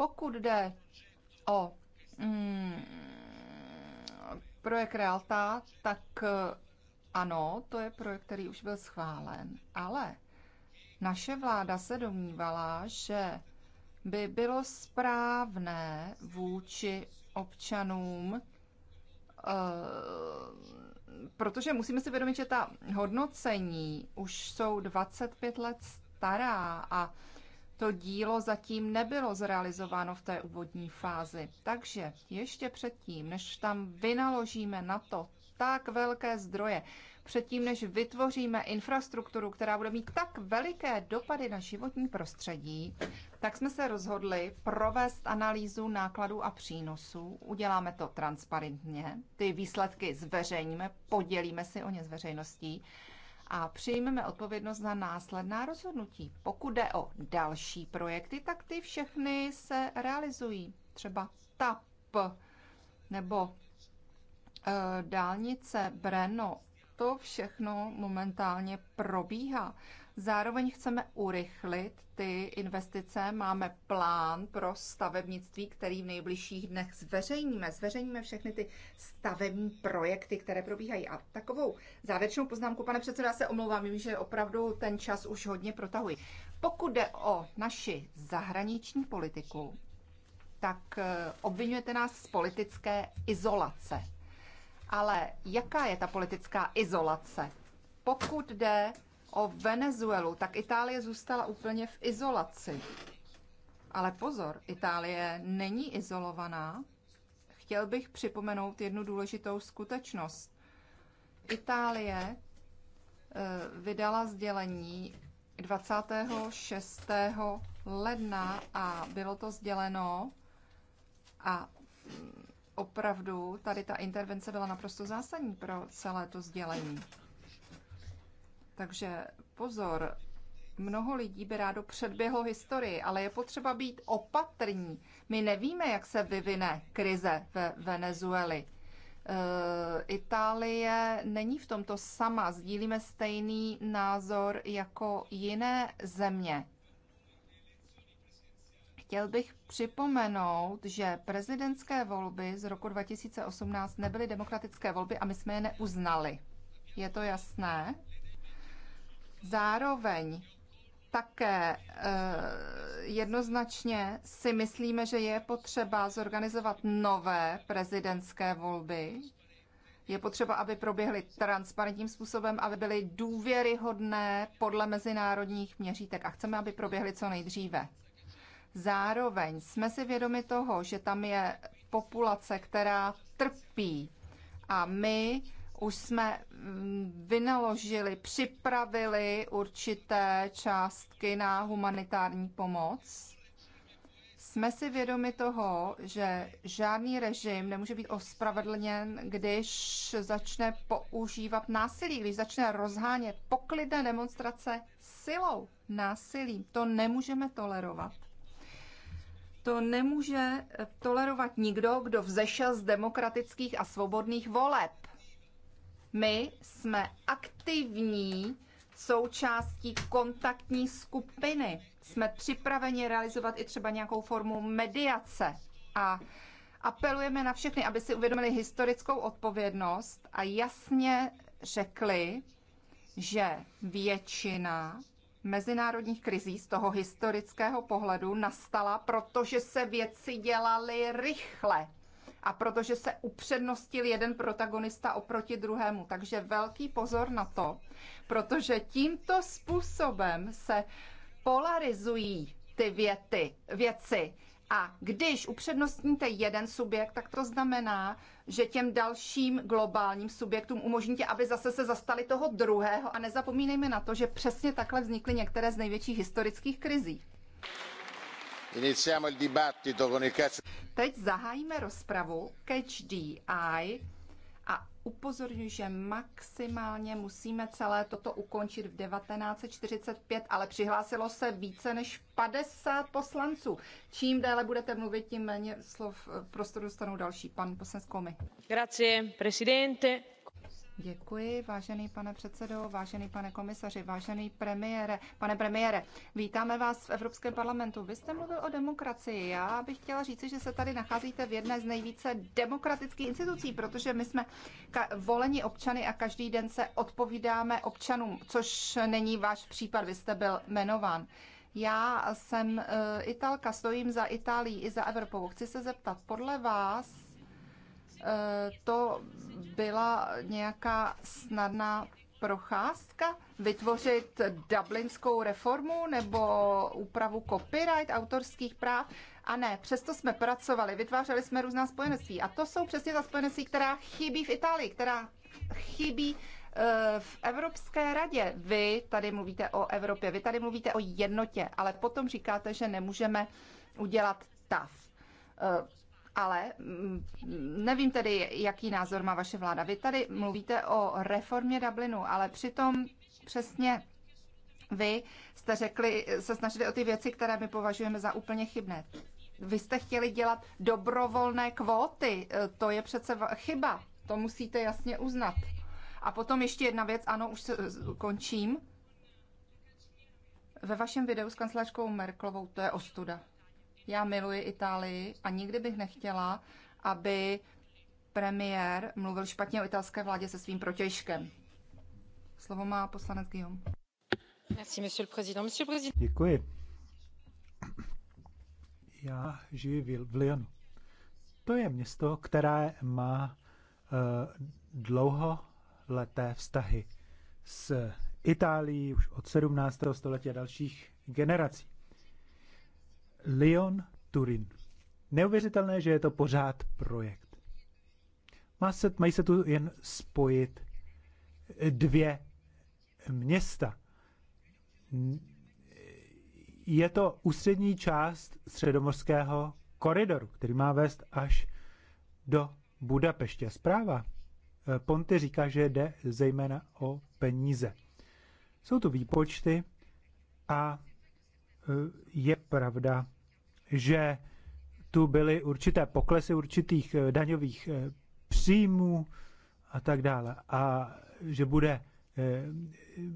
Pokud jde o mm, projekt Realta, tak eh, ano, to je projekt, který už byl schválen, ale naše vláda se domnívala, že by bylo správné vůči občanům, eh, protože musíme si vědomit, že ta hodnocení už jsou 25 let stará a to dílo zatím nebylo zrealizováno v té úvodní fázi. Takže ještě předtím, než tam vynaložíme na to tak velké zdroje, předtím, než vytvoříme infrastrukturu, která bude mít tak veliké dopady na životní prostředí, tak jsme se rozhodli provést analýzu nákladů a přínosů. Uděláme to transparentně, ty výsledky zveřejníme, podělíme si o ně s veřejností a přijmeme odpovědnost za následná rozhodnutí. Pokud jde o další projekty, tak ty všechny se realizují. Třeba TAP nebo e, dálnice Breno. To všechno momentálně probíhá. Zároveň chceme urychlit ty investice. Máme plán pro stavebnictví, který v nejbližších dnech zveřejníme. Zveřejníme všechny ty stavební projekty, které probíhají. A takovou závěrečnou poznámku, pane předsedo, já se omlouvám, vím, že opravdu ten čas už hodně protahuji. Pokud jde o naši zahraniční politiku, tak eh, obvinujete nás z politické izolace. Ale jaká je ta politická izolace? Pokud jde o Venezuelu, tak Itálie zůstala úplně v izolaci. Ale pozor, Itálie není izolovaná. Chtěl bych připomenout jednu důležitou skutečnost. Itálie eh, vydala sdělení 26. ledna a bylo to sděleno a mm, opravdu tady ta intervence byla naprosto zásadní pro celé to sdělení. Takže pozor, mnoho lidí by rádo předběhlo historii, ale je potřeba být opatrní. My nevíme, jak se vyvine krize ve Venezueli. E, Itálie není v tomto sama, sdílíme stejný názor jako jiné země. Chtěl bych připomenout, že prezidentské volby z roku 2018 nebyly demokratické volby a my jsme je neuznali. Je to jasné? Zároveň také eh, jednoznačně si myslíme, že je potřeba zorganizovat nové prezidentské volby. Je potřeba, aby proběhly transparentním způsobem, aby byly důvěryhodné podle mezinárodních měřítek a chceme, aby proběhly co nejdříve. Zároveň jsme si vědomi toho, že tam je populace, která trpí a my už jsme mm, vynaložili, připravili určité částky na humanitární pomoc. Jsme si vědomi toho, že žádný režim nemůže být ospravedlněn, když začne používat násilí, když začne rozhánět poklidné demonstrace silou, násilím. To nemůžeme tolerovat. To nemůže tolerovat nikdo, kdo vzešel z demokratických a svobodných voleb my jsme aktivní součástí kontaktní skupiny. Jsme připraveni realizovat i třeba nějakou formu mediace a apelujeme na všechny, aby si uvědomili historickou odpovědnost a jasně řekli, že většina mezinárodních krizí z toho historického pohledu nastala, protože se věci dělaly rychle, a protože se upřednostil jeden protagonista oproti druhému. Takže velký pozor na to, protože tímto způsobem se polarizují ty věty, věci. A když upřednostníte jeden subjekt, tak to znamená, že těm dalším globálním subjektům umožníte, aby zase se zastali toho druhého. A nezapomínejme na to, že přesně takhle vznikly některé z největších historických krizí. Teď zahájíme rozpravu Catch DI a upozorňuji, že maximálně musíme celé toto ukončit v 1945, ale přihlásilo se více než 50 poslanců. Čím déle budete mluvit, tím méně slov eh, prostoru dostanou další. Pan poslanec Komi. Grazie, presidente. Děkuji, vážený pane předsedo, vážený pane komisaři, vážený premiére. Pane premiére, vítáme vás v Evropském parlamentu. Vy jste mluvil o demokracii. Já bych chtěla říci, že se tady nacházíte v jedné z nejvíce demokratických institucí, protože my jsme voleni občany a každý den se odpovídáme občanům, což není váš případ, vy jste byl jmenován. Já jsem eh, Italka, stojím za Itálií i za Evropou. Chci se zeptat, podle vás Eh, to byla nějaká snadná procházka? Vytvořit dublinskou reformu nebo úpravu copyright autorských práv? A ne, přesto jsme pracovali, vytvářeli jsme různá spojenectví. A to jsou přesně ta spojenectví, která chybí v Itálii, která chybí eh, v Evropské radě. Vy tady mluvíte o Evropě, vy tady mluvíte o jednotě, ale potom říkáte, že nemůžeme udělat TAF. Eh, ale mm, nevím tedy, jaký názor má vaše vláda. Vy tady mluvíte o reformě Dublinu, ale přitom přesně vy jste řekli, se snažili o ty věci, které my považujeme za úplně chybné. Vy jste chtěli dělat dobrovolné kvóty, to je přece chyba, to musíte jasně uznat. A potom ještě jedna věc, ano, už se, končím. Ve vašem videu s kancelářkou Merklovou to je ostuda. Já miluji Itálii a nikdy bych nechtěla, aby premiér mluvil špatně o italské vládě se svým protěžkem. Slovo má poslanec Guillaume. Děkuji. Já žiji v Lyonu. To je město, které má uh, dlouholeté vztahy s Itálií už od 17. století a dalších generací. Lyon, Turin. Neuvěřitelné, že je to pořád projekt. Má se, mají se tu jen spojit eh, dvě města. Je to ústřední část středomorského koridoru, který má vést až do Budapeště. Zpráva eh, Ponty říká, že jde zejména o peníze. Jsou tu výpočty a je pravda, že tu byly určité poklesy určitých eh, daňových eh, příjmů a tak dále. A že bude eh,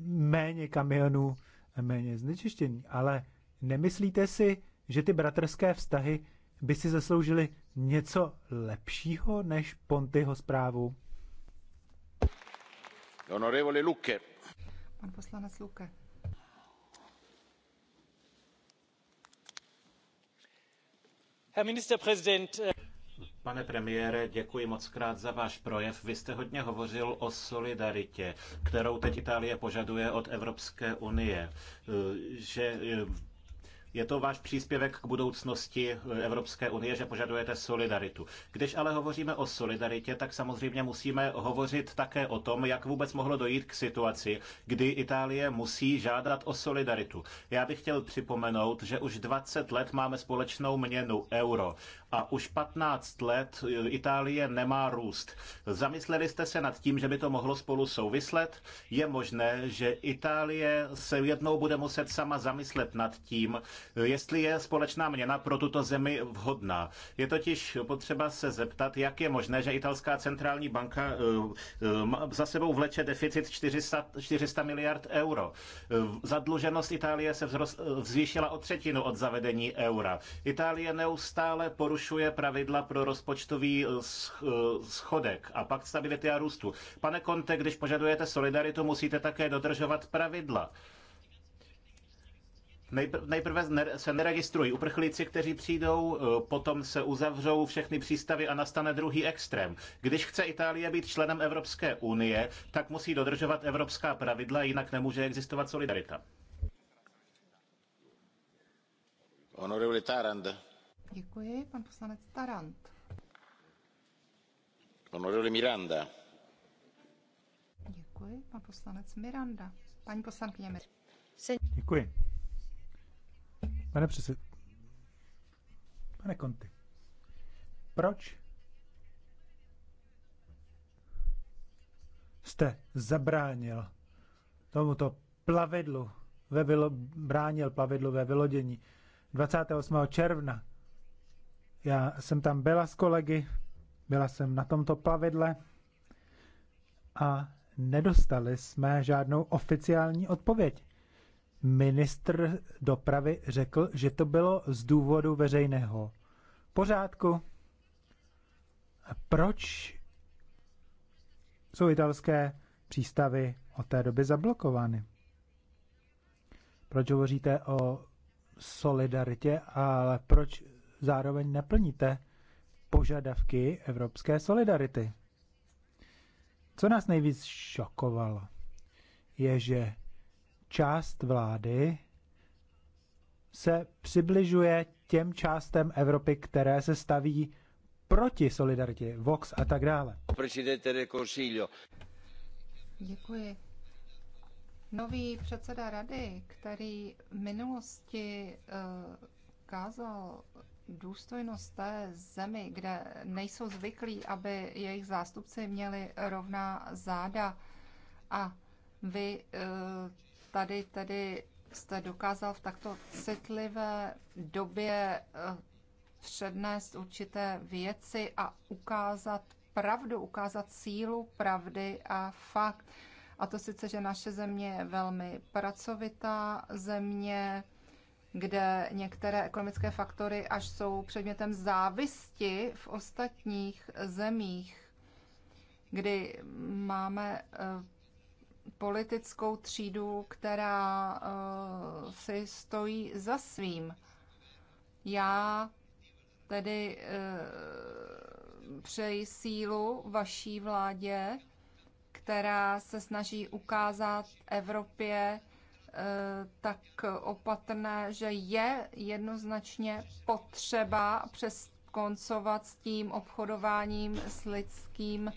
méně kamionů, méně znečištění. Ale nemyslíte si, že ty bratrské vztahy by si zasloužily něco lepšího než Pontyho zprávu? Honorevole Luke. Pan poslanec Luke. Äh, Pane premiére, děkuji mockrát za váš projev. Vy jste hodně hovořil o solidaritě, kterou teď Itálie požaduje od Evropské unie. Eh, že eh, je to váš příspěvek k budoucnosti eh, Evropské unie, že požadujete solidaritu. Když ale hovoříme o solidaritě, tak samozřejmě musíme hovořit také o tom, jak vůbec mohlo dojít k situaci, kdy Itálie musí žádat o solidaritu. Já bych chtěl připomenout, že už 20 let máme společnou měnu euro a už 15 let eh, Itálie nemá růst. Zamysleli jste se nad tím, že by to mohlo spolu souvislet? Je možné, že Itálie se jednou bude muset sama zamyslet nad tím, eh, jestli je společná měna pro tuto zemi vhodná. Je totiž potřeba se zeptat, jak je možné, že italská centrální banka eh, za sebou vleče deficit 400, 400 miliard euro. Zadluženost Itálie se vzrost, zvýšila o třetinu od zavedení eura. Itálie neustále porušuje porušuje pravidla pro rozpočtový eh, eh, schodek a pak stability a růstu. Pane Konte, když požadujete solidaritu, musíte také dodržovat pravidla. Nejprve se neregistrují uprchlíci, kteří přijdou, eh, potom se uzavřou všechny přístavy a nastane druhý extrém. Když chce Itálie být členem Evropské unie, tak musí dodržovat evropská pravidla, jinak nemůže existovat solidarita. Honorable Tarand. Děkuji. Pan poslanec Tarant. Honorable Miranda. Děkuji. Pan poslanec Miranda. Paní poslankyně Miranda. Děkuji. Pane předsed... Pane Konty, proč jste zabránil tomuto plavidlu, ve vylo, bránil plavidlu ve vylodění 28. června já jsem tam byla s kolegy, byla jsem na tomto plavidle a nedostali jsme žádnou oficiální odpověď. Ministr dopravy řekl, že to bylo z důvodu veřejného pořádku. A proč jsou italské přístavy od té doby zablokovány? Proč hovoříte o solidaritě, ale proč zároveň neplníte požadavky evropské solidarity. Co nás nejvíc šokovalo, je, že část vlády se přibližuje těm částem Evropy, které se staví proti solidaritě, Vox a tak dále. Děkuji. Nový předseda rady, který v minulosti uh, kázal důstojnost té zemi, kde nejsou zvyklí, aby jejich zástupci měli rovná záda a vy eh, tady tedy jste dokázal v takto citlivé době eh, přednést určité věci a ukázat pravdu, ukázat sílu pravdy a fakt. A to sice, že naše země je velmi pracovitá země, kde některé ekonomické faktory až jsou předmětem závisti v ostatních zemích, kdy máme eh, politickou třídu, která eh, si stojí za svým. Já tedy eh, přeji sílu vaší vládě, která se snaží ukázat Evropě, tak opatrné, že je jednoznačně potřeba přes koncovat s tím obchodováním s lidským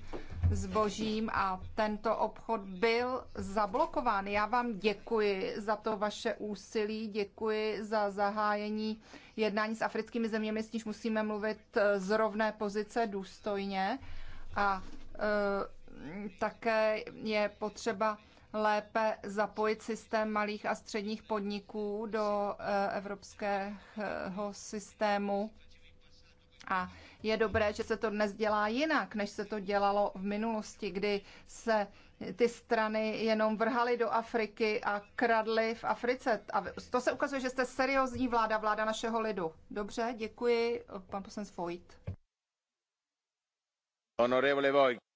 zbožím a tento obchod byl zablokován. Já vám děkuji za to vaše úsilí, děkuji za zahájení jednání s africkými zeměmi, s níž musíme mluvit z rovné pozice důstojně a e, také je potřeba lépe zapojit systém malých a středních podniků do eh, evropského systému. A je dobré, že se to dnes dělá jinak, než se to dělalo v minulosti, kdy se ty strany jenom vrhaly do Afriky a kradly v Africe. A to se ukazuje, že jste seriózní vláda, vláda našeho lidu. Dobře, děkuji, pan poslanec Vojt. Honorable Vojt.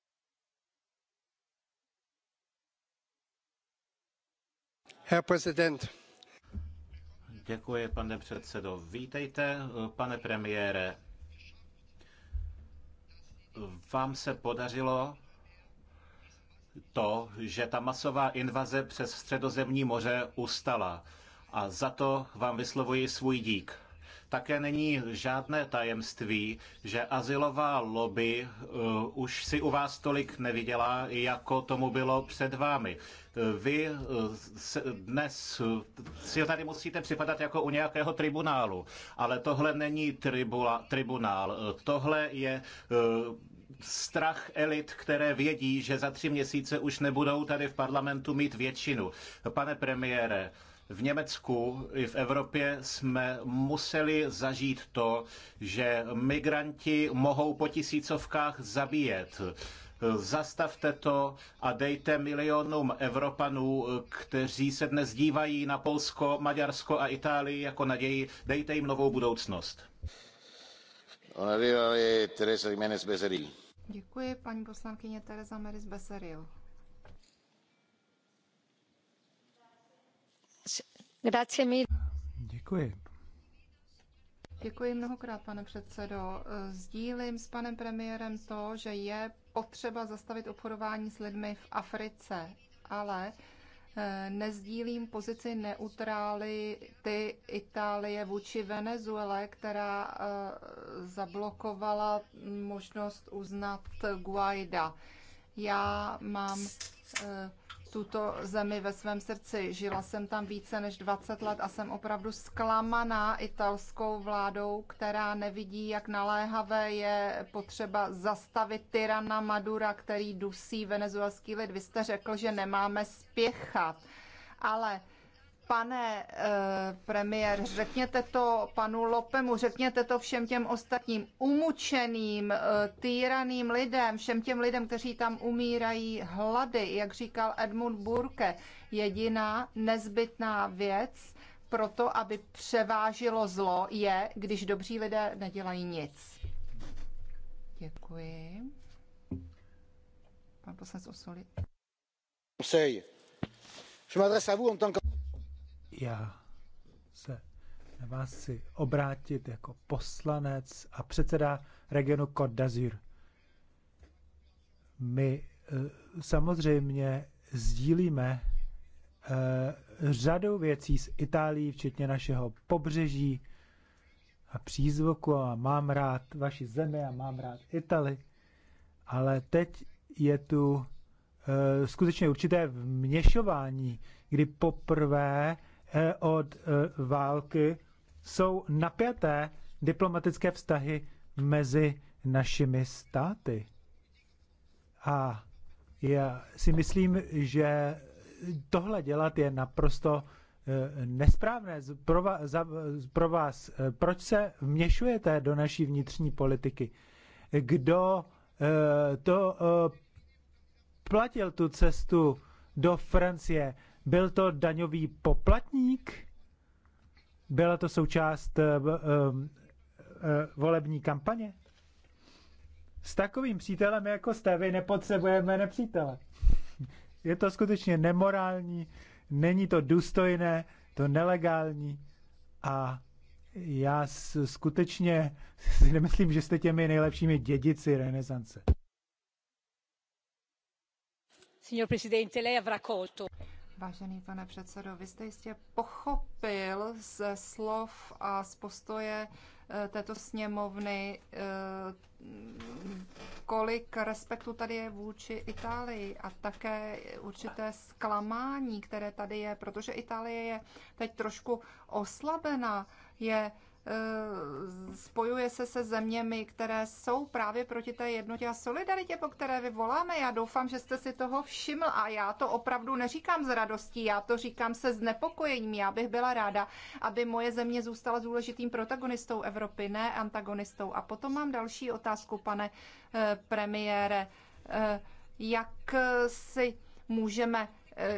Děkuji, pane předsedo. Vítejte, pane premiére. Vám se podařilo to, že ta masová invaze přes středozemní moře ustala. A za to vám vyslovuji svůj dík. Také není žádné tajemství, že asilová lobby eh, už si u vás tolik neviděla, jako tomu bylo před vámi. Vy eh, dnes eh, si tady musíte připadat jako u nějakého tribunálu, ale tohle není tribula, tribunál. Tohle je strach elit, které vědí, že za tři měsíce už nebudou tady v parlamentu mít většinu. Pane premiére, v Německu i v Evropě jsme museli zažít to, že migranti mohou po tisícovkách zabíjet. Zastavte to a dejte milionům Evropanů, kteří se dnes dívají na Polsko, Maďarsko a Itálii jako naději, dejte jim novou budoucnost. Teresa Děkuji, paní poslankyně Teresa Meris Beseril. Děkuji. Děkuji mnohokrát, pane předsedo. Sdílím s panem premiérem to, že je potřeba zastavit obchodování s lidmi v Africe, ale eh, nezdílím pozici neutrály ty Itálie vůči Venezuele, která eh, zablokovala možnost uznat Guaida. Já mám eh, tuto zemi ve svém srdci. Žila jsem tam více než 20 let a jsem opravdu zklamaná italskou vládou, která nevidí, jak naléhavé je potřeba zastavit tyrana Madura, který dusí venezuelský lid. Vy jste řekl, že nemáme spěchat, ale pane eh, premiér, řekněte to panu Lopemu, řekněte to všem těm ostatním umučeným, eh, týraným lidem, všem těm lidem, kteří tam umírají hlady, jak říkal Edmund Burke, jediná nezbytná věc pro to, aby převážilo zlo, je, když dobří lidé nedělají nic. Děkuji. Pan poslanec Osoli. Conseil. Je m'adresse à vous en tant que já se na vás chci obrátit jako poslanec a předseda regionu Côte d'Azur. My eh, samozřejmě sdílíme eh, řadu věcí z Itálií, včetně našeho pobřeží a přízvuku a mám rád vaši zemi a mám rád Itali, ale teď je tu eh, skutečně určité vměšování, kdy poprvé Eh, od eh, války jsou napjaté diplomatické vztahy mezi našimi státy. A já si myslím, že tohle dělat je naprosto eh, nesprávné pro vás, pro vás. Proč se vměšujete do naší vnitřní politiky? Kdo to platil tu cestu do Francie? Byl to daňový poplatník? Byla to součást eh, eh, eh, volební kampaně? S takovým přítelem jako jste vy nepotřebujeme nepřítele. Je to skutečně nemorální, není to důstojné, to nelegální a já skutečně si nemyslím, že jste těmi nejlepšími dědici renesance. Signor Presidente, lei avrà colto. Vážený pane předsedo, vy jste jistě pochopil ze slov a z postoje eh, této sněmovny, eh, kolik respektu tady je vůči Itálii a také určité zklamání, které tady je, protože Itálie je teď trošku oslabena, je Eh, spojuje se se zeměmi, které jsou právě proti té jednotě a solidaritě, po které vy voláme. Já doufám, že jste si toho všiml a já to opravdu neříkám s radostí, já to říkám se znepokojením. Já bych byla ráda, aby moje země zůstala důležitým protagonistou Evropy, ne antagonistou. A potom mám další otázku, pane eh, premiére. Eh, jak si můžeme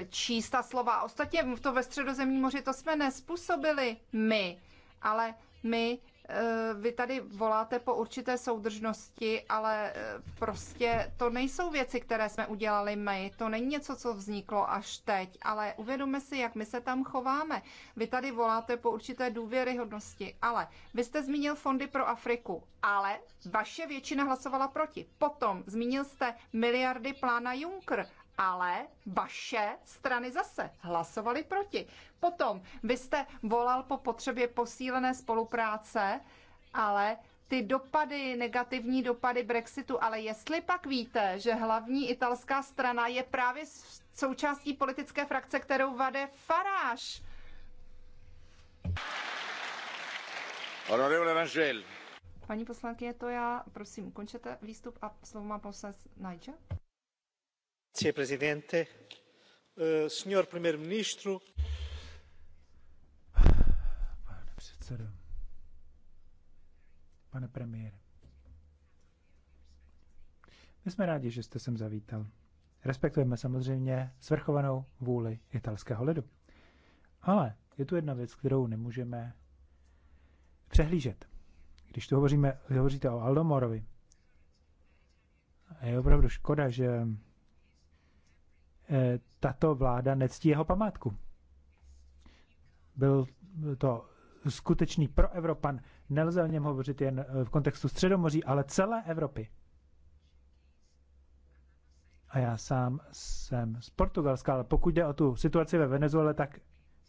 číst ta slova? Ostatně to ve Středozemní moři to jsme nespůsobili my, ale my eh, vy tady voláte po určité soudržnosti, ale eh, prostě to nejsou věci, které jsme udělali my. To není něco, co vzniklo až teď, ale uvědomme si, jak my se tam chováme. Vy tady voláte po určité důvěryhodnosti, ale vy jste zmínil fondy pro Afriku, ale vaše většina hlasovala proti. Potom zmínil jste miliardy plána Juncker, ale vaše strany zase hlasovaly proti. Potom vy jste volal po potřebě posílené spolupráce, ale ty dopady, negativní dopady Brexitu, ale jestli pak víte, že hlavní italská strana je právě součástí politické frakce, kterou vade Farage. Paní poslankyně, to já, prosím, ukončete výstup a slovo má poslanec Nigel. Eh, pane předsedo, pane premiére, my jsme rádi, že jste sem zavítal. Respektujeme samozřejmě svrchovanou vůli italského lidu. Ale je tu jedna věc, kterou nemůžeme přehlížet. Když tu hovoříme, hovoříte o Aldomorovi, je opravdu škoda, že Eh, tato vláda nectí jeho památku. Byl to skutečný proevropan. Nelze o něm hovořit jen eh, v kontextu Středomoří, ale celé Evropy. A já sám jsem z Portugalska, ale pokud jde o tu situaci ve Venezuele, tak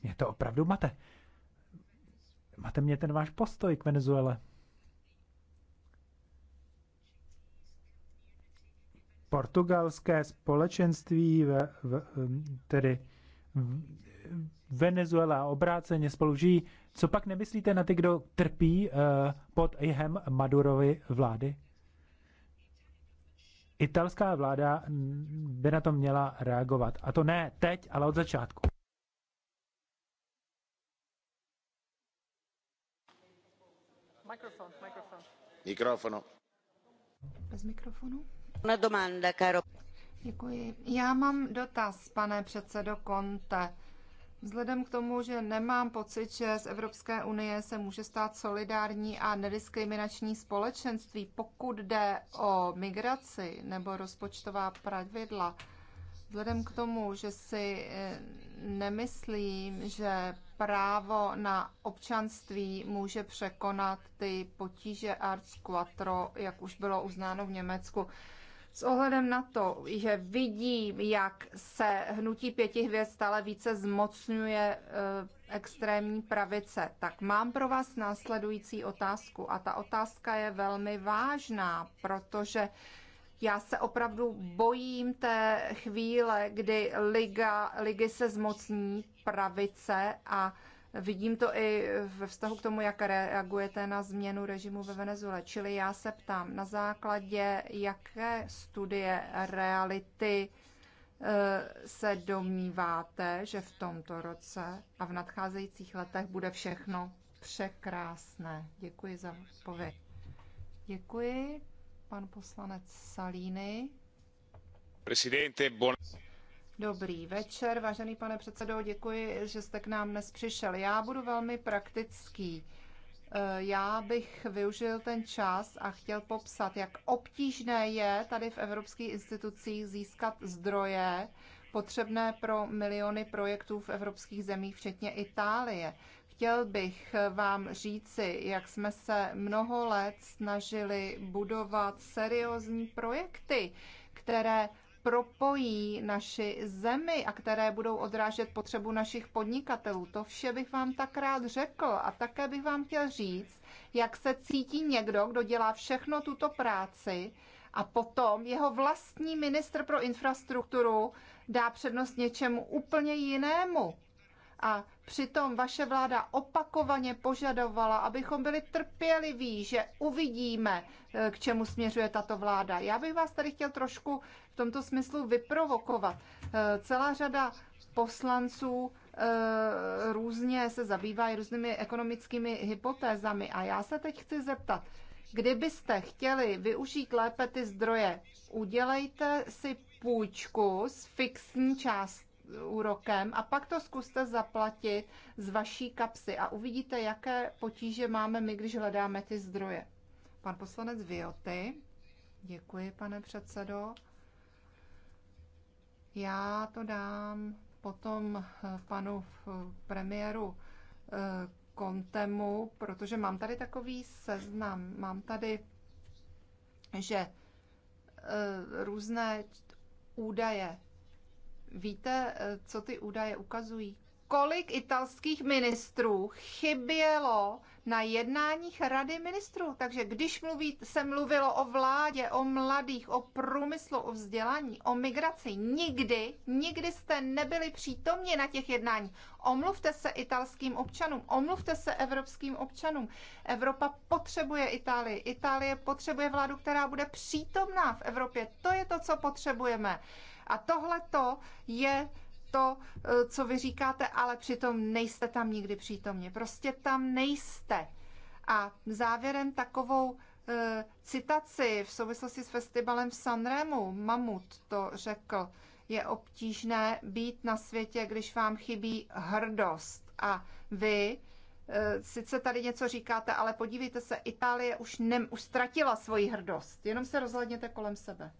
mě to opravdu mate. Máte mě ten váš postoj k Venezuele? portugalské společenství, v, v, tedy Venezuela obráceně spolu žijí. Co pak nemyslíte na ty, kdo trpí uh, pod jehem Madurovy vlády? Italská vláda by na to měla reagovat. A to ne teď, ale od začátku. Mikrofon, mikrofon. Mikrofono. Bez mikrofonu. Děkuji. Já mám dotaz, pane předsedo Conte. Vzhledem k tomu, že nemám pocit, že z Evropské unie se může stát solidární a nediskriminační společenství, pokud jde o migraci nebo rozpočtová pravidla, vzhledem k tomu, že si eh, nemyslím, že právo na občanství může překonat ty potíže Arts Quattro, jak už bylo uznáno v Německu, s ohledem na to, že vidím, jak se hnutí pěti hvězd stále více zmocňuje eh, extrémní pravice, tak mám pro vás následující otázku. A ta otázka je velmi vážná, protože já se opravdu bojím té chvíle, kdy liga, ligy se zmocní pravice a Vidím to i ve vztahu k tomu, jak reagujete na změnu režimu ve Venezuele. Čili já se ptám, na základě jaké studie reality eh, se domníváte, že v tomto roce a v nadcházejících letech bude všechno překrásné. Děkuji za odpověď. Děkuji, pan poslanec Salíny. Presidente, buon... Dobrý večer, vážený pane předsedo, děkuji, že jste k nám dnes přišel. Já budu velmi praktický. Eh, já bych využil ten čas a chtěl popsat, jak obtížné je tady v evropských institucích získat zdroje potřebné pro miliony projektů v evropských zemích, včetně Itálie. Chtěl bych vám říci, jak jsme se mnoho let snažili budovat seriózní projekty, které propojí naši zemi a které budou odrážet potřebu našich podnikatelů. To vše bych vám tak rád řekl a také bych vám chtěl říct, jak se cítí někdo, kdo dělá všechno tuto práci a potom jeho vlastní ministr pro infrastrukturu dá přednost něčemu úplně jinému. A přitom vaše vláda opakovaně požadovala, abychom byli trpěliví, že uvidíme, eh, k čemu směřuje tato vláda. Já bych vás tady chtěl trošku v tomto smyslu vyprovokovat. Eh, celá řada poslanců eh, různě se zabývá různými ekonomickými hypotézami a já se teď chci zeptat, kdybyste chtěli využít lépe ty zdroje, udělejte si půjčku s fixní částí úrokem a pak to zkuste zaplatit z vaší kapsy a uvidíte, jaké potíže máme my, když hledáme ty zdroje. Pan poslanec Vioty. Děkuji, pane předsedo. Já to dám potom eh, panu eh, premiéru eh, Kontemu, protože mám tady takový seznam. Mám tady, že různé údaje Víte, eh, co ty údaje ukazují? Kolik italských ministrů chybělo na jednáních rady ministrů? Takže když mluví, se mluvilo o vládě, o mladých, o průmyslu, o vzdělání, o migraci, nikdy, nikdy jste nebyli přítomni na těch jednáních. Omluvte se italským občanům, omluvte se evropským občanům. Evropa potřebuje Itálii, Itálie potřebuje vládu, která bude přítomná v Evropě. To je to, co potřebujeme. A tohle to je to, eh, co vy říkáte, ale přitom nejste tam nikdy přítomně. Prostě tam nejste. A závěrem takovou eh, citaci v souvislosti s festivalem v Sanremu, Mamut to řekl, je obtížné být na světě, když vám chybí hrdost. A vy eh, sice tady něco říkáte, ale podívejte se, Itálie už, ne, už ztratila svoji hrdost. Jenom se rozhledněte kolem sebe.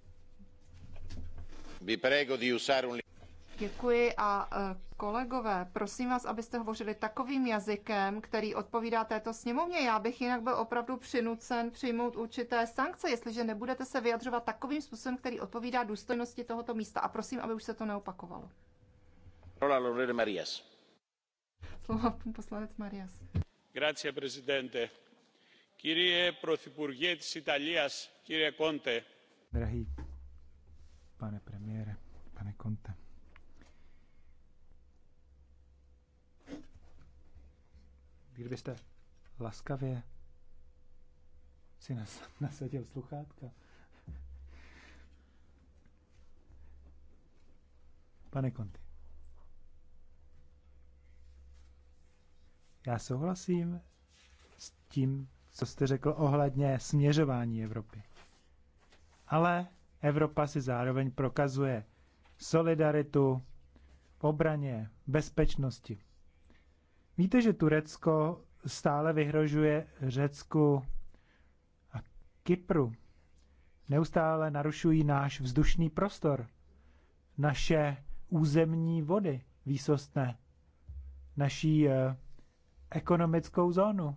Děkuji a eh, kolegové, prosím vás, abyste hovořili takovým jazykem, který odpovídá této sněmovně. Já bych jinak byl opravdu přinucen přijmout určité sankce, jestliže nebudete se vyjadřovat takovým způsobem, který odpovídá důstojnosti tohoto místa. A prosím, aby už se to neopakovalo. Marias. Slovo pan poslanec Marias. Grazie, prezidente. Kyrie prothipurgie Italias, kyrie Conte. Drahý pane premiére, pane Conte. Kdybyste laskavě si nasadil sluchátka. Pane Conte, já souhlasím s tím, co jste řekl ohledně směřování Evropy. Ale Evropa si zároveň prokazuje solidaritu v obraně, bezpečnosti. Víte, že Turecko stále vyhrožuje Řecku a Kypru. Neustále narušují náš vzdušný prostor, naše územní vody výsostné, naší eh, ekonomickou zónu.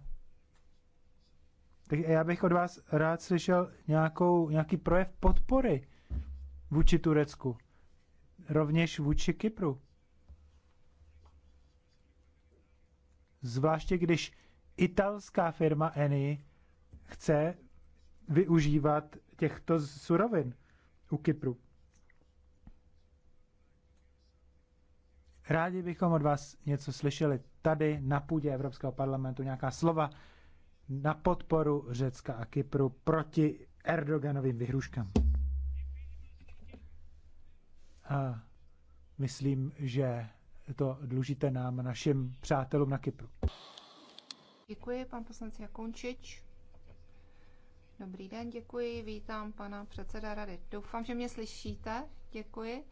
Takže já bych od vás rád slyšel nějakou, nějaký projev podpory vůči Turecku, rovněž vůči Kypru. Zvláště když italská firma Eni chce využívat těchto surovin u Kypru. Rádi bychom od vás něco slyšeli tady na půdě Evropského parlamentu, nějaká slova, na podporu Řecka a Kypru proti Erdoganovým vyhruškám. A myslím, že to dlužíte nám, našim přátelům na Kypru. Děkuji, pan poslanec Jakončič. Dobrý den, děkuji, vítám pana předseda rady. Doufám, že mě slyšíte, děkuji.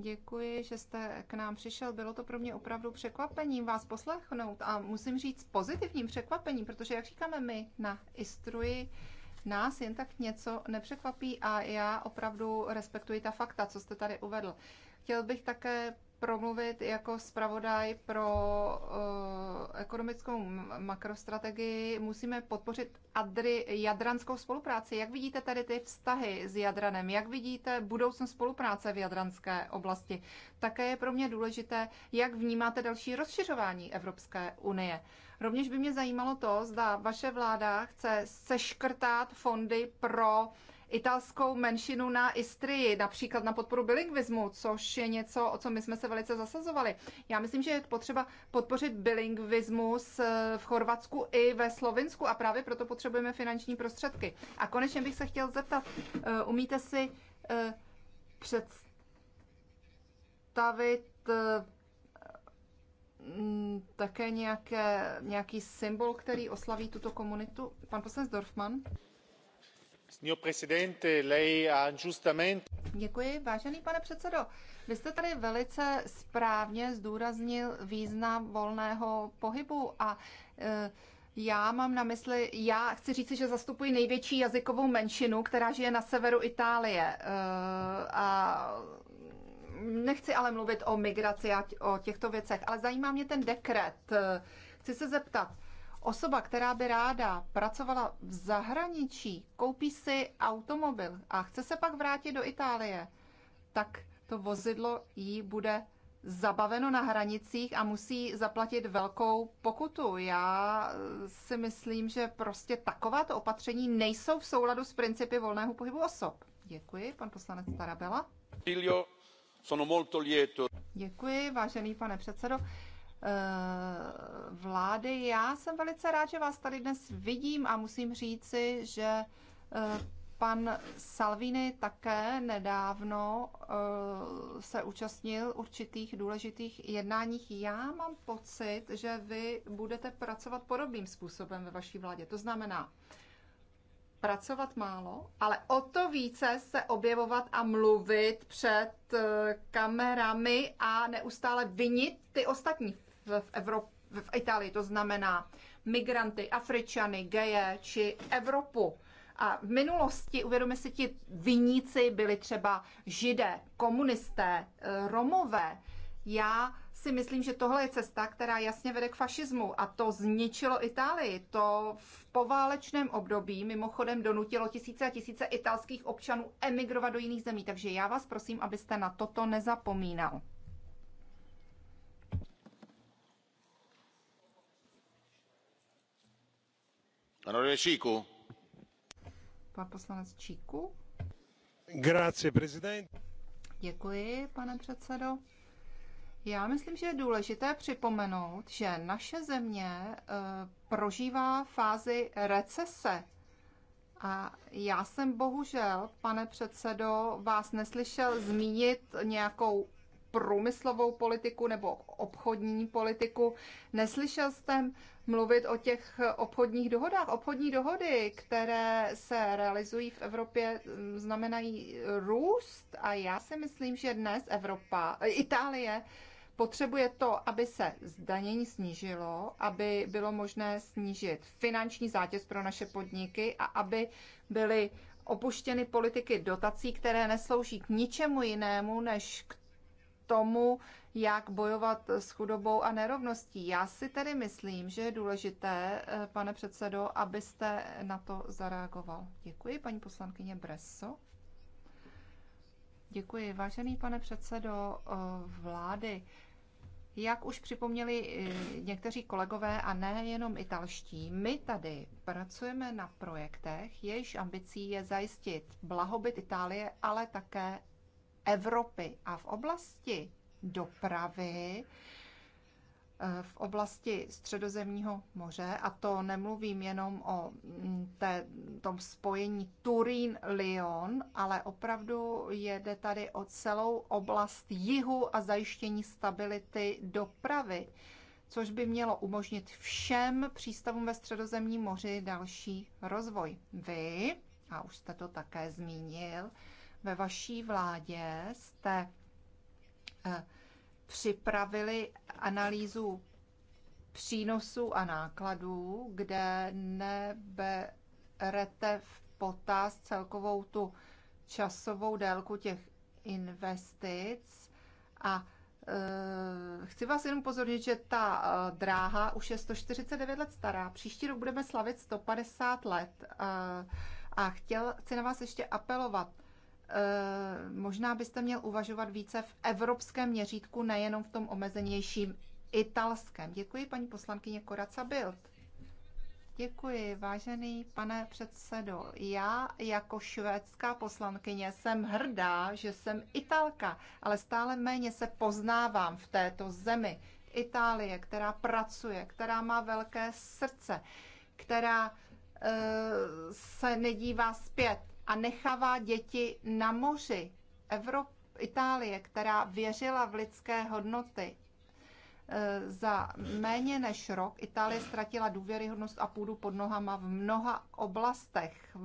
Děkuji, že jste k nám přišel. Bylo to pro mě opravdu překvapením vás poslechnout a musím říct pozitivním překvapením, protože jak říkáme my na Istruji, nás jen tak něco nepřekvapí a já opravdu respektuji ta fakta, co jste tady uvedl. Chtěl bych také promluvit jako zpravodaj pro uh, ekonomickou makrostrategii. Musíme podpořit adry, jadranskou spolupráci. Jak vidíte tady ty vztahy s Jadranem? Jak vidíte budoucnost spolupráce v jadranské oblasti? Také je pro mě důležité, jak vnímáte další rozšiřování Evropské unie. Rovněž by mě zajímalo to, zda vaše vláda chce seškrtat fondy pro italskou menšinu na Istrii, například na podporu bilingvismu, což je něco, o co my jsme se velice zasazovali. Já myslím, že je potřeba podpořit bilingvismus eh, v Chorvatsku i ve Slovinsku a právě proto potřebujeme finanční prostředky. A konečně bych se chtěl zeptat, eh, umíte si eh, představit mm, také nějaké, nějaký symbol, který oslaví tuto komunitu? Pan poslanec Dorfman? Děkuji, vážený pane předsedo. Vy jste tady velice správně zdůraznil význam volného pohybu a e, já mám na mysli, já chci říct, že zastupuji největší jazykovou menšinu, která žije na severu Itálie. E, a nechci ale mluvit o migraci a o těchto věcech, ale zajímá mě ten dekret. Chci se zeptat, Osoba, která by ráda pracovala v zahraničí, koupí si automobil a chce se pak vrátit do Itálie, tak to vozidlo jí bude zabaveno na hranicích a musí zaplatit velkou pokutu. Já si myslím, že prostě takováto opatření nejsou v souladu s principy volného pohybu osob. Děkuji, pan poslanec Tarabela. Děkuji, vážený pane předsedo. Eh, vlády. Já jsem velice rád, že vás tady dnes vidím a musím říci, že eh, pan Salvini také nedávno eh, se účastnil určitých důležitých jednáních. Já mám pocit, že vy budete pracovat podobným způsobem ve vaší vládě. To znamená, pracovat málo, ale o to více se objevovat a mluvit před kamerami a neustále vinit ty ostatní v, Evrop, v Itálii, to znamená migranty, Afričany, geje či Evropu. A v minulosti, uvědomi si, ti viníci byli třeba židé, komunisté, romové. Já si myslím, že tohle je cesta, která jasně vede k fašismu a to zničilo Itálii. To v poválečném období mimochodem donutilo tisíce a tisíce italských občanů emigrovat do jiných zemí. Takže já vás prosím, abyste na toto nezapomínal. Děkuji, pane předsedající Já myslím, že je důležité připomenout, že naše země eh, prožívá fázi recese. A já jsem bohužel, pane předsedo, vás neslyšel zmínit nějakou průmyslovou politiku nebo obchodní politiku. Neslyšel jste mluvit o těch obchodních dohodách. Obchodní dohody, které se realizují v Evropě, mm, znamenají růst a já si myslím, že dnes Evropa, Itálie potřebuje to, aby se zdanění snížilo, aby bylo možné snížit finanční zátěž pro naše podniky a aby byly opuštěny politiky dotací, které neslouží k ničemu jinému, než k tomu, jak bojovat s chudobou a nerovností. Já si tedy myslím, že je důležité, eh, pane předsedo, abyste na to zareagoval. Děkuji, paní poslankyně Bresso. Děkuji, vážený pane předsedo eh, vlády. Jak už připomněli eh, někteří kolegové a nejenom italští, my tady pracujeme na projektech, jejichž ambicí je zajistit blahobyt Itálie, ale také Evropy. A v oblasti dopravy, eh, v oblasti Středozemního moře, a to nemluvím jenom o mm, té, tom spojení Turín-Lyon, ale opravdu jede tady o celou oblast jihu a zajištění stability dopravy což by mělo umožnit všem přístavům ve Středozemním moři další rozvoj. Vy, a už jste to také zmínil, ve vaší vládě jste eh, připravili analýzu přínosů a nákladů, kde neberete v potaz celkovou tu časovou délku těch investic a eh, chci vás jenom pozornit, že ta eh, dráha už je 149 let stará. Příští rok budeme slavit 150 let. A chtěl chci na vás ještě apelovat. Eh, možná byste měl uvažovat více v evropském měřítku, nejenom v tom omezenějším italském. Děkuji paní poslankyně Koraca Bild. Děkuji, vážený pane předsedo. Já jako švédská poslankyně jsem hrdá, že jsem Italka, ale stále méně se poznávám v této zemi. Itálie, která pracuje, která má velké srdce, která eh, se nedívá zpět, a nechává děti na moři. Evropa, Itálie, která věřila v lidské hodnoty, e, za méně než rok Itálie ztratila důvěryhodnost a půdu pod nohama v mnoha oblastech.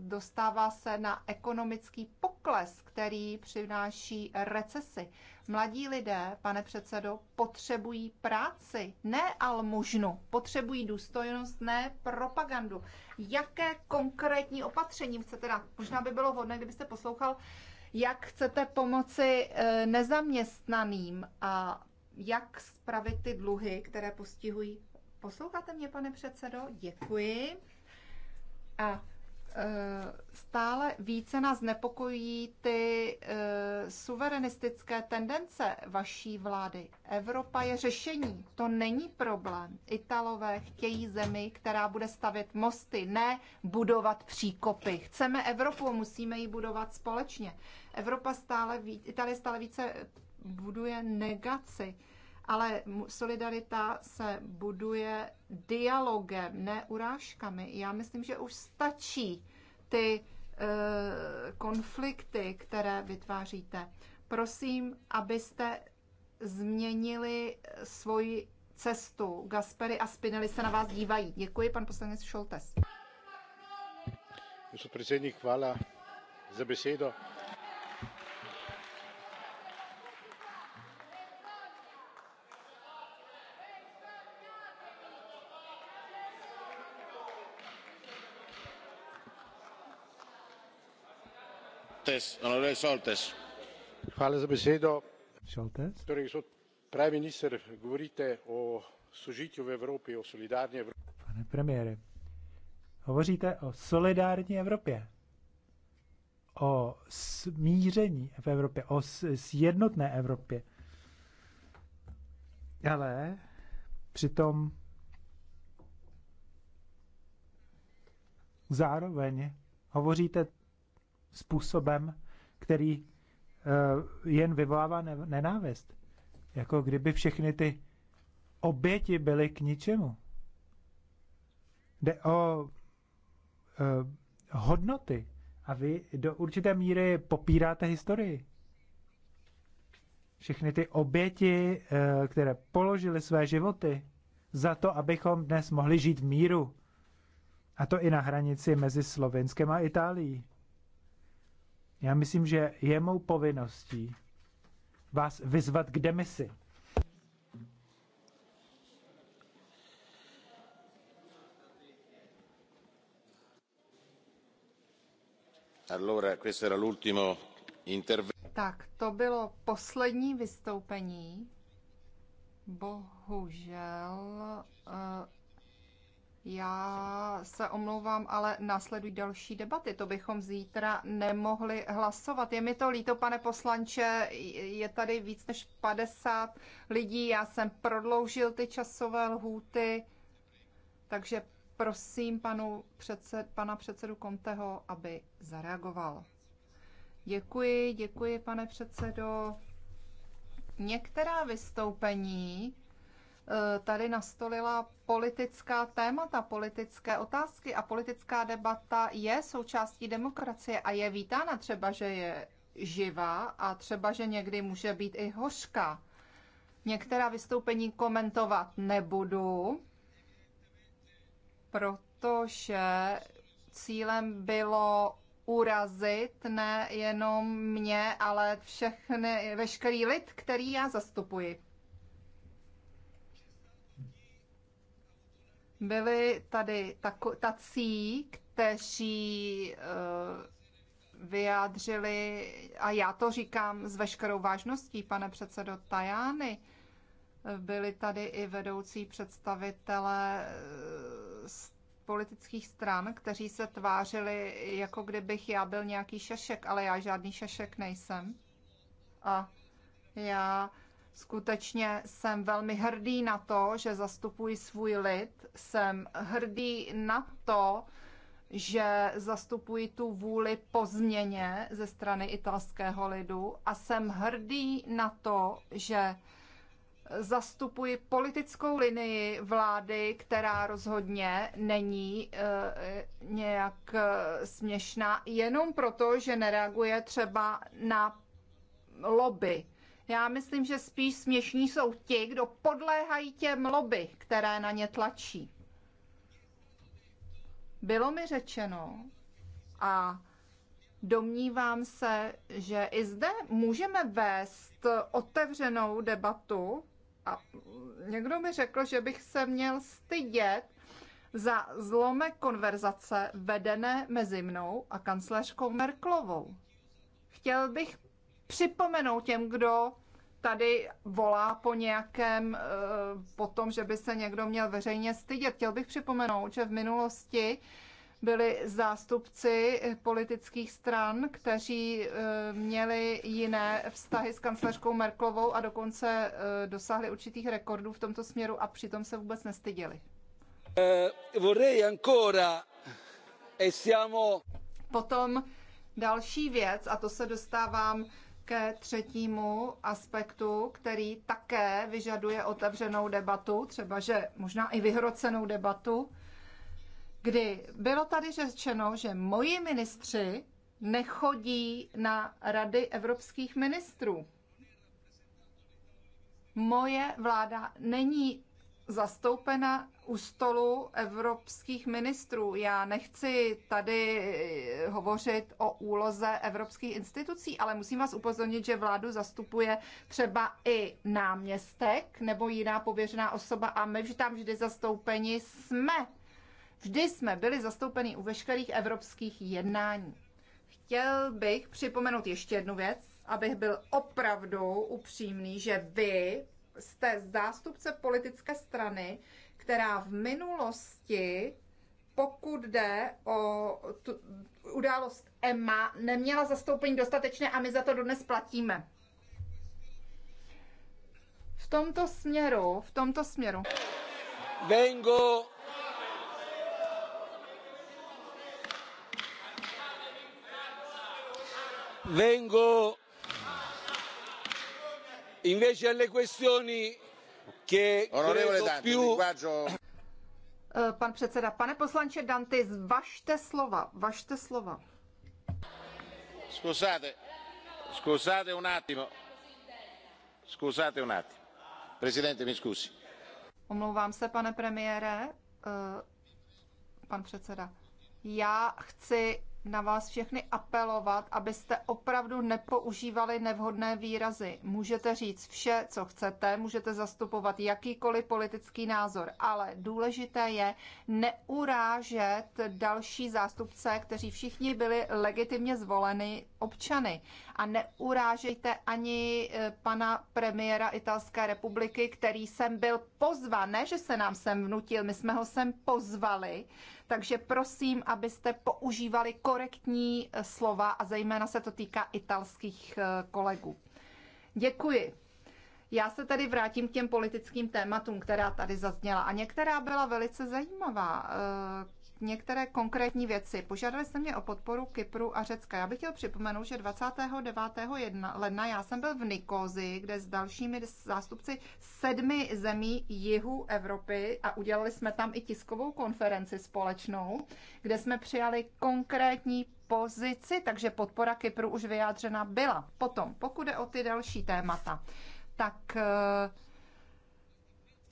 Dostává se na ekonomický pokles, který přináší recesi. Mladí lidé, pane předsedo, potřebují práci, ne almužnu. Potřebují důstojnost, ne propagandu. Jaké konkrétní opatření chcete dát? Možná by bylo vhodné, kdybyste poslouchal, jak chcete pomoci eh, nezaměstnaným a jak spravit ty dluhy, které postihují. Posloucháte mě, pane předsedo? Děkuji. A Eh, stále více nás nepokojí ty eh, suverenistické tendence vaší vlády. Evropa je řešení, to není problém. Italové chtějí zemi, která bude stavět mosty, ne budovat příkopy. Chceme Evropu, musíme ji budovat společně. Evropa stále více, Itálie stále více buduje negaci ale solidarita se buduje dialogem, ne urážkami. Já myslím, že už stačí ty eh, konflikty, které vytváříte. Prosím, abyste změnili svoji cestu. Gaspery a Spinelli se na vás dívají. Děkuji, pan poslanec Šoltes. Předsedník, chvála za besedo. Torej, gospod pravi minister, govorite o sožitju v Evropi, o Pane premiére, hovoříte o solidární Evropě, o smíření v Evropě, o sjednotné Evropě. Ale přitom zároveň hovoříte způsobem, který eh, jen vyvolává nenávist. Jako kdyby všechny ty oběti byly k ničemu. Jde o eh, hodnoty a vy do určité míry popíráte historii. Všechny ty oběti, eh, které položily své životy za to, abychom dnes mohli žít v míru. A to i na hranici mezi Slovenskem a Itálií. Já myslím, že je mou povinností vás vyzvat k demisi. Tak, to bylo poslední vystoupení. Bohužel eh, já se omlouvám, ale následují další debaty. To bychom zítra nemohli hlasovat. Je mi to líto, pane poslanče, je tady víc než 50 lidí. Já jsem prodloužil ty časové lhůty, takže prosím panu předsed, pana předsedu Konteho, aby zareagoval. Děkuji, děkuji, pane předsedo. Některá vystoupení Eh, tady nastolila politická témata, politické otázky a politická debata je součástí demokracie a je vítána třeba, že je živá a třeba, že někdy může být i hořká. Některá vystoupení komentovat nebudu, protože cílem bylo urazit nejenom mě, ale všechny, veškerý lid, který já zastupuji. Byli tady tako, tací, kteří uh, vyjádřili, a já to říkám s veškerou vážností, pane předsedo Tajány, byli tady i vedoucí představitelé z eh, politických stran, kteří se tvářili, jako kdybych já byl nějaký šašek, ale já žádný šašek nejsem. A já Skutečně jsem velmi hrdý na to, že zastupuji svůj lid. Jsem hrdý na to, že zastupuji tu vůli po změně ze strany italského lidu a jsem hrdý na to, že zastupuji politickou linii vlády, která rozhodně není e, nějak e, směšná, jenom proto, že nereaguje třeba na lobby já myslím, že spíš směšní jsou ti, kdo podléhají těm lobby, které na ně tlačí. Bylo mi řečeno a domnívám se, že i zde můžeme vést otevřenou debatu a někdo mi řekl, že bych se měl stydět za zlome konverzace vedené mezi mnou a kancléřkou Merklovou. Chtěl bych připomenout těm, kdo tady volá po nějakém, eh, po tom, že by se někdo měl veřejně stydět. Chtěl bych připomenout, že v minulosti byli zástupci politických stran, kteří eh, měli jiné vztahy s kancelářkou Merklovou a dokonce eh, dosáhli určitých rekordů v tomto směru a přitom se vůbec nestyděli. E Potom další věc, a to se dostávám ke třetímu aspektu, který také vyžaduje otevřenou debatu, třeba že možná i vyhrocenou debatu, kdy bylo tady řečeno, že moji ministři nechodí na rady evropských ministrů. Moje vláda není zastoupena u stolu evropských ministrů. Já nechci tady hovořit o úloze evropských institucí, ale musím vás upozornit, že vládu zastupuje třeba i náměstek nebo jiná pověřená osoba a my vždy tam vždy zastoupeni jsme. Vždy jsme byli zastoupeni u veškerých evropských jednání. Chtěl bych připomenout ještě jednu věc, abych byl opravdu upřímný, že vy, jste zástupce politické strany, která v minulosti, pokud jde o tu událost EMA, neměla zastoupení dostatečné a my za to dodnes platíme. V tomto směru, v tomto směru. Vengo vengo invece alle questioni che credo più... Eh, pan předseda, pane poslanče Danty, vašte slova, vašte slova. Scusate, scusate un attimo. Scusate un attimo. Presidente, mi scusi. Omlouvám se, pane premiére, eh, pan předseda. Já chci na vás všechny apelovat, abyste opravdu nepoužívali nevhodné výrazy. Můžete říct vše, co chcete, můžete zastupovat jakýkoliv politický názor, ale důležité je neurážet další zástupce, kteří všichni byli legitimně zvoleni občany. A neurážejte ani eh, pana premiéra Italské republiky, který jsem byl pozvan. Ne, že se nám sem vnutil, my jsme ho sem pozvali takže prosím, abyste používali korektní eh, slova a zejména se to týká italských eh, kolegů. Děkuji. Já se tady vrátím k těm politickým tématům, která tady zazněla. A některá byla velice zajímavá. Eh, některé konkrétní věci. Požádali jste mě o podporu Kypru a Řecka. Já bych chtěl připomenout, že 29. ledna já jsem byl v Nikozi, kde s dalšími zástupci sedmi zemí jihu Evropy a udělali jsme tam i tiskovou konferenci společnou, kde jsme přijali konkrétní pozici, takže podpora Kypru už vyjádřena byla. Potom, pokud jde o ty další témata, tak uh,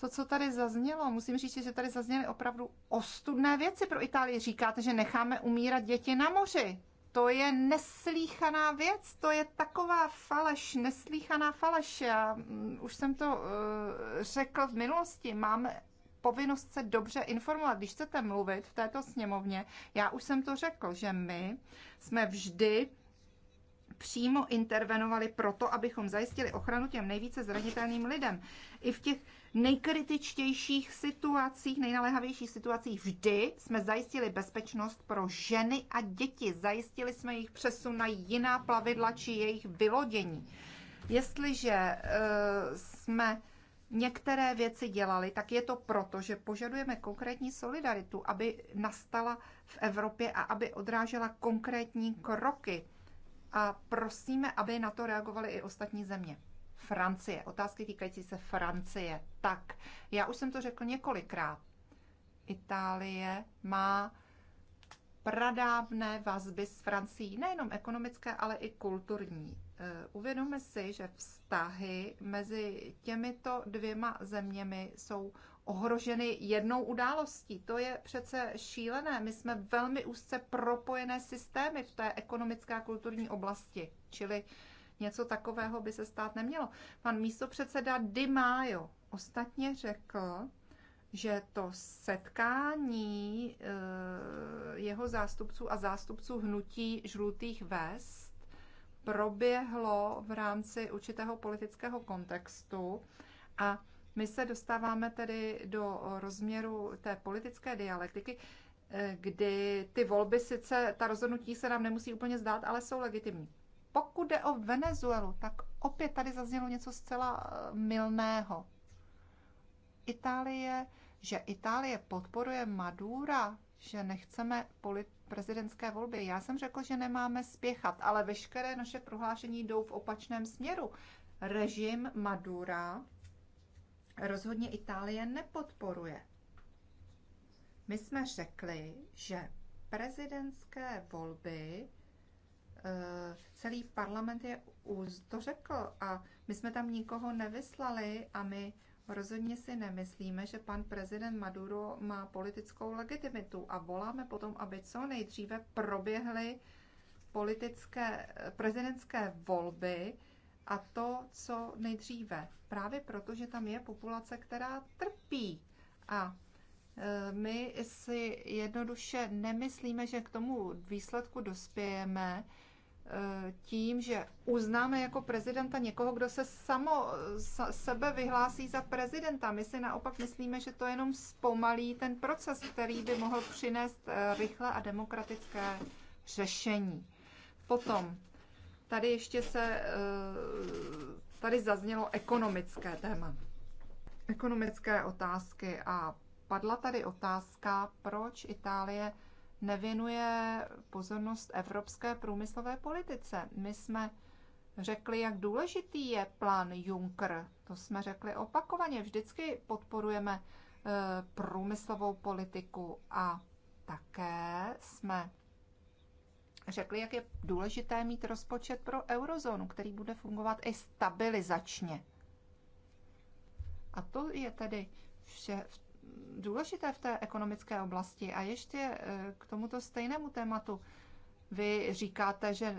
to, co tady zaznělo, musím říct, že tady zazněly opravdu ostudné věci pro Itálii. Říkáte, že necháme umírat děti na moři. To je neslíchaná věc, to je taková faleš, neslíchaná faleš. Já mm, už jsem to uh, řekl v minulosti, máme povinnost se dobře informovat. Když chcete mluvit v této sněmovně, já už jsem to řekl, že my jsme vždy přímo intervenovali proto, abychom zajistili ochranu těm nejvíce zranitelným lidem. I v těch nejkritičtějších situacích, nejnaléhavějších situacích vždy jsme zajistili bezpečnost pro ženy a děti. Zajistili jsme jejich přesun na jiná plavidla či jejich vylodění. Jestliže uh, jsme některé věci dělali, tak je to proto, že požadujeme konkrétní solidaritu, aby nastala v Evropě a aby odrážela konkrétní kroky. A prosíme, aby na to reagovaly i ostatní země. Francie, otázky týkající se Francie. Tak, já už jsem to řekl několikrát. Itálie má pradávné vazby s Francií, nejenom ekonomické, ale i kulturní. Eh, uvědomme si, že vztahy mezi těmito dvěma zeměmi jsou ohroženy jednou událostí. To je přece šílené. My jsme velmi úzce propojené systémy v té ekonomické a kulturní oblasti. Čili uh, Něco takového by se stát nemělo. Pan místopředseda Di Maio ostatně řekl, že to setkání eh, jeho zástupců a zástupců hnutí žlutých vest proběhlo v rámci určitého politického kontextu a my se dostáváme tedy do rozměru té politické dialektiky, eh, kdy ty volby sice, ta rozhodnutí se nám nemusí úplně zdát, ale jsou legitimní. Pokud jde o Venezuelu, tak opět tady zaznělo něco zcela eh, milného. Itálie, že Itálie podporuje Madura, že nechceme polit prezidentské volby. Já jsem řekl, že nemáme spěchat, ale veškeré naše prohlášení jdou v opačném směru. Režim Madura rozhodně Itálie nepodporuje. My jsme řekli, že prezidentské volby Eh, celý parlament je už to řekl a my jsme tam nikoho nevyslali a my rozhodně si nemyslíme, že pan prezident Maduro má politickou legitimitu a voláme potom, aby co nejdříve proběhly politické, eh, prezidentské volby a to, co nejdříve. Právě proto, že tam je populace, která trpí. A eh, my si jednoduše nemyslíme, že k tomu výsledku dospějeme, Eh, tím, že uznáme jako prezidenta někoho, kdo se samo sebe vyhlásí za prezidenta. My si naopak myslíme, že to jenom zpomalí ten proces, který by mohl přinést eh, rychle a demokratické řešení. Potom, tady ještě se, eh, tady zaznělo ekonomické téma. Ekonomické otázky a padla tady otázka, proč Itálie nevěnuje pozornost evropské průmyslové politice. My jsme řekli, jak důležitý je plán Juncker. To jsme řekli opakovaně. Vždycky podporujeme eh, průmyslovou politiku a také jsme řekli, jak je důležité mít rozpočet pro eurozónu, který bude fungovat i stabilizačně. A to je tedy vše v důležité v té ekonomické oblasti. A ještě eh, k tomuto stejnému tématu. Vy říkáte, že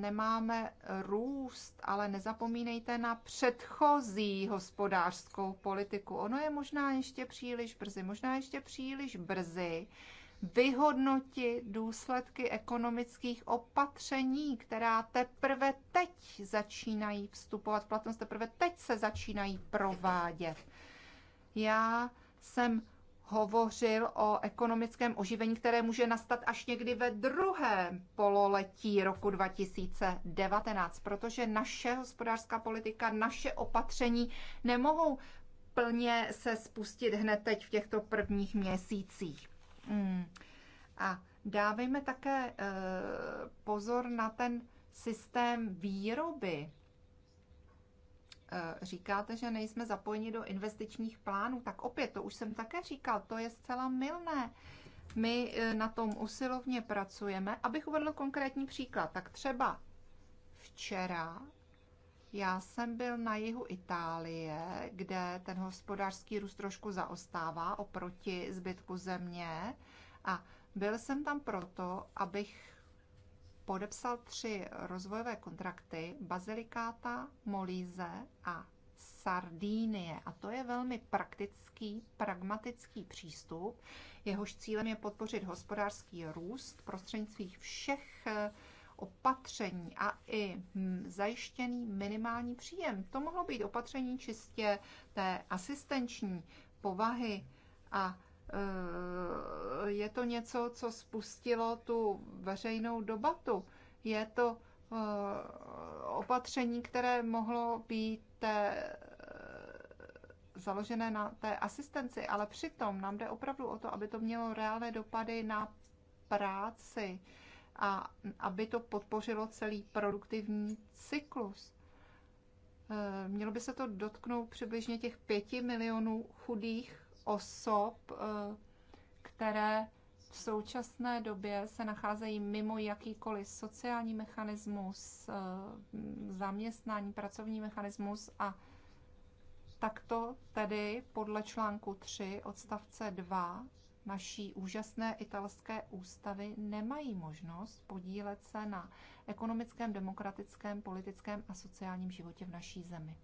nemáme růst, ale nezapomínejte na předchozí hospodářskou politiku. Ono je možná ještě příliš brzy, možná ještě příliš brzy vyhodnotit důsledky ekonomických opatření, která teprve teď začínají vstupovat v platnost, teprve teď se začínají provádět. Já jsem hovořil o ekonomickém oživení, které může nastat až někdy ve druhém pololetí roku 2019, protože naše hospodářská politika, naše opatření nemohou plně se spustit hned teď v těchto prvních měsících. Hmm. A dávejme také eh, pozor na ten systém výroby Eh, říkáte, že nejsme zapojeni do investičních plánů, tak opět, to už jsem také říkal, to je zcela milné. My eh, na tom usilovně pracujeme. Abych uvedl konkrétní příklad, tak třeba včera já jsem byl na jihu Itálie, kde ten hospodářský růst trošku zaostává oproti zbytku země a byl jsem tam proto, abych podepsal tři rozvojové kontrakty Bazilikáta, Molíze a Sardínie. A to je velmi praktický, pragmatický přístup. Jehož cílem je podpořit hospodářský růst prostřednictvím všech eh, opatření a i hm, zajištěný minimální příjem. To mohlo být opatření čistě té asistenční povahy a Eh, je to něco, co spustilo tu veřejnou debatu. Je to eh, opatření, které mohlo být té, eh, založené na té asistenci, ale přitom nám jde opravdu o to, aby to mělo reálné dopady na práci a aby to podpořilo celý produktivní cyklus. Mělo by se to dotknout přibližně těch pěti milionů chudých osob, eh, které v současné době se nacházejí mimo jakýkoliv sociální mechanismus, eh, zaměstnání, pracovní mechanismus a takto tedy podle článku 3 odstavce 2 naší úžasné italské ústavy nemají možnost podílet se na ekonomickém, demokratickém, politickém a sociálním životě v naší zemi.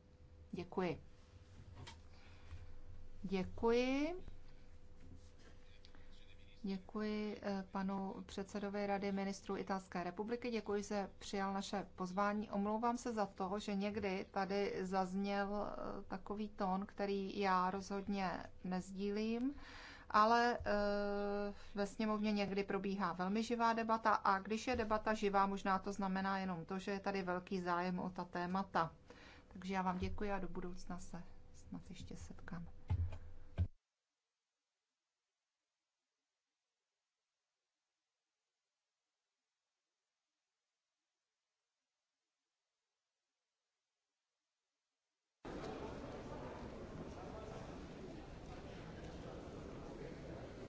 Děkuji. Děkuji. Děkuji eh, panu předsedovi Rady ministrů Italské republiky, děkuji, že přijal naše pozvání. Omlouvám se za to, že někdy tady zazněl eh, takový tón, který já rozhodně nezdílím, ale eh, ve sněmovně někdy probíhá velmi živá debata a když je debata živá, možná to znamená jenom to, že je tady velký zájem o ta témata. Takže já vám děkuji a do budoucna se snad ještě setkáme.